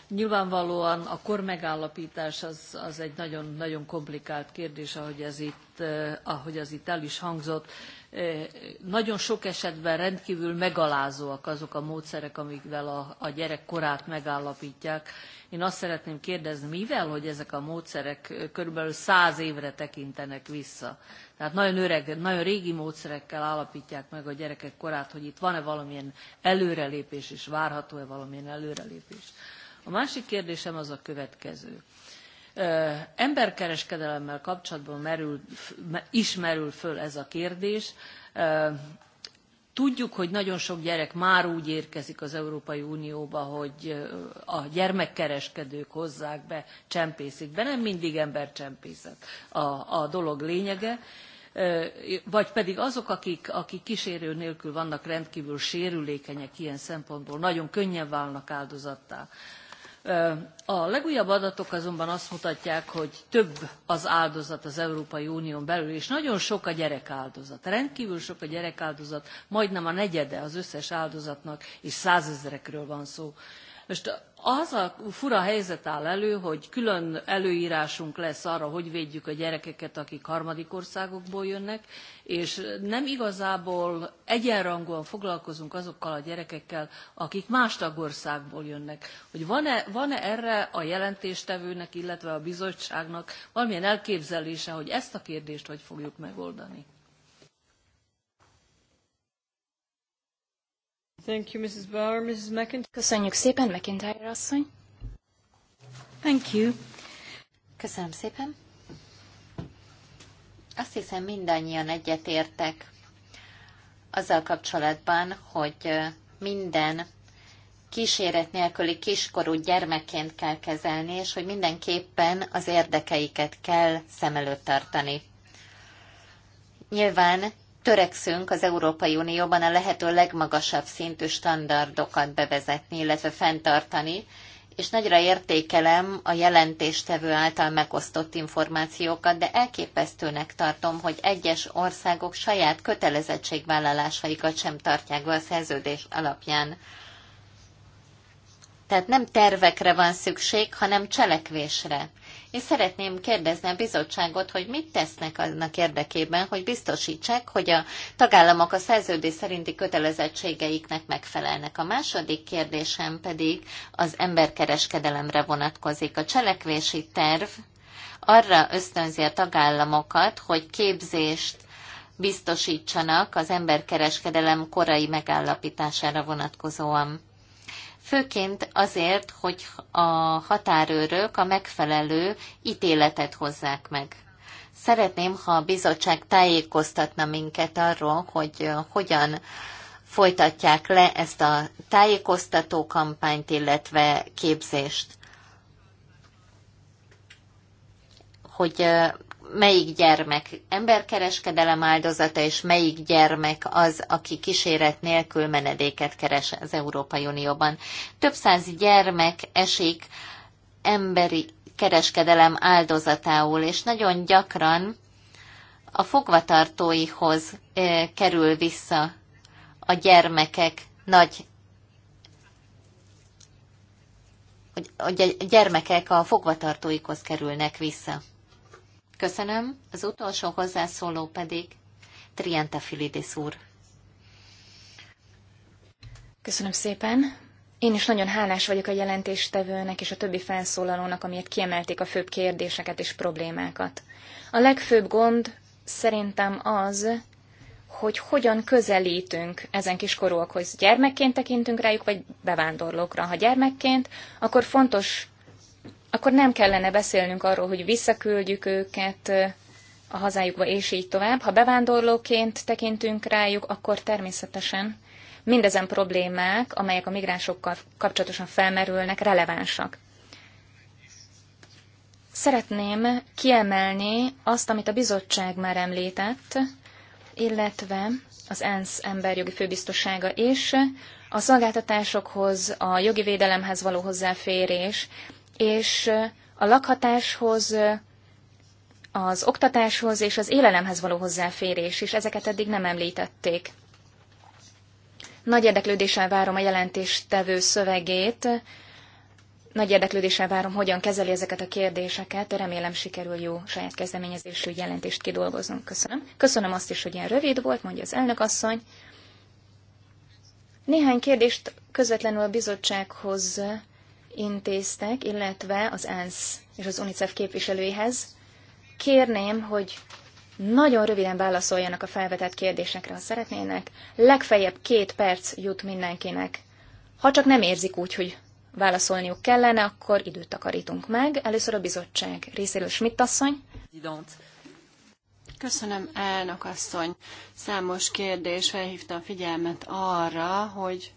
Nyilvánvalóan a kor megállapítás az, az egy nagyon-nagyon komplikált kérdés, ahogy, ez itt, eh, ahogy az itt el is hangzott. Eh, nagyon sok esetben rendkívül megalázóak azok a módszerek, amikvel a, a gyerek korát megállapítják. Én azt szeretném kérdezni, mivel, hogy ezek a módszerek eh, körülbelül száz évre tekintenek vissza. Tehát nagyon öreg, nagyon régi módszerekkel állapítják meg a gyerekek korát, hogy itt van-e valamilyen előrelépés, és várható-e valamilyen előrelépés. A másik kérdésem az a következő Emberkereskedelemmel kapcsolatban merül, is merül föl ez a kérdés. Tudjuk, hogy nagyon sok gyerek már úgy érkezik az Európai Unióba, hogy a gyermekkereskedők hozzák be, csempészik be. Nem mindig embercsempészet a, a dolog lényege vagy pedig azok, akik, akik kísérő nélkül vannak rendkívül sérülékenyek ilyen szempontból, nagyon könnyen válnak áldozattá a legújabb adatok azonban azt mutatják, hogy több az áldozat az Európai Unión belül, és nagyon sok a gyerekáldozat. Rendkívül sok a gyerekáldozat, majdnem a negyede az összes áldozatnak, és százezrekről van szó. Most az a fura helyzet áll elő, hogy külön előírásunk lesz arra, hogy védjük a gyerekeket, akik harmadik országokból jönnek, és nem igazából egyenrangúan foglalkozunk azokkal a gyerekekkel, akik más tagországból jönnek. Hogy van-e, van-e erre a jelentéstevőnek, illetve a bizottságnak valamilyen elképzelése, hogy ezt a kérdést hogy fogjuk megoldani? Thank you, Mrs. Bauer. Mrs. McIntyre. Köszönjük szépen, McIntyre asszony. Thank you. Köszönöm szépen. Azt hiszem mindannyian egyetértek azzal kapcsolatban, hogy minden kíséret nélküli kiskorú gyermekként kell kezelni, és hogy mindenképpen az érdekeiket kell szem előtt tartani. Nyilván törekszünk az Európai Unióban a lehető legmagasabb szintű standardokat bevezetni, illetve fenntartani, és nagyra értékelem a jelentéstevő által megosztott információkat, de elképesztőnek tartom, hogy egyes országok saját kötelezettségvállalásaikat sem tartják be a szerződés alapján. Tehát nem tervekre van szükség, hanem cselekvésre és szeretném kérdezni a bizottságot, hogy mit tesznek annak érdekében, hogy biztosítsák, hogy a tagállamok a szerződés szerinti kötelezettségeiknek megfelelnek. A második kérdésem pedig az emberkereskedelemre vonatkozik. A cselekvési terv arra ösztönzi a tagállamokat, hogy képzést biztosítsanak az emberkereskedelem korai megállapítására vonatkozóan főként azért, hogy a határőrök a megfelelő ítéletet hozzák meg. Szeretném, ha a bizottság tájékoztatna minket arról, hogy hogyan folytatják le ezt a tájékoztató kampányt, illetve képzést. Hogy melyik gyermek emberkereskedelem áldozata, és melyik gyermek az, aki kíséret nélkül menedéket keres az Európai Unióban. Több száz gyermek esik emberi kereskedelem áldozatául, és nagyon gyakran a fogvatartóihoz kerül vissza a gyermekek nagy hogy a gyermekek a fogvatartóikhoz kerülnek vissza. Köszönöm. Az utolsó hozzászóló pedig Triente Filidis úr. Köszönöm szépen. Én is nagyon hálás vagyok a jelentéstevőnek és a többi felszólalónak, amiért kiemelték a főbb kérdéseket és problémákat. A legfőbb gond szerintem az, hogy hogyan közelítünk ezen kiskorúakhoz. Gyermekként tekintünk rájuk, vagy bevándorlókra. Ha gyermekként, akkor fontos akkor nem kellene beszélnünk arról, hogy visszaküldjük őket a hazájukba, és így tovább. Ha bevándorlóként tekintünk rájuk, akkor természetesen mindezen problémák, amelyek a migránsokkal kapcsolatosan felmerülnek, relevánsak. Szeretném kiemelni azt, amit a bizottság már említett, illetve az ENSZ emberjogi főbiztossága is, a szolgáltatásokhoz, a jogi védelemhez való hozzáférés, és a lakhatáshoz, az oktatáshoz és az élelemhez való hozzáférés is, ezeket eddig nem említették. Nagy érdeklődéssel várom a jelentéstevő szövegét, nagy érdeklődéssel várom, hogyan kezeli ezeket a kérdéseket. Remélem sikerül jó saját kezdeményezésű jelentést kidolgoznunk. Köszönöm. Köszönöm azt is, hogy ilyen rövid volt, mondja az elnök asszony. Néhány kérdést közvetlenül a bizottsághoz intéztek, illetve az ENSZ és az UNICEF képviselőihez. Kérném, hogy nagyon röviden válaszoljanak a felvetett kérdésekre, ha szeretnének. Legfeljebb két perc jut mindenkinek. Ha csak nem érzik úgy, hogy válaszolniuk kellene, akkor időt takarítunk meg. Először a bizottság részéről Schmidt asszony. Köszönöm, elnök asszony. Számos kérdés felhívta a figyelmet arra, hogy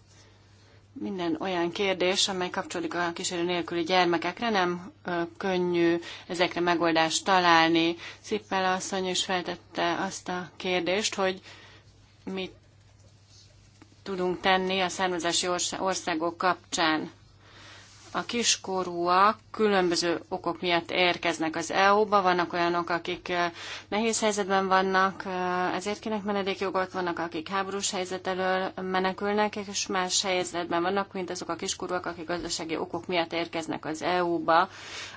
minden olyan kérdés, amely kapcsolódik a kísérő nélküli gyermekekre, nem ö, könnyű ezekre megoldást találni. Szippel asszony is feltette azt a kérdést, hogy mit tudunk tenni a származási országok kapcsán a kiskorúak különböző okok miatt érkeznek az EU-ba, vannak olyanok, akik nehéz helyzetben vannak, ezért kinek menedékjogot, vannak, akik háborús helyzet elől menekülnek, és más helyzetben vannak, mint azok a kiskorúak, akik gazdasági okok miatt érkeznek az EU-ba,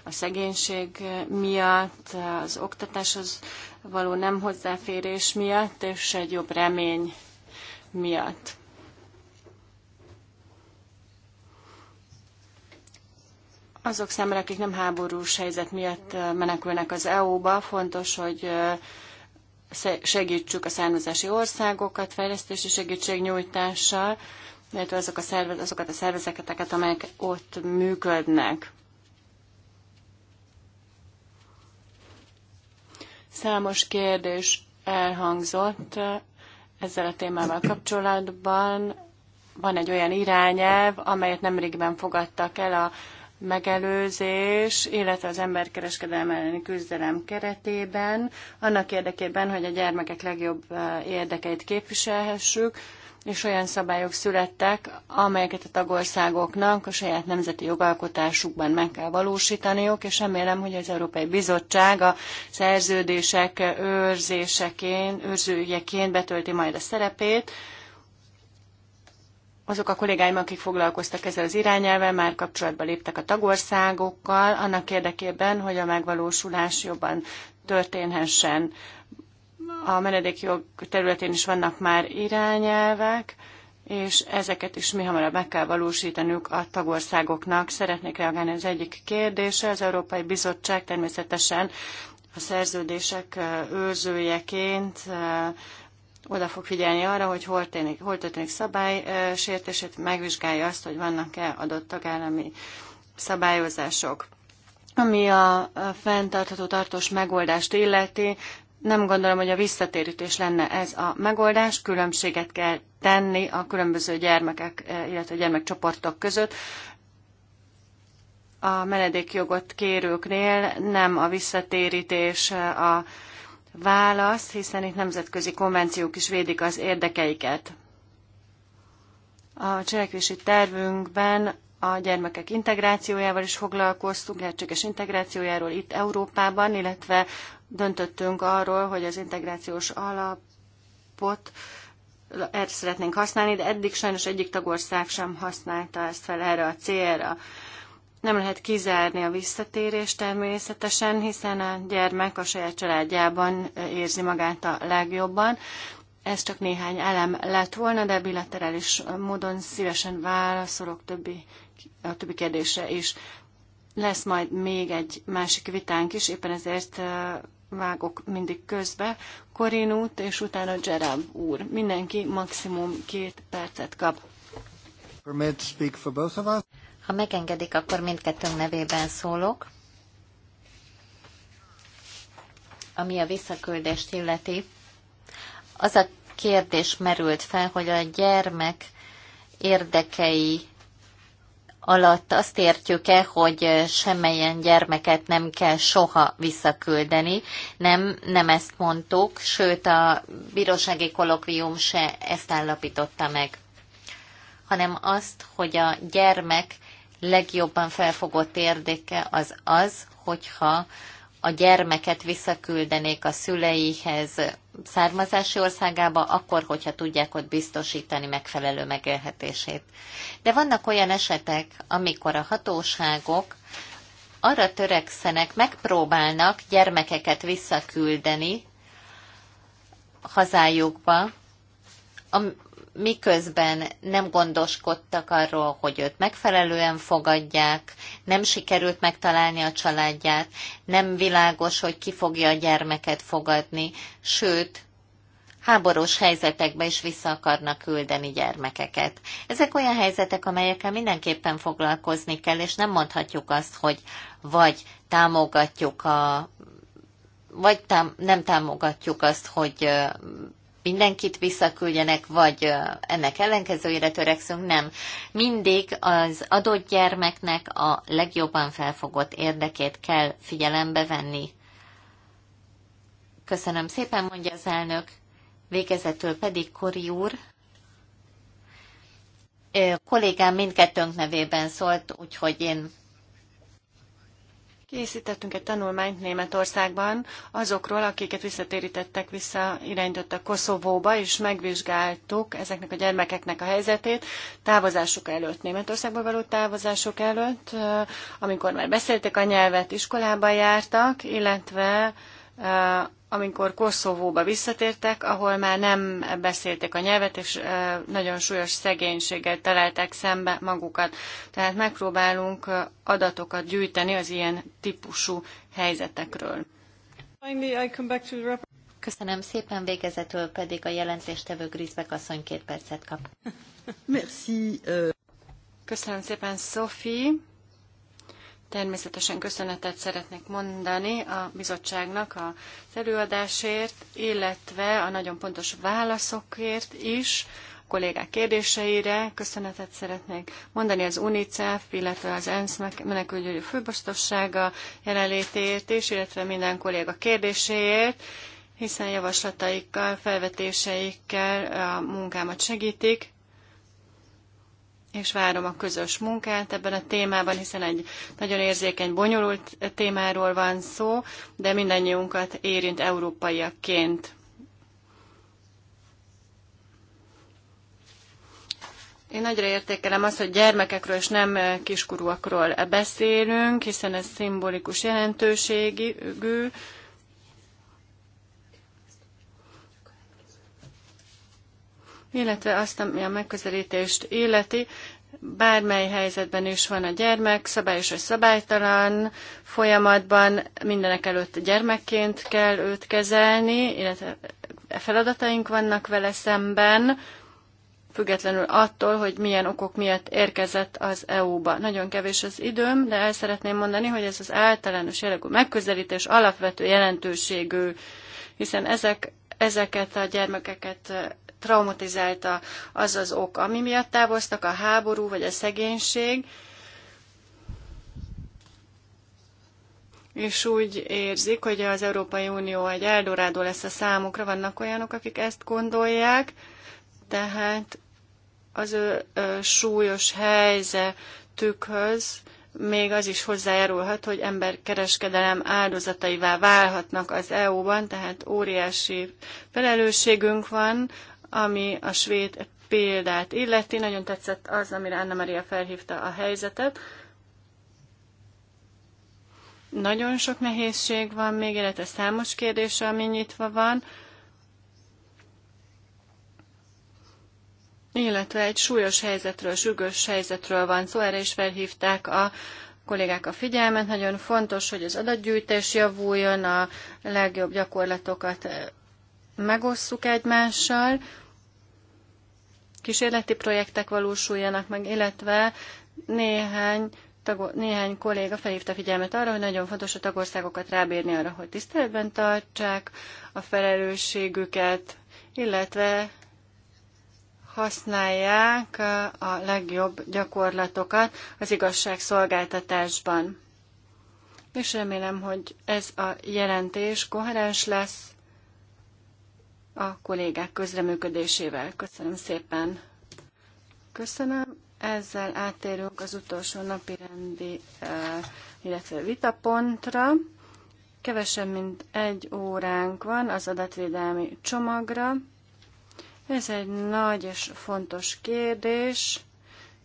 a szegénység miatt, az oktatáshoz való nem hozzáférés miatt, és egy jobb remény miatt. azok számára, akik nem háborús helyzet miatt menekülnek az EU-ba, fontos, hogy segítsük a származási országokat fejlesztési segítségnyújtással, illetve azok a szervez, azokat a szervezeteket, amelyek ott működnek. Számos kérdés elhangzott ezzel a témával kapcsolatban. Van egy olyan irányelv, amelyet nemrégben fogadtak el a megelőzés, illetve az emberkereskedelem elleni küzdelem keretében, annak érdekében, hogy a gyermekek legjobb érdekeit képviselhessük, és olyan szabályok születtek, amelyeket a tagországoknak a saját nemzeti jogalkotásukban meg kell valósítaniuk, és remélem, hogy az Európai Bizottság a szerződések őrzéseként, őrzőjeként betölti majd a szerepét, azok a kollégáim, akik foglalkoztak ezzel az irányelvel, már kapcsolatba léptek a tagországokkal, annak érdekében, hogy a megvalósulás jobban történhessen. A menedékjog területén is vannak már irányelvek, és ezeket is mi hamarabb meg kell valósítanunk a tagországoknak. Szeretnék reagálni az egyik kérdése. Az Európai Bizottság természetesen a szerződések őrzőjeként oda fog figyelni arra, hogy hol, ténik, hol történik szabálysértését, megvizsgálja azt, hogy vannak-e adott tagállami szabályozások. Ami a fenntartható tartós megoldást illeti, nem gondolom, hogy a visszatérítés lenne ez a megoldás. Különbséget kell tenni a különböző gyermekek, illetve gyermekcsoportok között. A menedékjogot kérőknél nem a visszatérítés a választ, hiszen itt nemzetközi konvenciók is védik az érdekeiket. A cselekvési tervünkben a gyermekek integrációjával is foglalkoztunk, lehetséges integrációjáról itt Európában, illetve döntöttünk arról, hogy az integrációs alapot erre szeretnénk használni, de eddig sajnos egyik tagország sem használta ezt fel erre a célra. Nem lehet kizárni a visszatérést természetesen, hiszen a gyermek a saját családjában érzi magát a legjobban. Ez csak néhány elem lett volna, de bilaterális módon szívesen válaszolok többi, a többi kérdésre is. Lesz majd még egy másik vitánk is, éppen ezért vágok mindig közbe. Korin út, és utána Gerab úr. Mindenki maximum két percet kap. Permit speak for both of us. Ha megengedik, akkor mindkettőnk nevében szólok. Ami a visszaküldést illeti, az a kérdés merült fel, hogy a gyermek érdekei alatt azt értjük-e, hogy semmilyen gyermeket nem kell soha visszaküldeni. Nem, nem ezt mondtuk, sőt a bírósági kolokvium se ezt állapította meg, hanem azt, hogy a gyermek legjobban felfogott érdeke az az, hogyha a gyermeket visszaküldenék a szüleihez származási országába, akkor, hogyha tudják ott biztosítani megfelelő megélhetését. De vannak olyan esetek, amikor a hatóságok arra törekszenek, megpróbálnak gyermekeket visszaküldeni hazájukba, miközben nem gondoskodtak arról, hogy őt megfelelően fogadják, nem sikerült megtalálni a családját, nem világos, hogy ki fogja a gyermeket fogadni, sőt, háborús helyzetekbe is vissza akarnak küldeni gyermekeket. Ezek olyan helyzetek, amelyekkel mindenképpen foglalkozni kell, és nem mondhatjuk azt, hogy vagy támogatjuk a vagy tám- nem támogatjuk azt, hogy mindenkit visszaküldjenek, vagy ennek ellenkezőjére törekszünk, nem. Mindig az adott gyermeknek a legjobban felfogott érdekét kell figyelembe venni. Köszönöm szépen, mondja az elnök. Végezetül pedig Kori úr. kollégám mindkettőnk nevében szólt, úgyhogy én Készítettünk egy tanulmányt Németországban azokról, akiket visszatérítettek, vissza a Koszovóba, és megvizsgáltuk ezeknek a gyermekeknek a helyzetét távozásuk előtt, Németországba való távozásuk előtt, amikor már beszéltek a nyelvet, iskolába jártak, illetve Eh, amikor Koszovóba visszatértek, ahol már nem beszélték a nyelvet, és eh, nagyon súlyos szegénységgel találták szembe magukat. Tehát megpróbálunk eh, adatokat gyűjteni az ilyen típusú helyzetekről. Köszönöm szépen, végezetül pedig a jelentéstevő Grisbek asszony két percet kap. Merci. Euh. Köszönöm szépen, Sophie. Természetesen köszönetet szeretnék mondani a bizottságnak a előadásért, illetve a nagyon pontos válaszokért is, a kollégák kérdéseire köszönetet szeretnék mondani az UNICEF, illetve az ENSZ menekülügyi főbiztossága jelenlétért is, illetve minden kolléga kérdéséért, hiszen javaslataikkal, felvetéseikkel a munkámat segítik, és várom a közös munkát ebben a témában, hiszen egy nagyon érzékeny, bonyolult témáról van szó, de mindannyiunkat érint európaiakként. Én nagyra értékelem azt, hogy gyermekekről és nem kiskorúakról beszélünk, hiszen ez szimbolikus jelentőségű, illetve azt, ami a megközelítést életi, bármely helyzetben is van a gyermek, szabályos vagy szabálytalan folyamatban, mindenek előtt gyermekként kell őt kezelni, illetve feladataink vannak vele szemben, függetlenül attól, hogy milyen okok miatt érkezett az EU-ba. Nagyon kevés az időm, de el szeretném mondani, hogy ez az általános jellegű megközelítés alapvető jelentőségű, hiszen ezek, ezeket a gyermekeket traumatizálta az az ok, ami miatt távoztak, a háború vagy a szegénység, és úgy érzik, hogy az Európai Unió egy eldorádó lesz a számukra, vannak olyanok, akik ezt gondolják, tehát az ő súlyos helyzetükhöz még az is hozzájárulhat, hogy emberkereskedelem áldozataivá válhatnak az EU-ban, tehát óriási felelősségünk van ami a svéd példát illeti, nagyon tetszett az, amire Anna Maria felhívta a helyzetet. Nagyon sok nehézség van még, illetve számos kérdés, ami nyitva van. Illetve egy súlyos helyzetről, sürgős helyzetről van szó, erre is felhívták a kollégák a figyelmet. Nagyon fontos, hogy az adatgyűjtés javuljon, a legjobb gyakorlatokat megosszuk egymással, kísérleti projektek valósuljanak meg, illetve néhány tago néhány kolléga felhívta figyelmet arra, hogy nagyon fontos a tagországokat rábírni arra, hogy tiszteletben tartsák a felelősségüket, illetve használják a legjobb gyakorlatokat az igazságszolgáltatásban. És remélem, hogy ez a jelentés koherens lesz a kollégák közreműködésével. Köszönöm szépen. Köszönöm. Ezzel átérünk az utolsó napi rendi, eh, illetve vitapontra. Kevesebb, mint egy óránk van az adatvédelmi csomagra. Ez egy nagy és fontos kérdés.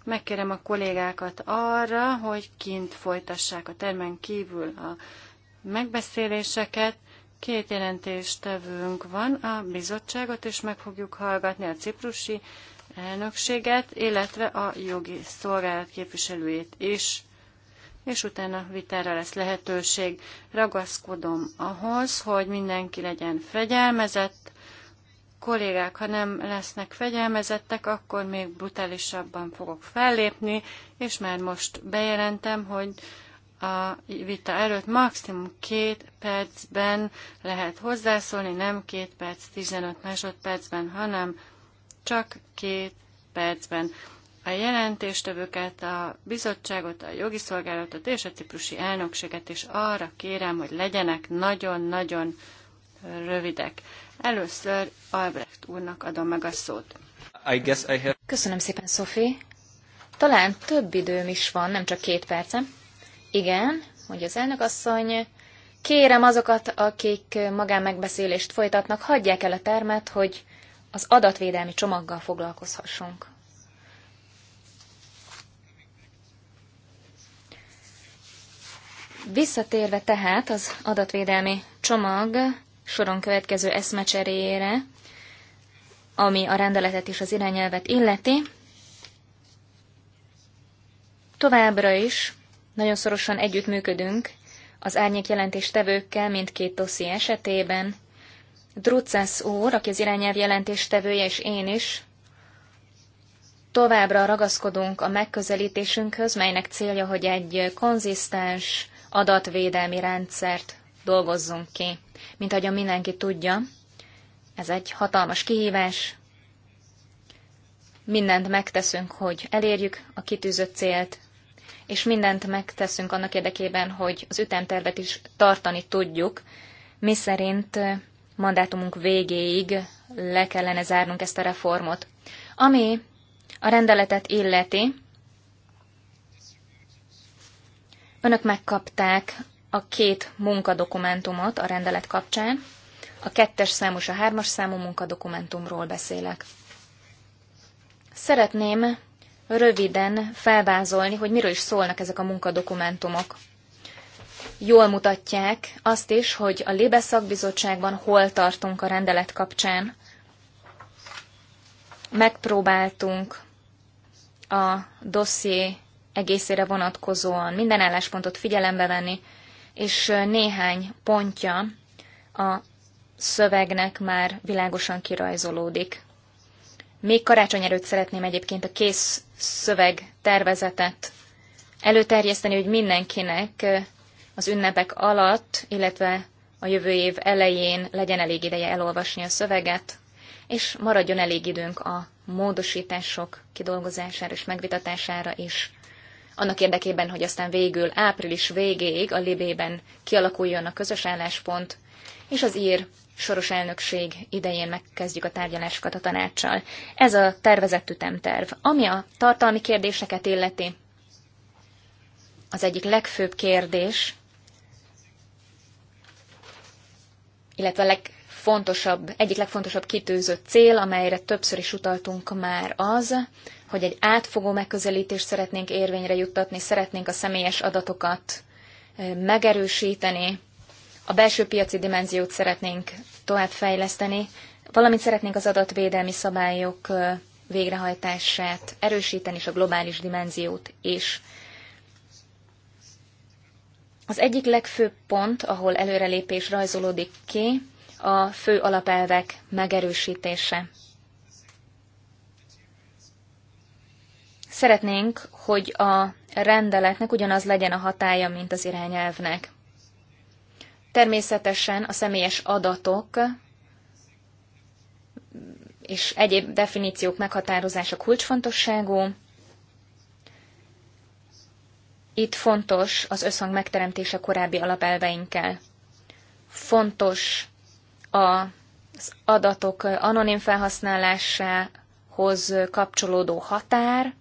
Megkérem a kollégákat arra, hogy kint folytassák a termen kívül a megbeszéléseket. Két jelentéstevőnk van, a bizottságot, és meg fogjuk hallgatni a ciprusi elnökséget, illetve a jogi szolgálat képviselőjét is, és utána vitára lesz lehetőség. Ragaszkodom ahhoz, hogy mindenki legyen fegyelmezett, kollégák, ha nem lesznek fegyelmezettek, akkor még brutálisabban fogok fellépni, és már most bejelentem, hogy a vita előtt maximum két percben lehet hozzászólni, nem két perc, 15 másodpercben, hanem csak két percben. A jelentéstevőket, a bizottságot, a jogi szolgálatot és a ciprusi elnökséget is arra kérem, hogy legyenek nagyon-nagyon rövidek. Először Albrecht úrnak adom meg a szót. I guess I have... Köszönöm szépen, Sophie. Talán több időm is van, nem csak két percem. Igen, mondja az elnökasszony, kérem azokat, akik magánmegbeszélést folytatnak, hagyják el a termet, hogy az adatvédelmi csomaggal foglalkozhassunk. Visszatérve tehát az adatvédelmi csomag soron következő eszmecseréjére, ami a rendeletet és az irányelvet illeti, továbbra is nagyon szorosan együttműködünk az árnyék tevőkkel, mindkét dosszi esetében. Drucász úr, aki az irányelv tevője, és én is, továbbra ragaszkodunk a megközelítésünkhöz, melynek célja, hogy egy konzisztens adatvédelmi rendszert dolgozzunk ki. Mint a mindenki tudja, ez egy hatalmas kihívás. Mindent megteszünk, hogy elérjük a kitűzött célt, és mindent megteszünk annak érdekében, hogy az ütemtervet is tartani tudjuk, mi szerint mandátumunk végéig le kellene zárnunk ezt a reformot. Ami a rendeletet illeti, önök megkapták a két munkadokumentumot a rendelet kapcsán, a kettes számos, a hármas számú munkadokumentumról beszélek. Szeretném röviden felvázolni, hogy miről is szólnak ezek a munkadokumentumok. Jól mutatják azt is, hogy a Lébe szakbizottságban hol tartunk a rendelet kapcsán. Megpróbáltunk a dosszié egészére vonatkozóan minden álláspontot figyelembe venni, és néhány pontja a szövegnek már világosan kirajzolódik. Még karácsony előtt szeretném egyébként a kész szöveg tervezetet előterjeszteni, hogy mindenkinek az ünnepek alatt, illetve a jövő év elején legyen elég ideje elolvasni a szöveget, és maradjon elég időnk a módosítások kidolgozására és megvitatására is. Annak érdekében, hogy aztán végül április végéig a Libében kialakuljon a közös álláspont, és az ír soros elnökség idején megkezdjük a tárgyalásokat a tanácssal. Ez a tervezett ütemterv. Ami a tartalmi kérdéseket illeti, az egyik legfőbb kérdés, illetve a legfontosabb, egyik legfontosabb kitűzött cél, amelyre többször is utaltunk már az, hogy egy átfogó megközelítést szeretnénk érvényre juttatni, szeretnénk a személyes adatokat eh, megerősíteni, a belső piaci dimenziót szeretnénk tovább fejleszteni, valamint szeretnénk az adatvédelmi szabályok végrehajtását erősíteni, és a globális dimenziót is. Az egyik legfőbb pont, ahol előrelépés rajzolódik ki, a fő alapelvek megerősítése. Szeretnénk, hogy a rendeletnek ugyanaz legyen a hatája, mint az irányelvnek. Természetesen a személyes adatok és egyéb definíciók meghatározása kulcsfontosságú. Itt fontos az összhang megteremtése korábbi alapelveinkkel. Fontos az adatok anonim felhasználásához kapcsolódó határ.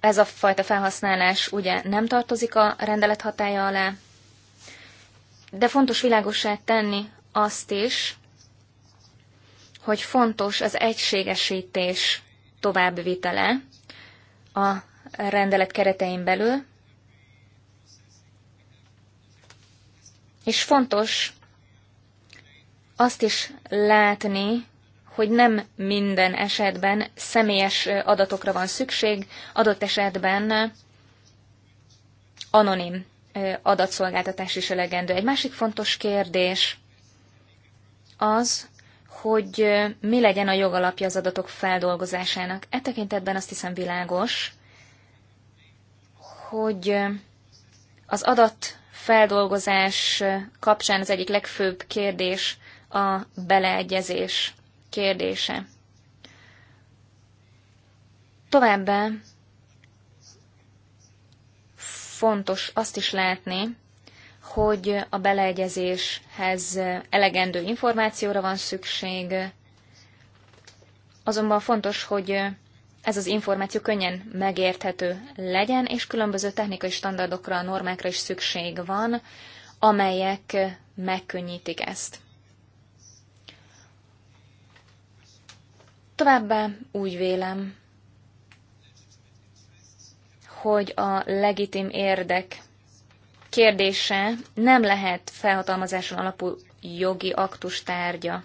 Ez a fajta felhasználás ugye nem tartozik a rendelet hatája alá de fontos világosá tenni azt is, hogy fontos az egységesítés továbbvitele a rendelet keretein belül, és fontos azt is látni, hogy nem minden esetben személyes adatokra van szükség, adott esetben anonim adatszolgáltatás is elegendő. Egy másik fontos kérdés az, hogy mi legyen a jogalapja az adatok feldolgozásának. E tekintetben azt hiszem világos, hogy az adat feldolgozás kapcsán az egyik legfőbb kérdés a beleegyezés kérdése. Továbbá fontos azt is látni, hogy a beleegyezéshez elegendő információra van szükség, azonban fontos, hogy ez az információ könnyen megérthető legyen, és különböző technikai standardokra, normákra is szükség van, amelyek megkönnyítik ezt. Továbbá úgy vélem, hogy a legitim érdek kérdése nem lehet felhatalmazáson alapú jogi aktus tárgya.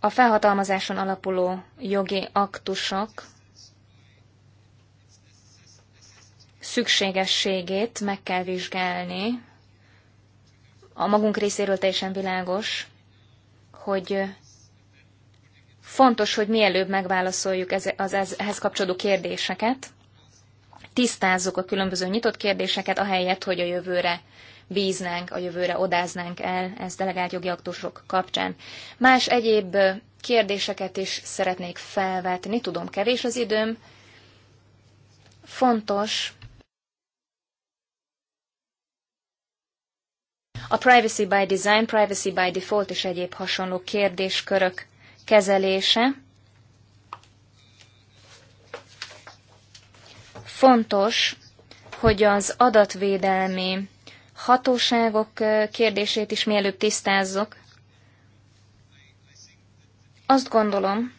A felhatalmazáson alapuló jogi aktusok szükségességét meg kell vizsgálni. A magunk részéről teljesen világos, hogy Fontos, hogy mielőbb megválaszoljuk az ehhez kapcsolódó kérdéseket, tisztázzuk a különböző nyitott kérdéseket, ahelyett, hogy a jövőre bíznánk, a jövőre odáznánk el ez delegált jogi aktusok kapcsán. Más egyéb kérdéseket is szeretnék felvetni, tudom, kevés az időm. Fontos a privacy by design, privacy by default és egyéb hasonló kérdéskörök kezelése fontos, hogy az adatvédelmi hatóságok kérdését is mielőbb tisztázzuk. Azt gondolom,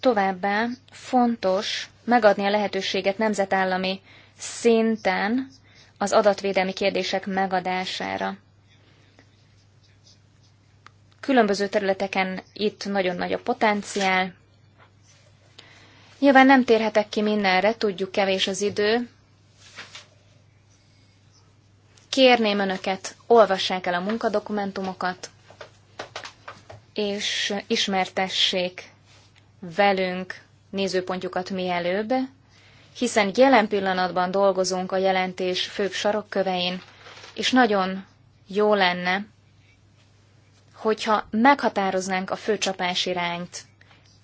továbbá fontos megadni a lehetőséget nemzetállami szinten az adatvédelmi kérdések megadására. Különböző területeken itt nagyon nagy a potenciál. Nyilván nem térhetek ki mindenre, tudjuk, kevés az idő. Kérném önöket, olvassák el a munkadokumentumokat, és ismertessék velünk nézőpontjukat mielőbb, hiszen jelen pillanatban dolgozunk a jelentés főbb sarokkövein, és nagyon jó lenne, hogyha meghatároznánk a fő csapás irányt,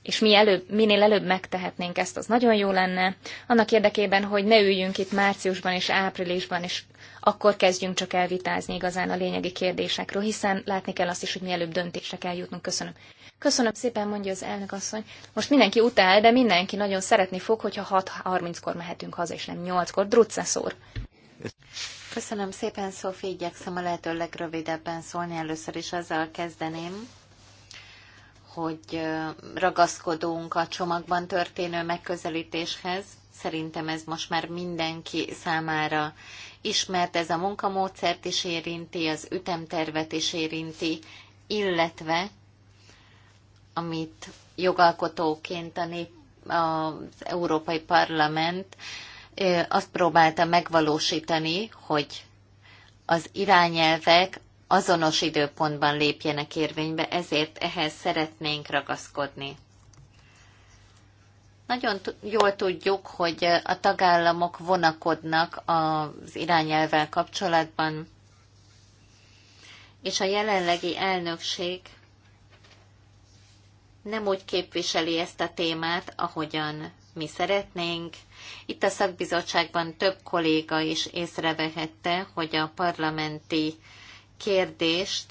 és mi előbb, minél előbb megtehetnénk ezt, az nagyon jó lenne, annak érdekében, hogy ne üljünk itt márciusban és áprilisban, és akkor kezdjünk csak elvitázni igazán a lényegi kérdésekről, hiszen látni kell azt is, hogy mielőbb döntésre kell jutnunk. Köszönöm. Köszönöm szépen, mondja az elnök asszony. Most mindenki utál, de mindenki nagyon szeretni fog, hogyha 6.30-kor mehetünk haza, és nem 8-kor. Drucesz úr. Köszönöm szépen, Szófi, igyekszem a lehető legrövidebben szólni. Először is azzal kezdeném, hogy ragaszkodunk a csomagban történő megközelítéshez. Szerintem ez most már mindenki számára ismert, ez a munkamódszert is érinti, az ütemtervet is érinti, illetve amit jogalkotóként a nép, az Európai Parlament azt próbálta megvalósítani, hogy az irányelvek azonos időpontban lépjenek érvénybe, ezért ehhez szeretnénk ragaszkodni. Nagyon jól tudjuk, hogy a tagállamok vonakodnak az irányelvvel kapcsolatban, és a jelenlegi elnökség nem úgy képviseli ezt a témát, ahogyan mi szeretnénk, itt a szakbizottságban több kolléga is észrevehette, hogy a parlamenti kérdést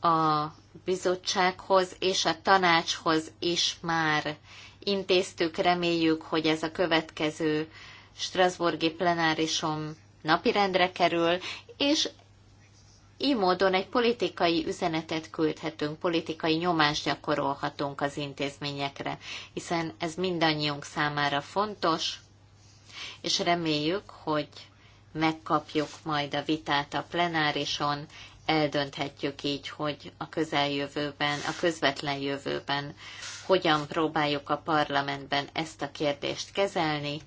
a bizottsághoz és a tanácshoz is már intéztük. Reméljük, hogy ez a következő Strasburgi plenárisom napirendre kerül, és így módon egy politikai üzenetet küldhetünk, politikai nyomást gyakorolhatunk az intézményekre, hiszen ez mindannyiunk számára fontos, és reméljük, hogy megkapjuk majd a vitát a plenárison, eldönthetjük így, hogy a közeljövőben, a közvetlen jövőben hogyan próbáljuk a parlamentben ezt a kérdést kezelni.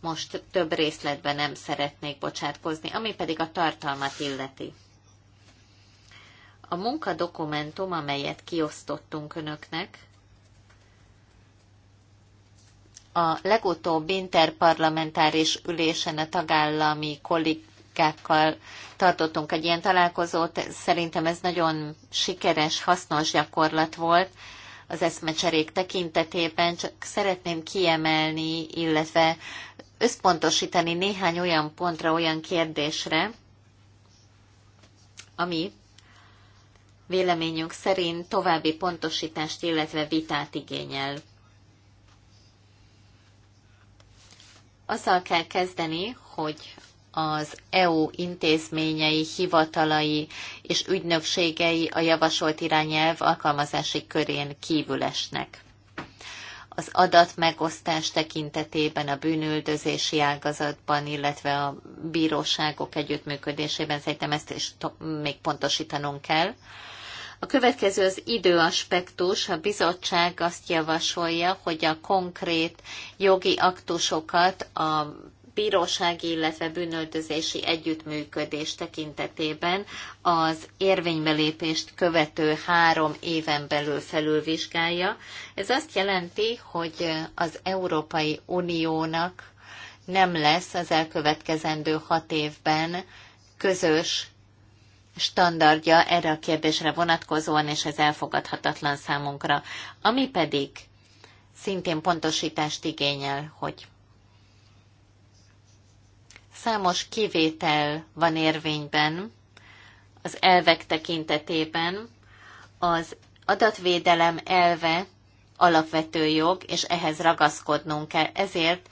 Most több részletben nem szeretnék bocsátkozni, ami pedig a tartalmat illeti. A munkadokumentum, amelyet kiosztottunk önöknek, a legutóbb interparlamentáris ülésen a tagállami kollégákkal tartottunk egy ilyen találkozót. Szerintem ez nagyon sikeres, hasznos gyakorlat volt az eszmecserék tekintetében, csak szeretném kiemelni, illetve összpontosítani néhány olyan pontra, olyan kérdésre, ami véleményünk szerint további pontosítást, illetve vitát igényel. azzal kell kezdeni, hogy az EU intézményei, hivatalai és ügynökségei a javasolt irányelv alkalmazási körén kívül esnek. Az adatmegosztás tekintetében a bűnüldözési ágazatban, illetve a bíróságok együttműködésében szerintem ezt is még pontosítanunk kell. A következő az időaspektus. A bizottság azt javasolja, hogy a konkrét jogi aktusokat a bírósági, illetve bűnöldözési együttműködés tekintetében az érvénybelépést követő három éven belül felülvizsgálja. Ez azt jelenti, hogy az Európai Uniónak nem lesz az elkövetkezendő hat évben közös standardja erre a kérdésre vonatkozóan, és ez elfogadhatatlan számunkra. Ami pedig szintén pontosítást igényel, hogy számos kivétel van érvényben az elvek tekintetében, az adatvédelem elve alapvető jog, és ehhez ragaszkodnunk kell. Ezért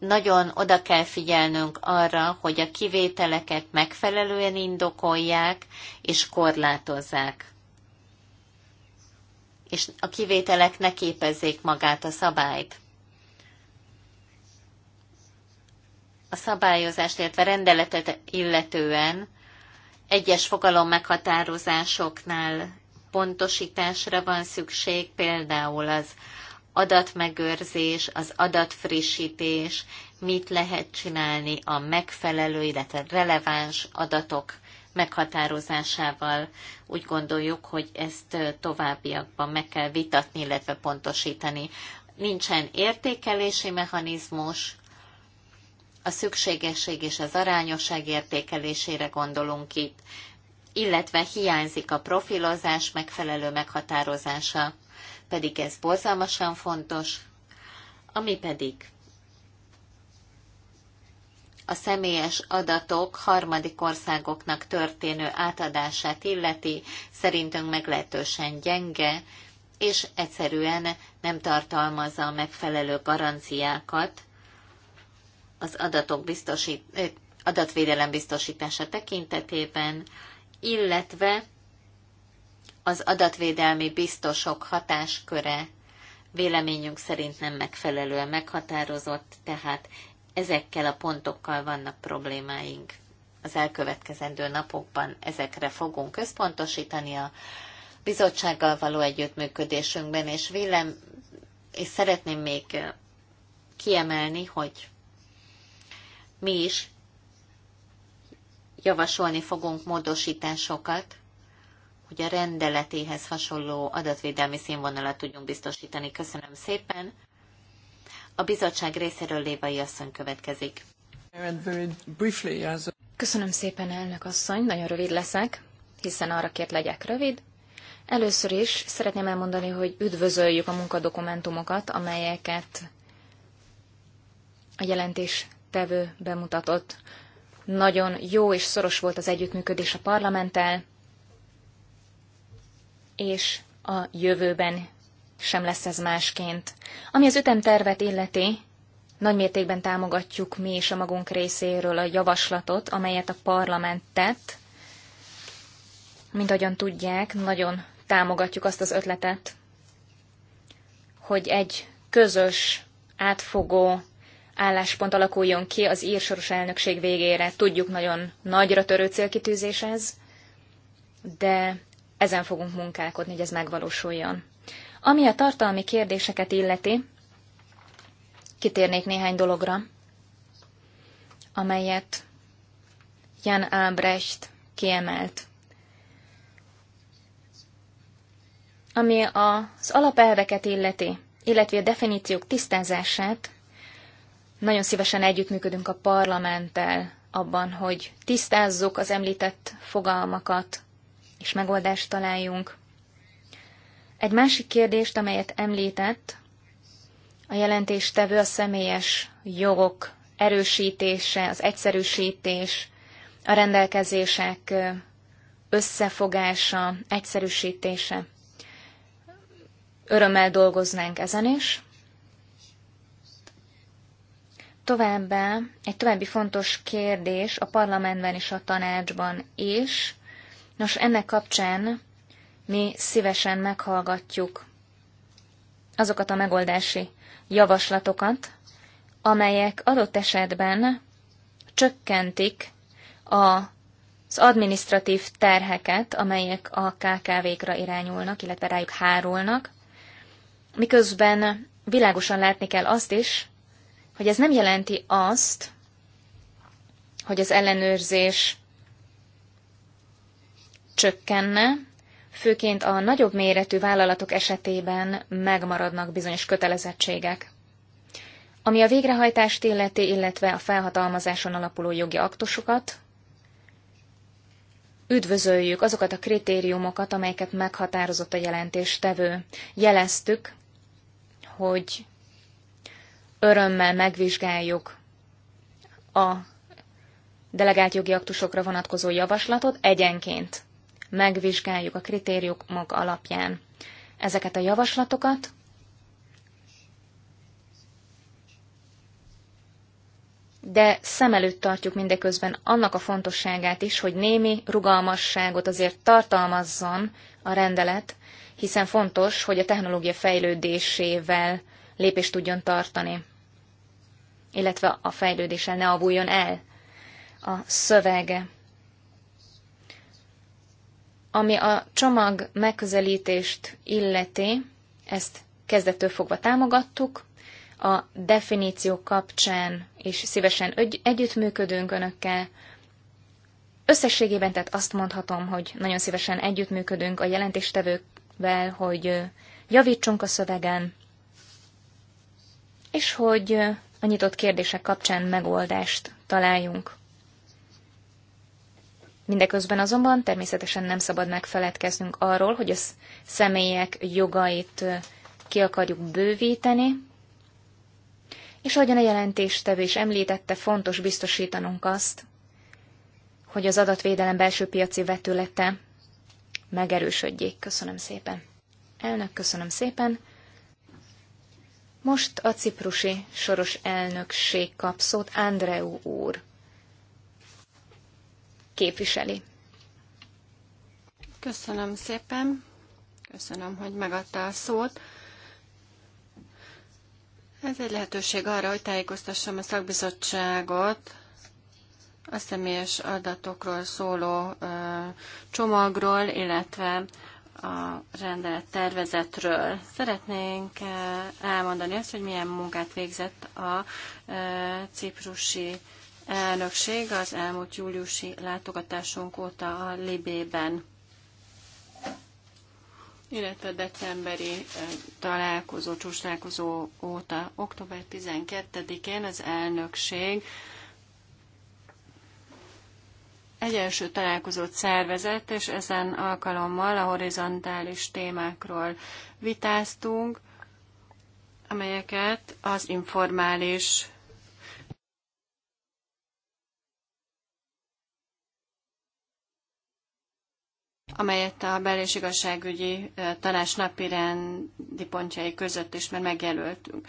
nagyon oda kell figyelnünk arra, hogy a kivételeket megfelelően indokolják és korlátozzák. És a kivételek ne képezzék magát a szabályt. A szabályozást, illetve rendeletet illetően egyes fogalom meghatározásoknál pontosításra van szükség, például az adatmegőrzés, az adatfrissítés, mit lehet csinálni a megfelelő, illetve releváns adatok meghatározásával. Úgy gondoljuk, hogy ezt továbbiakban meg kell vitatni, illetve pontosítani. Nincsen értékelési mechanizmus, a szükségesség és az arányosság értékelésére gondolunk itt, illetve hiányzik a profilozás megfelelő meghatározása pedig ez borzalmasan fontos, ami pedig a személyes adatok harmadik országoknak történő átadását illeti, szerintünk meglehetősen gyenge, és egyszerűen nem tartalmazza a megfelelő garanciákat az adatok biztosít, eh, adatvédelem biztosítása tekintetében, illetve az adatvédelmi biztosok hatásköre véleményünk szerint nem megfelelően meghatározott, tehát ezekkel a pontokkal vannak problémáink. Az elkövetkezendő napokban ezekre fogunk központosítani a bizottsággal való együttműködésünkben, és vélem, és szeretném még kiemelni, hogy mi is javasolni fogunk módosításokat, hogy a rendeletéhez hasonló adatvédelmi színvonalat tudjunk biztosítani. Köszönöm szépen. A bizottság részéről Lévai asszony következik. Köszönöm szépen, elnök asszony, nagyon rövid leszek, hiszen arra kért legyek rövid. Először is szeretném elmondani, hogy üdvözöljük a munkadokumentumokat, amelyeket a jelentés tevő bemutatott. Nagyon jó és szoros volt az együttműködés a parlamenttel, és a jövőben sem lesz ez másként. Ami az ütemtervet illeti, nagymértékben támogatjuk mi is a magunk részéről a javaslatot, amelyet a parlament tett. Mint ahogyan tudják, nagyon támogatjuk azt az ötletet, hogy egy közös, átfogó álláspont alakuljon ki az írsoros elnökség végére. Tudjuk, nagyon nagyra törő célkitűzés ez, de ezen fogunk munkálkodni, hogy ez megvalósuljon. Ami a tartalmi kérdéseket illeti, kitérnék néhány dologra, amelyet Jan Albrecht kiemelt. Ami az alapelveket illeti, illetve a definíciók tisztázását, nagyon szívesen együttműködünk a parlamenttel abban, hogy tisztázzuk az említett fogalmakat, és megoldást találjunk. Egy másik kérdést, amelyet említett, a jelentéstevő a személyes jogok erősítése, az egyszerűsítés, a rendelkezések összefogása, egyszerűsítése. Örömmel dolgoznánk ezen is. Továbbá egy további fontos kérdés a parlamentben és a tanácsban is Nos, ennek kapcsán mi szívesen meghallgatjuk azokat a megoldási javaslatokat, amelyek adott esetben csökkentik a az adminisztratív terheket, amelyek a KKV-kra irányulnak, illetve rájuk hárulnak, miközben világosan látni kell azt is, hogy ez nem jelenti azt, hogy az ellenőrzés csökkenne, főként a nagyobb méretű vállalatok esetében megmaradnak bizonyos kötelezettségek. Ami a végrehajtást illeti, illetve a felhatalmazáson alapuló jogi aktusokat, üdvözöljük azokat a kritériumokat, amelyeket meghatározott a jelentéstevő. Jeleztük, hogy örömmel megvizsgáljuk a delegált jogi aktusokra vonatkozó javaslatot egyenként megvizsgáljuk a kritériumok alapján ezeket a javaslatokat, de szem előtt tartjuk mindeközben annak a fontosságát is, hogy némi rugalmasságot azért tartalmazzon a rendelet, hiszen fontos, hogy a technológia fejlődésével lépést tudjon tartani, illetve a fejlődéssel ne avuljon el a szövege. Ami a csomag megközelítést illeti, ezt kezdettől fogva támogattuk, a definíció kapcsán és szívesen ögy- együttműködünk önökkel. Összességében tehát azt mondhatom, hogy nagyon szívesen együttműködünk a jelentéstevőkvel, hogy javítsunk a szövegen, és hogy a nyitott kérdések kapcsán megoldást találjunk. Mindeközben azonban természetesen nem szabad megfeledkeznünk arról, hogy a személyek jogait ki akarjuk bővíteni, és ahogyan a jelentéstevő is említette, fontos biztosítanunk azt, hogy az adatvédelem belső piaci vetülete megerősödjék. Köszönöm szépen. Elnök, köszönöm szépen. Most a ciprusi soros elnökség kap szót Andreu úr képviseli. Köszönöm szépen, köszönöm, hogy megadta a szót. Ez egy lehetőség arra, hogy tájékoztassam a szakbizottságot a személyes adatokról szóló ö, csomagról, illetve a rendelet tervezetről. Szeretnénk elmondani azt, hogy milyen munkát végzett a ciprusi elnökség az elmúlt júliusi látogatásunk óta a Libében, illetve decemberi találkozó, csúcs óta, október 12-én az elnökség egy első találkozót szervezett, és ezen alkalommal a horizontális témákról vitáztunk, amelyeket az informális amelyet a bel- és igazságügyi tanács napirendi pontjai között is már megjelöltünk.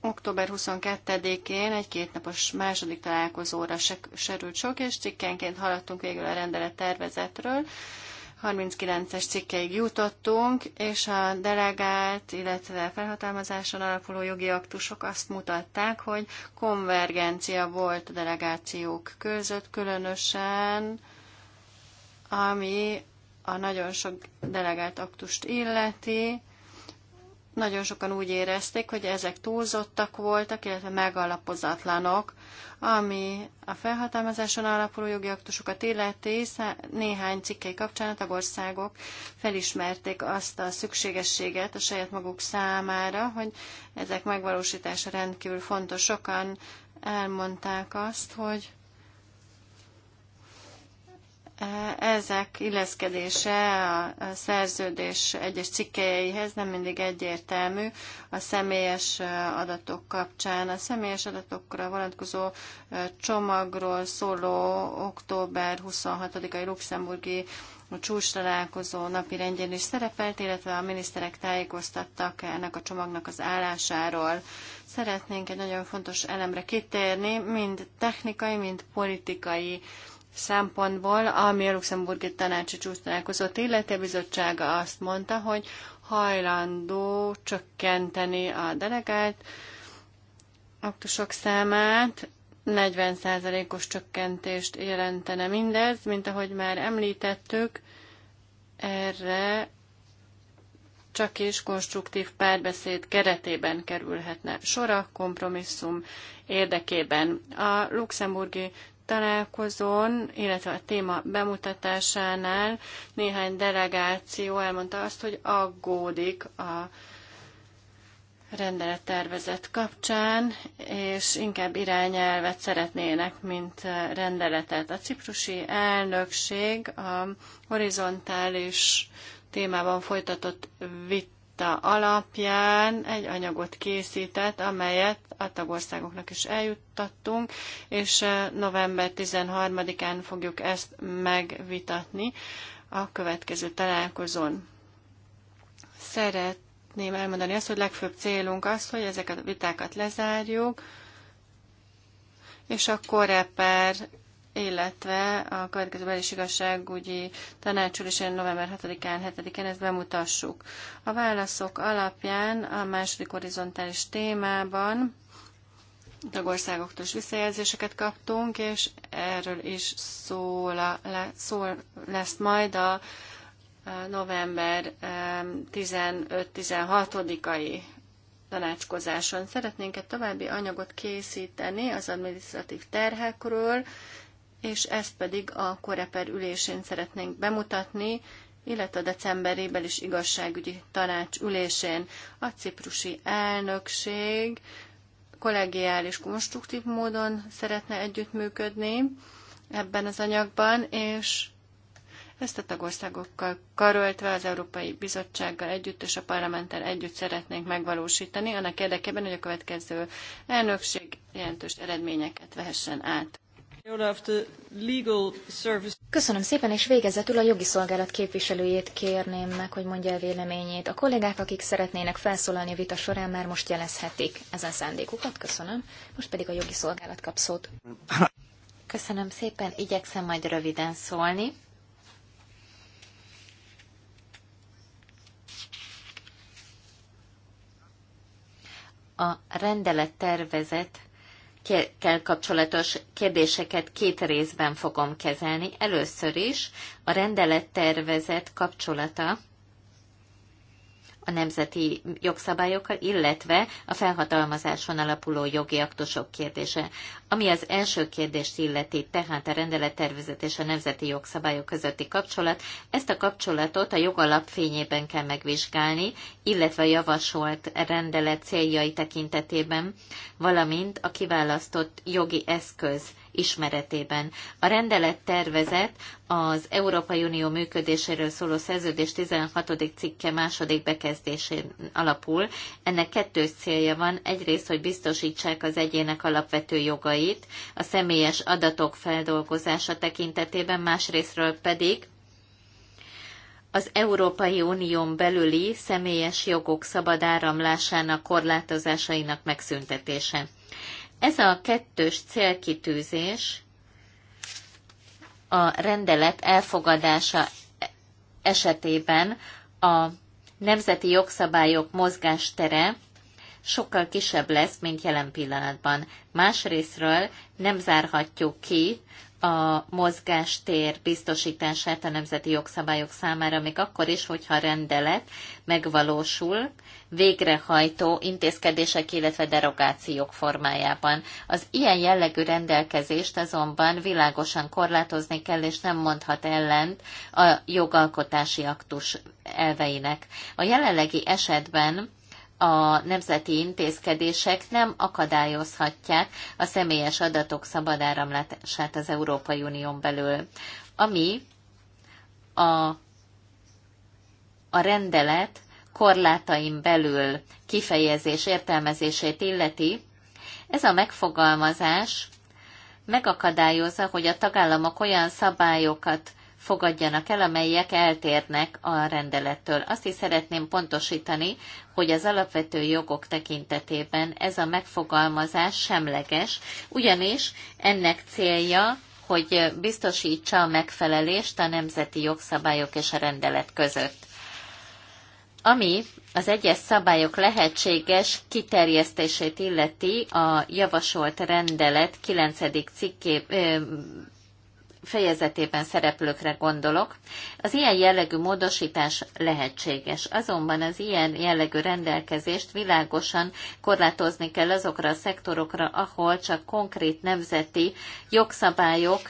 Október 22-én egy kétnapos második találkozóra se serült sok, és cikkenként haladtunk végül a rendelet tervezetről. 39-es cikkeig jutottunk, és a delegált, illetve felhatalmazáson alapuló jogi aktusok azt mutatták, hogy konvergencia volt a delegációk között, különösen ami a nagyon sok delegált aktust illeti, nagyon sokan úgy érezték, hogy ezek túlzottak voltak, illetve megalapozatlanok, ami a felhatalmazáson alapuló jogi aktusokat illeti, néhány cikkei kapcsán a tagországok felismerték azt a szükségességet a saját maguk számára, hogy ezek megvalósítása rendkívül fontos. Sokan elmondták azt, hogy ezek illeszkedése a szerződés egyes cikkelyeihez nem mindig egyértelmű a személyes adatok kapcsán. A személyes adatokra vonatkozó csomagról szóló október 26-ai luxemburgi a csúcs találkozó napi rendjén is szerepelt, illetve a miniszterek tájékoztattak ennek a csomagnak az állásáról. Szeretnénk egy nagyon fontos elemre kitérni, mind technikai, mind politikai szempontból, ami a luxemburgi tanácsi csúcstalálkozót illeti, bizottsága azt mondta, hogy hajlandó csökkenteni a delegált aktusok számát, 40%-os csökkentést jelentene mindez, mint ahogy már említettük, erre csak is konstruktív párbeszéd keretében kerülhetne sor kompromisszum érdekében. A luxemburgi találkozón, illetve a téma bemutatásánál néhány delegáció elmondta azt, hogy aggódik a rendelettervezet kapcsán, és inkább irányelvet szeretnének, mint rendeletet. A ciprusi elnökség a horizontális témában folytatott vitt vita alapján egy anyagot készített, amelyet a tagországoknak is eljuttattunk, és eh, november 13-án fogjuk ezt megvitatni a következő találkozón. Szeretném elmondani azt, hogy legfőbb célunk az, hogy ezeket a vitákat lezárjuk, és a koreper illetve a következő belisigasságügyi tanácsról is november 6-án, 7-én ezt bemutassuk. A válaszok alapján a második horizontális témában tagországoktól is visszajelzéseket kaptunk, és erről is a, le, szól lesz majd a november 15-16-ai tanácskozáson. Szeretnénk egy további anyagot készíteni az administratív terhekről, és ezt pedig a Koreper ülésén szeretnénk bemutatni, illetve a decemberében is igazságügyi tanács ülésén a ciprusi elnökség kollegiális, konstruktív módon szeretne együttműködni ebben az anyagban, és ezt a tagországokkal karöltve, az Európai Bizottsággal együtt és a parlamenttel együtt szeretnénk megvalósítani, annak érdekében, hogy a következő elnökség jelentős eredményeket vehessen át. Köszönöm szépen, és végezetül a jogi szolgálat képviselőjét kérném meg, hogy mondja el véleményét. A kollégák, akik szeretnének felszólalni a vita során, már most jelezhetik ezen szándékukat. Köszönöm. Most pedig a jogi szolgálat kap szót. Köszönöm szépen, igyekszem majd röviden szólni. A rendelet tervezet kell kapcsolatos kérdéseket két részben fogom kezelni. Először is a rendelettervezet kapcsolata a nemzeti jogszabályokkal, illetve a felhatalmazáson alapuló jogi aktusok kérdése. Ami az első kérdést illeti, tehát a rendelettervezet és a nemzeti jogszabályok közötti kapcsolat, ezt a kapcsolatot a jogalap fényében kell megvizsgálni, illetve a javasolt rendelet céljai tekintetében, valamint a kiválasztott jogi eszköz ismeretében. A rendelet tervezet az Európai Unió működéséről szóló szerződés 16. cikke második bekezdésén alapul. Ennek kettős célja van, egyrészt, hogy biztosítsák az egyének alapvető jogait, szabályait a személyes adatok feldolgozása tekintetében, másrésztről pedig az Európai Unión belüli személyes jogok szabad áramlásának korlátozásainak megszüntetése. Ez a kettős célkitűzés a rendelet elfogadása esetében a nemzeti jogszabályok mozgástere sokkal kisebb lesz, mint jelen pillanatban. Másrésztről nem zárhatjuk ki a mozgástér biztosítását a nemzeti jogszabályok számára, még akkor is, hogyha a rendelet megvalósul végrehajtó intézkedések, illetve derogációk formájában. Az ilyen jellegű rendelkezést azonban világosan korlátozni kell, és nem mondhat ellent a jogalkotási aktus elveinek. A jelenlegi esetben a nemzeti intézkedések nem akadályozhatják a személyes adatok szabad áramlását az Európai Unión belül, ami a, a rendelet korlátaim belül kifejezés értelmezését illeti, ez a megfogalmazás megakadályozza, hogy a tagállamok olyan szabályokat fogadjanak el, amelyek eltérnek a rendelettől. Azt is szeretném pontosítani, hogy az alapvető jogok tekintetében ez a megfogalmazás semleges, ugyanis ennek célja, hogy biztosítsa a megfelelést a nemzeti jogszabályok és a rendelet között ami az egyes szabályok lehetséges kiterjesztését illeti a javasolt rendelet 9. cikké fejezetében szereplőkre gondolok. Az ilyen jellegű módosítás lehetséges, azonban az ilyen jellegű rendelkezést világosan korlátozni kell azokra a szektorokra, ahol csak konkrét nemzeti jogszabályok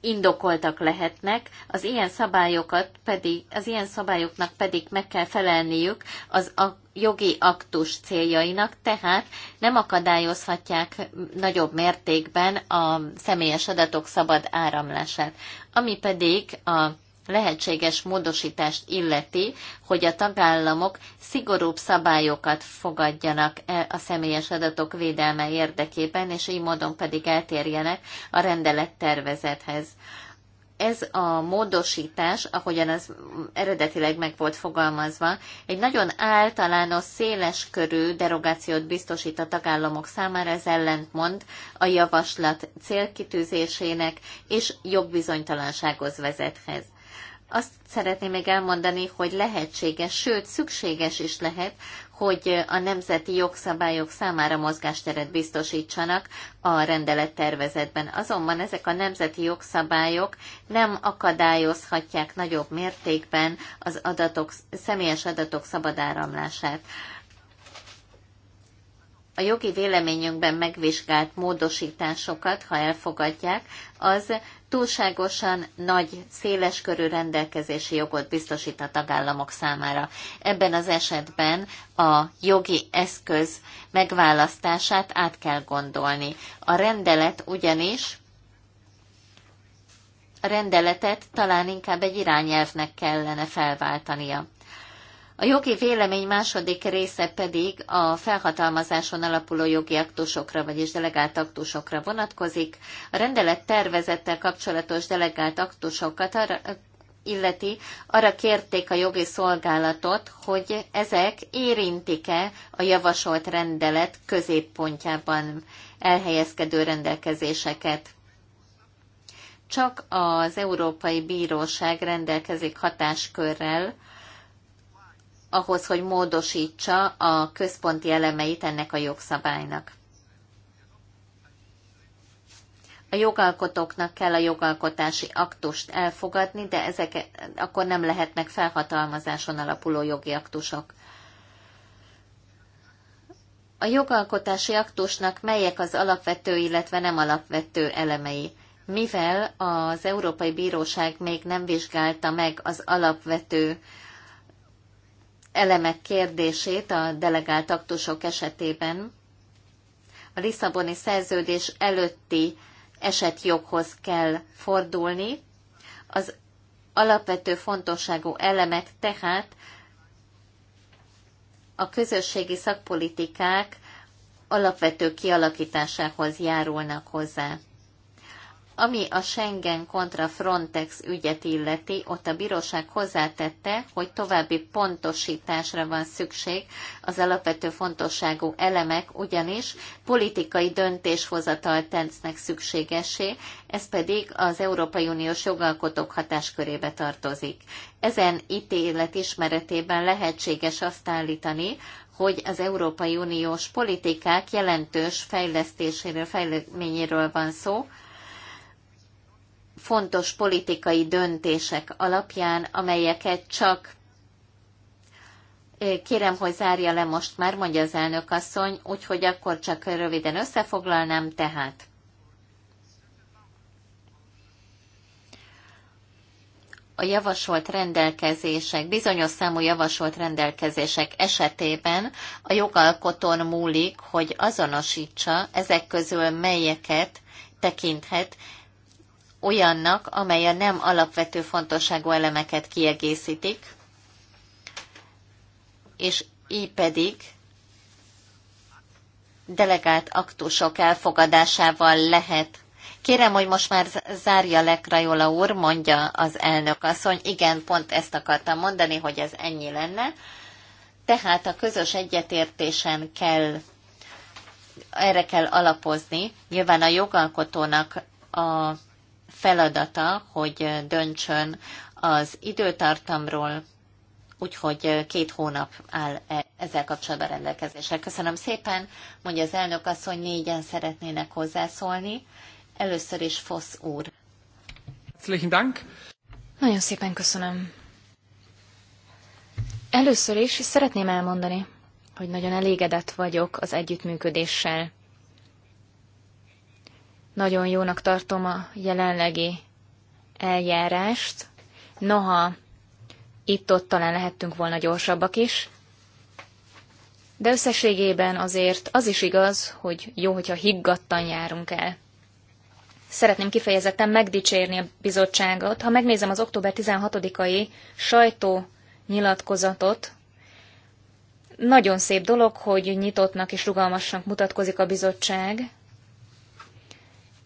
indokoltak lehetnek, az ilyen szabályokat pedig, az ilyen szabályoknak pedig meg kell felelniük az a jogi aktus céljainak, tehát nem akadályozhatják nagyobb mértékben a személyes adatok szabad áramlását. Ami pedig a lehetséges módosítást illeti, hogy a tagállamok szigorúbb szabályokat fogadjanak e a személyes adatok védelme érdekében, és így módon pedig eltérjenek a rendelet tervezethez ez a módosítás, ahogyan az eredetileg meg volt fogalmazva, egy nagyon általános, széles körű derogációt biztosít a tagállamok számára, ez ellentmond a javaslat célkitűzésének és jogbizonytalansághoz vezethez. Azt szeretném még elmondani, hogy lehetséges, sőt szükséges is lehet, hogy a nemzeti jogszabályok számára mozgásteret biztosítsanak a rendelettervezetben. Azonban ezek a nemzeti jogszabályok nem akadályozhatják nagyobb mértékben az adatok, személyes adatok szabad áramlását. A jogi véleményünkben megvizsgált módosításokat, ha elfogadják, az túlságosan nagy, széleskörű rendelkezési jogot biztosít a tagállamok számára. Ebben az esetben a jogi eszköz megválasztását át kell gondolni. A rendelet ugyanis a rendeletet talán inkább egy irányelvnek kellene felváltania. A jogi vélemény második része pedig a felhatalmazáson alapuló jogi aktusokra, vagyis delegált aktusokra vonatkozik. A rendelet tervezettel kapcsolatos delegált aktusokat arra, illeti, arra kérték a jogi szolgálatot, hogy ezek érintik-e a javasolt rendelet középpontjában elhelyezkedő rendelkezéseket. Csak az Európai Bíróság rendelkezik hatáskörrel, ahhoz, hogy módosítsa a központi elemeit ennek a jogszabálynak. A jogalkotóknak kell a jogalkotási aktust elfogadni, de ezek akkor nem lehetnek felhatalmazáson alapuló jogi aktusok. A jogalkotási aktusnak melyek az alapvető, illetve nem alapvető elemei? Mivel az Európai Bíróság még nem vizsgálta meg az alapvető elemek kérdését a delegált aktusok esetében a Lisszaboni szerződés előtti esetjoghoz kell fordulni. Az alapvető fontosságú elemek tehát a közösségi szakpolitikák alapvető kialakításához járulnak hozzá. Ami a Schengen kontra Frontex ügyet illeti, ott a bíróság hozzátette, hogy további pontosításra van szükség az alapvető fontosságú elemek, ugyanis politikai döntéshozatal tencnek szükségesé, ez pedig az Európai Uniós jogalkotók hatáskörébe tartozik. Ezen ítélet ismeretében lehetséges azt állítani, hogy az Európai Uniós politikák jelentős fejlesztéséről, fejleményéről van szó, fontos politikai döntések alapján, amelyeket csak Kérem, hogy zárja le most már, mondja az elnök asszony, úgyhogy akkor csak röviden összefoglalnám tehát. A javasolt rendelkezések, bizonyos számú javasolt rendelkezések esetében a jogalkotón múlik, hogy azonosítsa ezek közül melyeket tekinthet olyannak, amely a nem alapvető fontosságú elemeket kiegészítik, és így pedig delegált aktusok elfogadásával lehet. Kérem, hogy most már zárja le Krajola úr, mondja az elnök asszony. Igen, pont ezt akartam mondani, hogy ez ennyi lenne. Tehát a közös egyetértésen kell, erre kell alapozni. Nyilván a jogalkotónak a feladata, hogy döntsön az időtartamról, úgyhogy két hónap áll e- ezzel kapcsolatban rendelkezésre. Köszönöm szépen, mondja az elnök asszony, négyen szeretnének hozzászólni. Először is Fosz úr. Dank. Nagyon szépen köszönöm. Először is szeretném elmondani, hogy nagyon elégedett vagyok az együttműködéssel, nagyon jónak tartom a jelenlegi eljárást. Noha itt-ott talán lehettünk volna gyorsabbak is, de összességében azért az is igaz, hogy jó, hogyha higgadtan járunk el. Szeretném kifejezetten megdicsérni a bizottságot. Ha megnézem az október 16-ai sajtó nyilatkozatot, nagyon szép dolog, hogy nyitottnak és rugalmasnak mutatkozik a bizottság,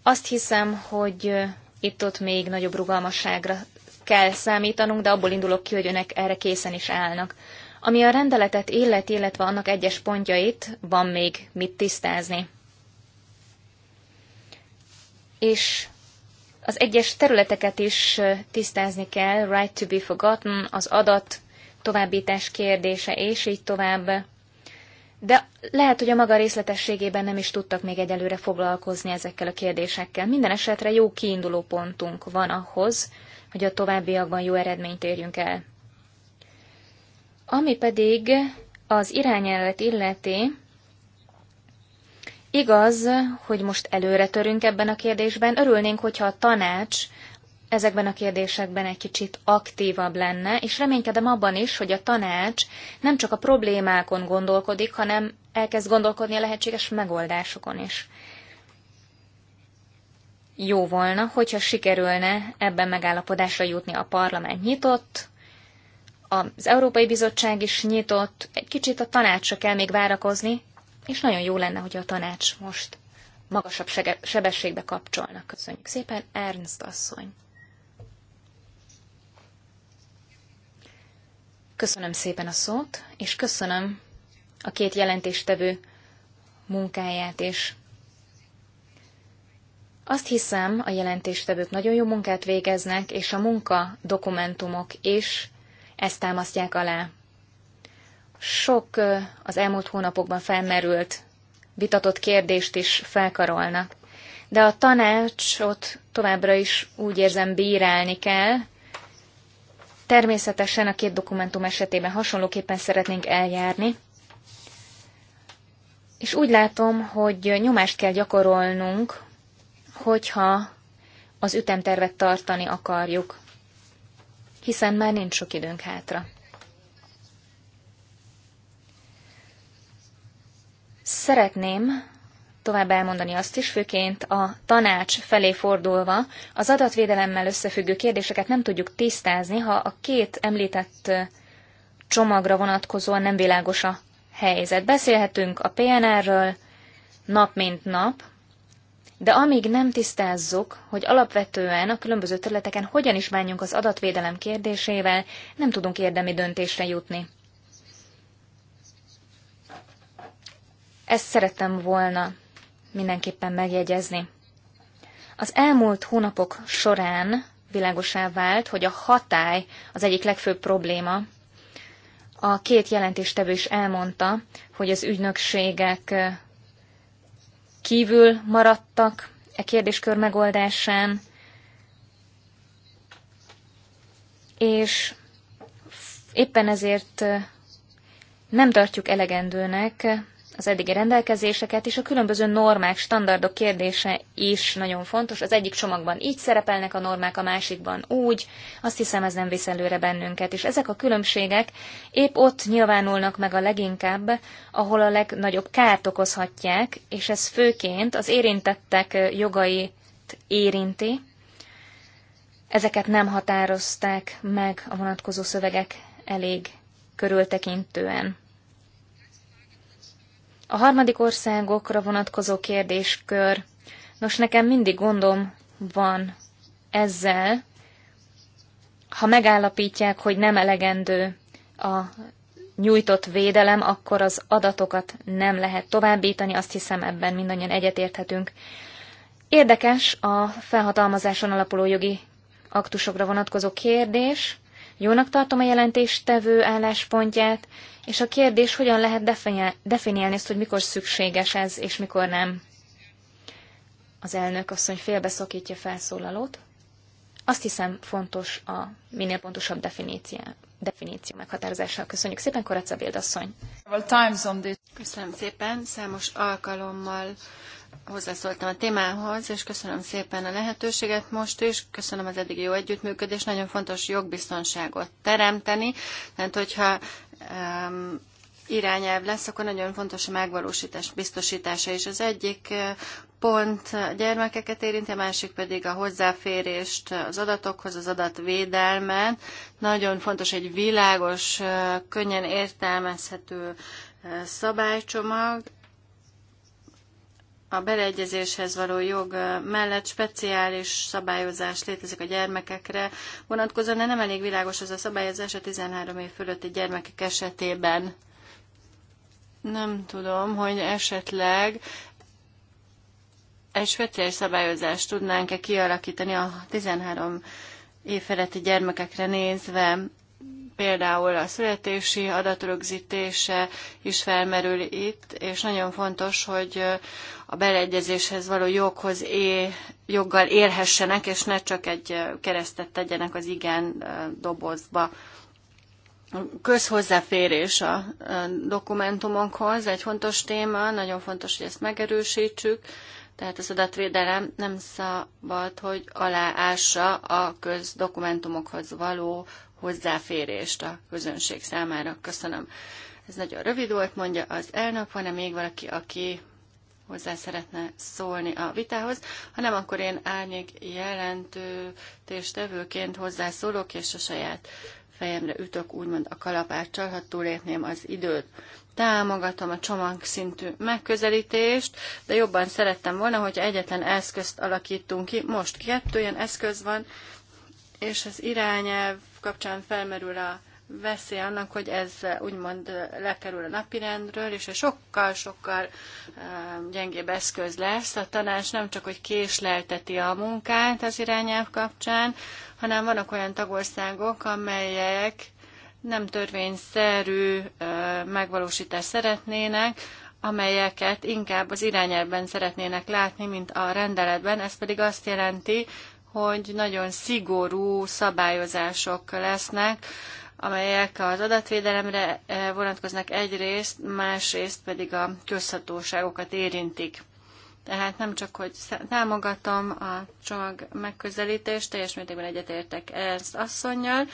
azt hiszem, hogy itt-ott még nagyobb rugalmasságra kell számítanunk, de abból indulok ki, hogy önök erre készen is állnak. Ami a rendeletet illet, illetve annak egyes pontjait, van még mit tisztázni. És az egyes területeket is tisztázni kell, right to be forgotten, az adat továbbítás kérdése, és így tovább de lehet, hogy a maga részletességében nem is tudtak még egyelőre foglalkozni ezekkel a kérdésekkel. Minden esetre jó kiinduló pontunk van ahhoz, hogy a továbbiakban jó eredményt érjünk el. Ami pedig az irányelvet illeti, igaz, hogy most előre törünk ebben a kérdésben, örülnénk, hogyha a tanács ezekben a kérdésekben egy kicsit aktívabb lenne, és reménykedem abban is, hogy a tanács nem csak a problémákon gondolkodik, hanem elkezd gondolkodni a lehetséges megoldásokon is. Jó volna, hogyha sikerülne ebben megállapodásra jutni a parlament nyitott, az Európai Bizottság is nyitott, egy kicsit a tanácsra kell még várakozni, és nagyon jó lenne, hogy a tanács most magasabb sebességbe kapcsolnak. Köszönjük szépen, Ernst asszony! Köszönöm szépen a szót, és köszönöm a két jelentéstevő munkáját is. Azt hiszem, a jelentéstevők nagyon jó munkát végeznek, és a munka dokumentumok is ezt támasztják alá. Sok az elmúlt hónapokban felmerült, vitatott kérdést is felkarolnak, de a tanácsot továbbra is úgy érzem bírálni kell, Természetesen a két dokumentum esetében hasonlóképpen szeretnénk eljárni, és úgy látom, hogy nyomást kell gyakorolnunk, hogyha az ütemtervet tartani akarjuk, hiszen már nincs sok időnk hátra. Szeretném, tovább elmondani azt is, főként a tanács felé fordulva, az adatvédelemmel összefüggő kérdéseket nem tudjuk tisztázni, ha a két említett csomagra vonatkozóan nem világos a helyzet. Beszélhetünk a PNR-ről nap mint nap, de amíg nem tisztázzuk, hogy alapvetően a különböző területeken hogyan is bánjunk az adatvédelem kérdésével, nem tudunk érdemi döntésre jutni. Ezt szerettem volna mindenképpen megjegyezni. Az elmúlt hónapok során világosá vált, hogy a hatály az egyik legfőbb probléma. A két jelentéstevő is elmondta, hogy az ügynökségek kívül maradtak e kérdéskör megoldásán, és éppen ezért nem tartjuk elegendőnek az eddigi rendelkezéseket, és a különböző normák, standardok kérdése is nagyon fontos. Az egyik csomagban így szerepelnek a normák, a másikban úgy. Azt hiszem, ez nem visz előre bennünket. És ezek a különbségek épp ott nyilvánulnak meg a leginkább, ahol a legnagyobb kárt okozhatják, és ez főként az érintettek jogait érinti. Ezeket nem határozták meg a vonatkozó szövegek elég körültekintően. A harmadik országokra vonatkozó kérdéskör. Nos, nekem mindig gondom van ezzel, ha megállapítják, hogy nem elegendő a nyújtott védelem, akkor az adatokat nem lehet továbbítani, azt hiszem ebben mindannyian egyetérthetünk. Érdekes a felhatalmazáson alapuló jogi aktusokra vonatkozó kérdés. Jónak tartom a jelentéstevő álláspontját, és a kérdés, hogyan lehet definiálni ezt, hogy mikor szükséges ez, és mikor nem. Az elnök asszony félbeszakítja felszólalót. Azt hiszem fontos a minél pontosabb definíció, definíció meghatározása. Köszönjük szépen, Koracabild asszony. Köszönöm szépen, számos alkalommal hozzászóltam a témához, és köszönöm szépen a lehetőséget most is, köszönöm az eddigi jó együttműködést, nagyon fontos jogbiztonságot teremteni, mert hogyha um, irányelv lesz, akkor nagyon fontos a megvalósítás biztosítása is. Az egyik eh, pont a gyermekeket érinti, a másik pedig a hozzáférést az adatokhoz, az adatvédelmen. Nagyon fontos egy világos, eh, könnyen értelmezhető eh, szabálycsomag, a beleegyezéshez való jog mellett speciális szabályozás létezik a gyermekekre vonatkozóan, de nem elég világos az a szabályozás a 13 év fölötti gyermekek esetében. Nem tudom, hogy esetleg egy speciális szabályozást tudnánk-e kialakítani a 13 év feletti gyermekekre nézve például a születési adatrögzítése is felmerül itt, és nagyon fontos, hogy a beleegyezéshez való joghoz é, joggal élhessenek, és ne csak egy keresztet tegyenek az igen dobozba közhozzáférés a dokumentumokhoz egy fontos téma, nagyon fontos, hogy ezt megerősítsük, tehát az adatvédelem nem szabad, hogy aláássa a közdokumentumokhoz való hozzáférést a közönség számára. Köszönöm. Ez nagyon rövid volt, mondja az elnök. Van-e még valaki, aki hozzá szeretne szólni a vitához, hanem akkor én árnyék jelentőtéstevőként hozzászólok, és a saját fejemre ütök, úgymond a kalapáccsal, ha túlépném az időt. Támogatom a csomagszintű megközelítést, de jobban szerettem volna, hogy egyetlen eszközt alakítunk ki. Most kettő ilyen eszköz van, és az irányelv kapcsán felmerül a veszély annak, hogy ez eh, úgymond eh, lekerül a napirendről, és sokkal-sokkal eh, gyengébb eszköz lesz. A tanács nem csak, hogy késlelteti a munkát az irányelv kapcsán, hanem vannak olyan tagországok, amelyek nem törvényszerű megvalósítást szeretnének, amelyeket inkább az irányelvben szeretnének látni, mint a rendeletben. Ez pedig azt jelenti, hogy nagyon szigorú szabályozások lesznek, amelyek az adatvédelemre eh, vonatkoznak egyrészt, másrészt pedig a közhatóságokat érintik. Tehát nem csak, hogy támogatom a csomag megközelítést, teljes mértékben egyetértek ezt asszonynal,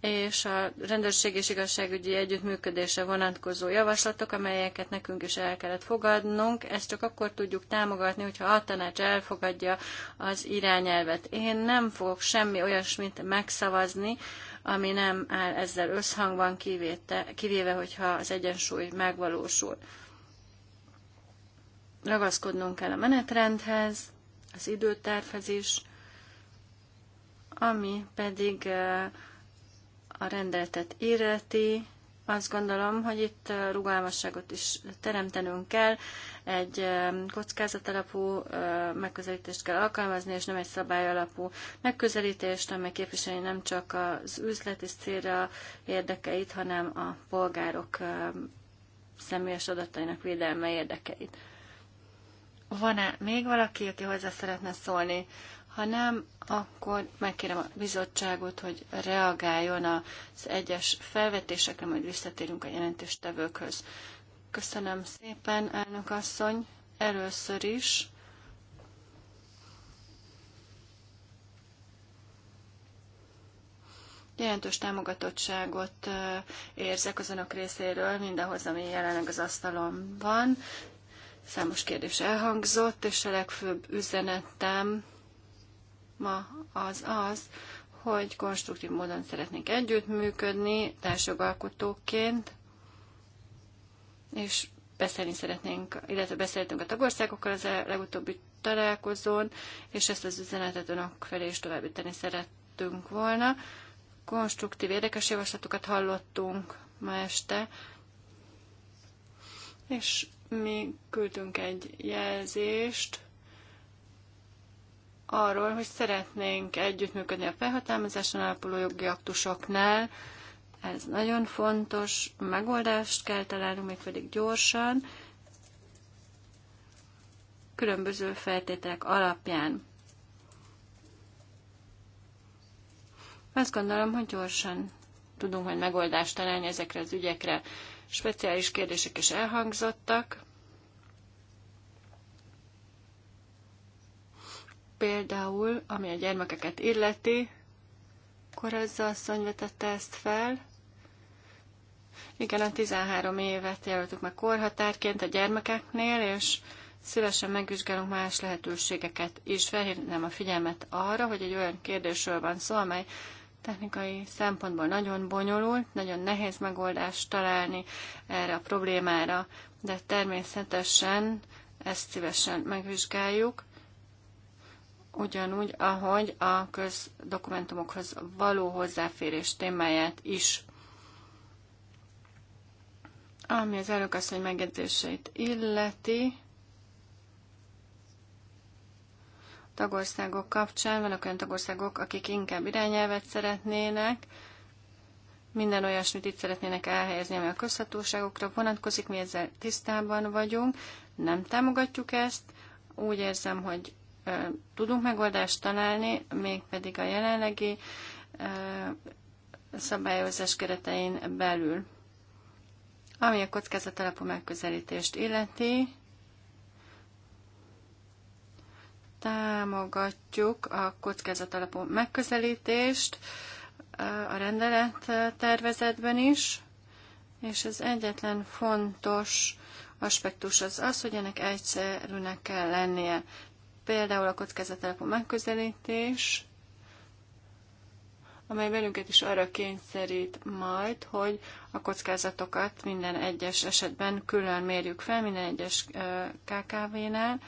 és a rendőrség és igazságügyi együttműködése vonatkozó javaslatok, amelyeket nekünk is el kellett fogadnunk. Ezt csak akkor tudjuk támogatni, hogyha a tanács elfogadja az irányelvet. Én nem fogok semmi olyasmit megszavazni, ami nem áll ezzel összhangban, kivéte, kivéve, hogyha az egyensúly megvalósul. Ragaszkodnunk kell a menetrendhez, az időtervhez is, ami pedig uh, a rendeletet illeti, azt gondolom, hogy itt rugalmasságot is teremtenünk kell, egy kockázatalapú megközelítést kell alkalmazni, és nem egy szabály alapú megközelítést, amely képviseli nem csak az üzleti célra érdekeit, hanem a polgárok személyes adatainak védelme érdekeit. Van-e még valaki, aki hozzá szeretne szólni? Ha nem, akkor megkérem a bizottságot, hogy reagáljon az egyes felvetésekre, majd visszatérünk a jelentéstevőkhöz. Köszönöm szépen, elnök asszony. Először is jelentős támogatottságot érzek az önök részéről mindahhoz, ami jelenleg az asztalon van. Számos kérdés elhangzott, és a legfőbb üzenetem ma az az, hogy konstruktív módon szeretnénk együttműködni társjogalkotóként, és beszélni szeretnénk, illetve beszéltünk a tagországokkal az legutóbbi találkozón, és ezt az üzenetet önök felé is továbbítani szerettünk volna. Konstruktív, érdekes javaslatokat hallottunk ma este, és mi küldtünk egy jelzést, arról, hogy szeretnénk együttműködni a felhatalmazáson alapuló jogi aktusoknál. Ez nagyon fontos, megoldást kell találnunk, mégpedig gyorsan, különböző feltételek alapján. Azt gondolom, hogy gyorsan tudunk majd megoldást találni ezekre az ügyekre. Speciális kérdések is elhangzottak. például, ami a gyermekeket illeti, az asszony vetette ezt fel. Igen, a 13 évet jelöltük meg korhatárként a gyermekeknél, és szívesen megvizsgálunk más lehetőségeket is. Felhívnám a figyelmet arra, hogy egy olyan kérdésről van szó, amely technikai szempontból nagyon bonyolult, nagyon nehéz megoldást találni erre a problémára, de természetesen ezt szívesen megvizsgáljuk ugyanúgy, ahogy a közdokumentumokhoz való hozzáférés témáját is. Ami az előkasszony megjegyzéseit illeti, tagországok kapcsán vannak olyan tagországok, akik inkább irányelvet szeretnének, minden olyasmit itt szeretnének elhelyezni, ami a közhatóságokra vonatkozik, mi ezzel tisztában vagyunk, nem támogatjuk ezt. Úgy érzem, hogy tudunk megoldást találni, mégpedig a jelenlegi szabályozás keretein belül. Ami a kockázat alapú megközelítést illeti, támogatjuk a kockázat alapú megközelítést a rendelet tervezetben is, és az egyetlen fontos aspektus az az, hogy ennek egyszerűnek kell lennie például a kockázatalapú megközelítés, amely velünket is arra kényszerít majd, hogy a kockázatokat minden egyes esetben külön mérjük fel, minden egyes KKV-nál.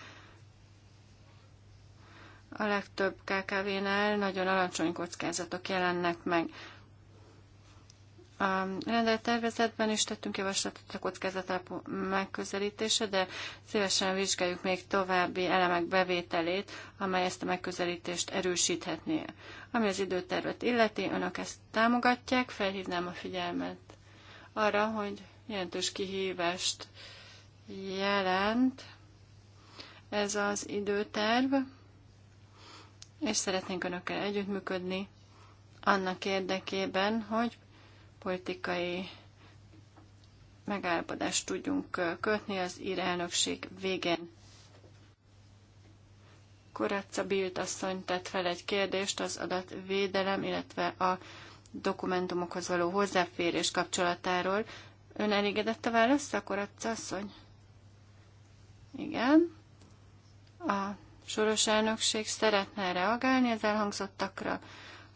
A legtöbb KKV-nál nagyon alacsony kockázatok jelennek meg. A tervezetben is tettünk javaslatot a kockázatalapú megközelítése, de szívesen vizsgáljuk még további elemek bevételét, amely ezt a megközelítést erősíthetné. Ami az időtervet illeti, önök ezt támogatják, felhívnám a figyelmet arra, hogy jelentős kihívást jelent ez az időterv, és szeretnénk önökkel együttműködni annak érdekében, hogy politikai megállapodást tudjunk kötni az ír elnökség végén. Koratza Bilt asszony tett fel egy kérdést az adatvédelem, illetve a dokumentumokhoz való hozzáférés kapcsolatáról. Ön elégedett a választ, a Koratza asszony? Igen. A soros elnökség szeretne reagálni az elhangzottakra,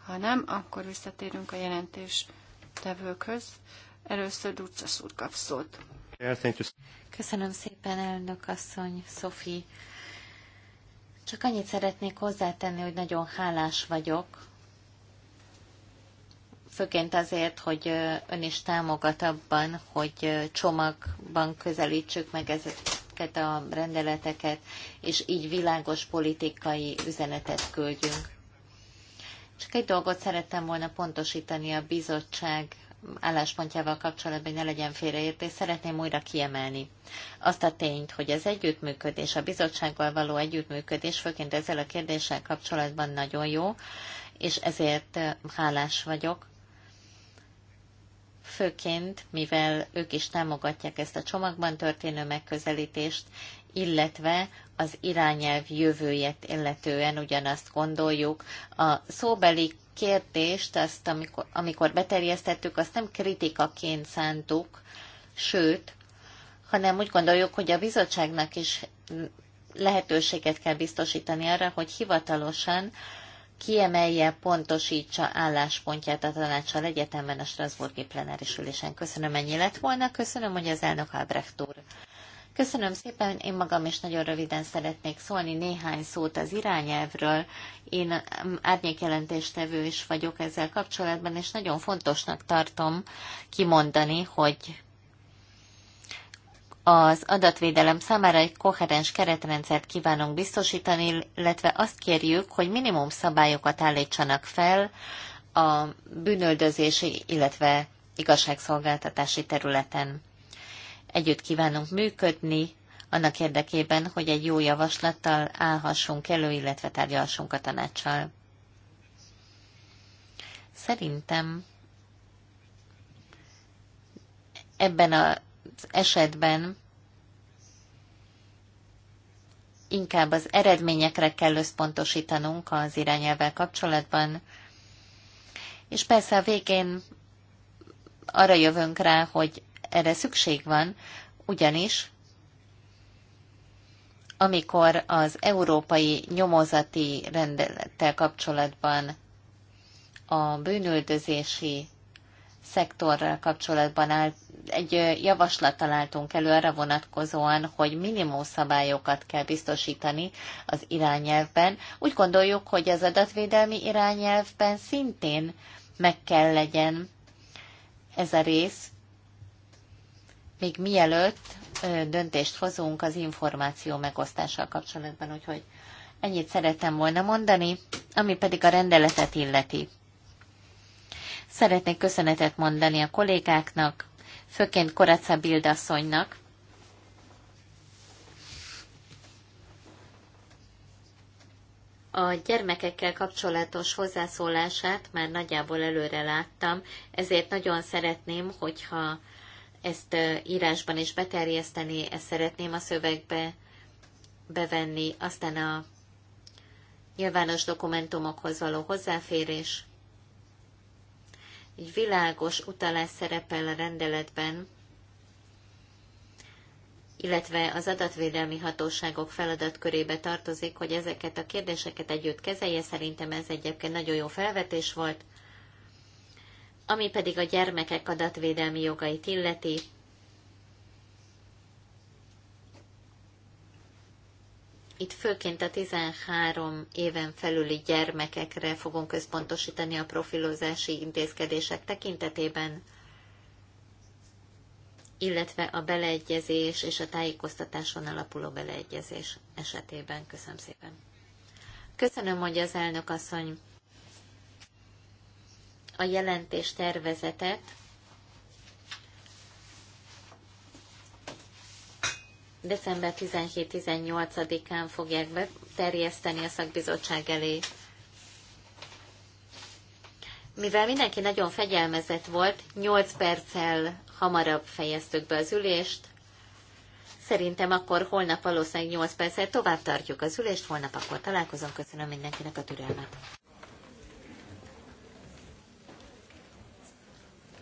ha nem, akkor visszatérünk a jelentés tevőkhöz. Először Ducas úr kap szót. Köszönöm szépen, elnök asszony, Szofi. Csak annyit szeretnék hozzátenni, hogy nagyon hálás vagyok, főként azért, hogy ön is támogat abban, hogy csomagban közelítsük meg ezeket a rendeleteket, és így világos politikai üzenetet küldjünk. Csak egy dolgot szerettem volna pontosítani a bizottság álláspontjával kapcsolatban, hogy ne legyen félreértés, szeretném újra kiemelni azt a tényt, hogy az együttműködés, a bizottsággal való együttműködés, főként ezzel a kérdéssel kapcsolatban nagyon jó, és ezért hálás vagyok. Főként, mivel ők is támogatják ezt a csomagban történő megközelítést, illetve az irányelv jövőjét illetően ugyanazt gondoljuk. A szóbeli kérdést, azt amikor, amikor beterjesztettük, azt nem kritikaként szántuk, sőt, hanem úgy gondoljuk, hogy a bizottságnak is lehetőséget kell biztosítani arra, hogy hivatalosan kiemelje, pontosítsa álláspontját a tanácsal egyetemben a Strasburgi plenáris ülésen. Köszönöm, ennyi lett volna. Köszönöm, hogy az elnök Albrecht úr Köszönöm szépen, én magam is nagyon röviden szeretnék szólni néhány szót az irányelvről. Én árnyékjelentéstevő is vagyok ezzel kapcsolatban, és nagyon fontosnak tartom kimondani, hogy az adatvédelem számára egy koherens keretrendszert kívánunk biztosítani, illetve azt kérjük, hogy minimum szabályokat állítsanak fel a bűnöldözési, illetve igazságszolgáltatási területen. Együtt kívánunk működni, annak érdekében, hogy egy jó javaslattal állhassunk elő, illetve tárgyalhassunk a tanácssal. Szerintem ebben az esetben inkább az eredményekre kell összpontosítanunk az irányelvvel kapcsolatban, és persze a végén arra jövünk rá, hogy erre szükség van, ugyanis amikor az európai nyomozati rendelettel kapcsolatban a bűnöldözési szektorral kapcsolatban áll, egy javaslat találtunk elő arra vonatkozóan, hogy minimum szabályokat kell biztosítani az irányelvben. Úgy gondoljuk, hogy az adatvédelmi irányelvben szintén meg kell legyen ez a rész, még mielőtt döntést hozunk az információ megosztással kapcsolatban, úgyhogy ennyit szerettem volna mondani, ami pedig a rendeletet illeti. Szeretnék köszönetet mondani a kollégáknak, főként Koraca Bildasszonynak, A gyermekekkel kapcsolatos hozzászólását már nagyjából előre láttam, ezért nagyon szeretném, hogyha ezt írásban is beterjeszteni, ezt szeretném a szövegbe bevenni, aztán a nyilvános dokumentumokhoz való hozzáférés. Egy világos utalás szerepel a rendeletben, illetve az adatvédelmi hatóságok feladatkörébe tartozik, hogy ezeket a kérdéseket együtt kezelje. Szerintem ez egyébként nagyon jó felvetés volt. Ami pedig a gyermekek adatvédelmi jogait illeti, Itt főként a 13 éven felüli gyermekekre fogunk központosítani a profilozási intézkedések tekintetében, illetve a beleegyezés és a tájékoztatáson alapuló beleegyezés esetében. Köszönöm szépen. Köszönöm, hogy az elnök asszony a jelentés tervezetet, december 17-18-án fogják beterjeszteni a szakbizottság elé. Mivel mindenki nagyon fegyelmezett volt, 8 perccel hamarabb fejeztük be az ülést. Szerintem akkor holnap valószínűleg 8 perccel tovább tartjuk az ülést, holnap akkor találkozom. Köszönöm mindenkinek a türelmet.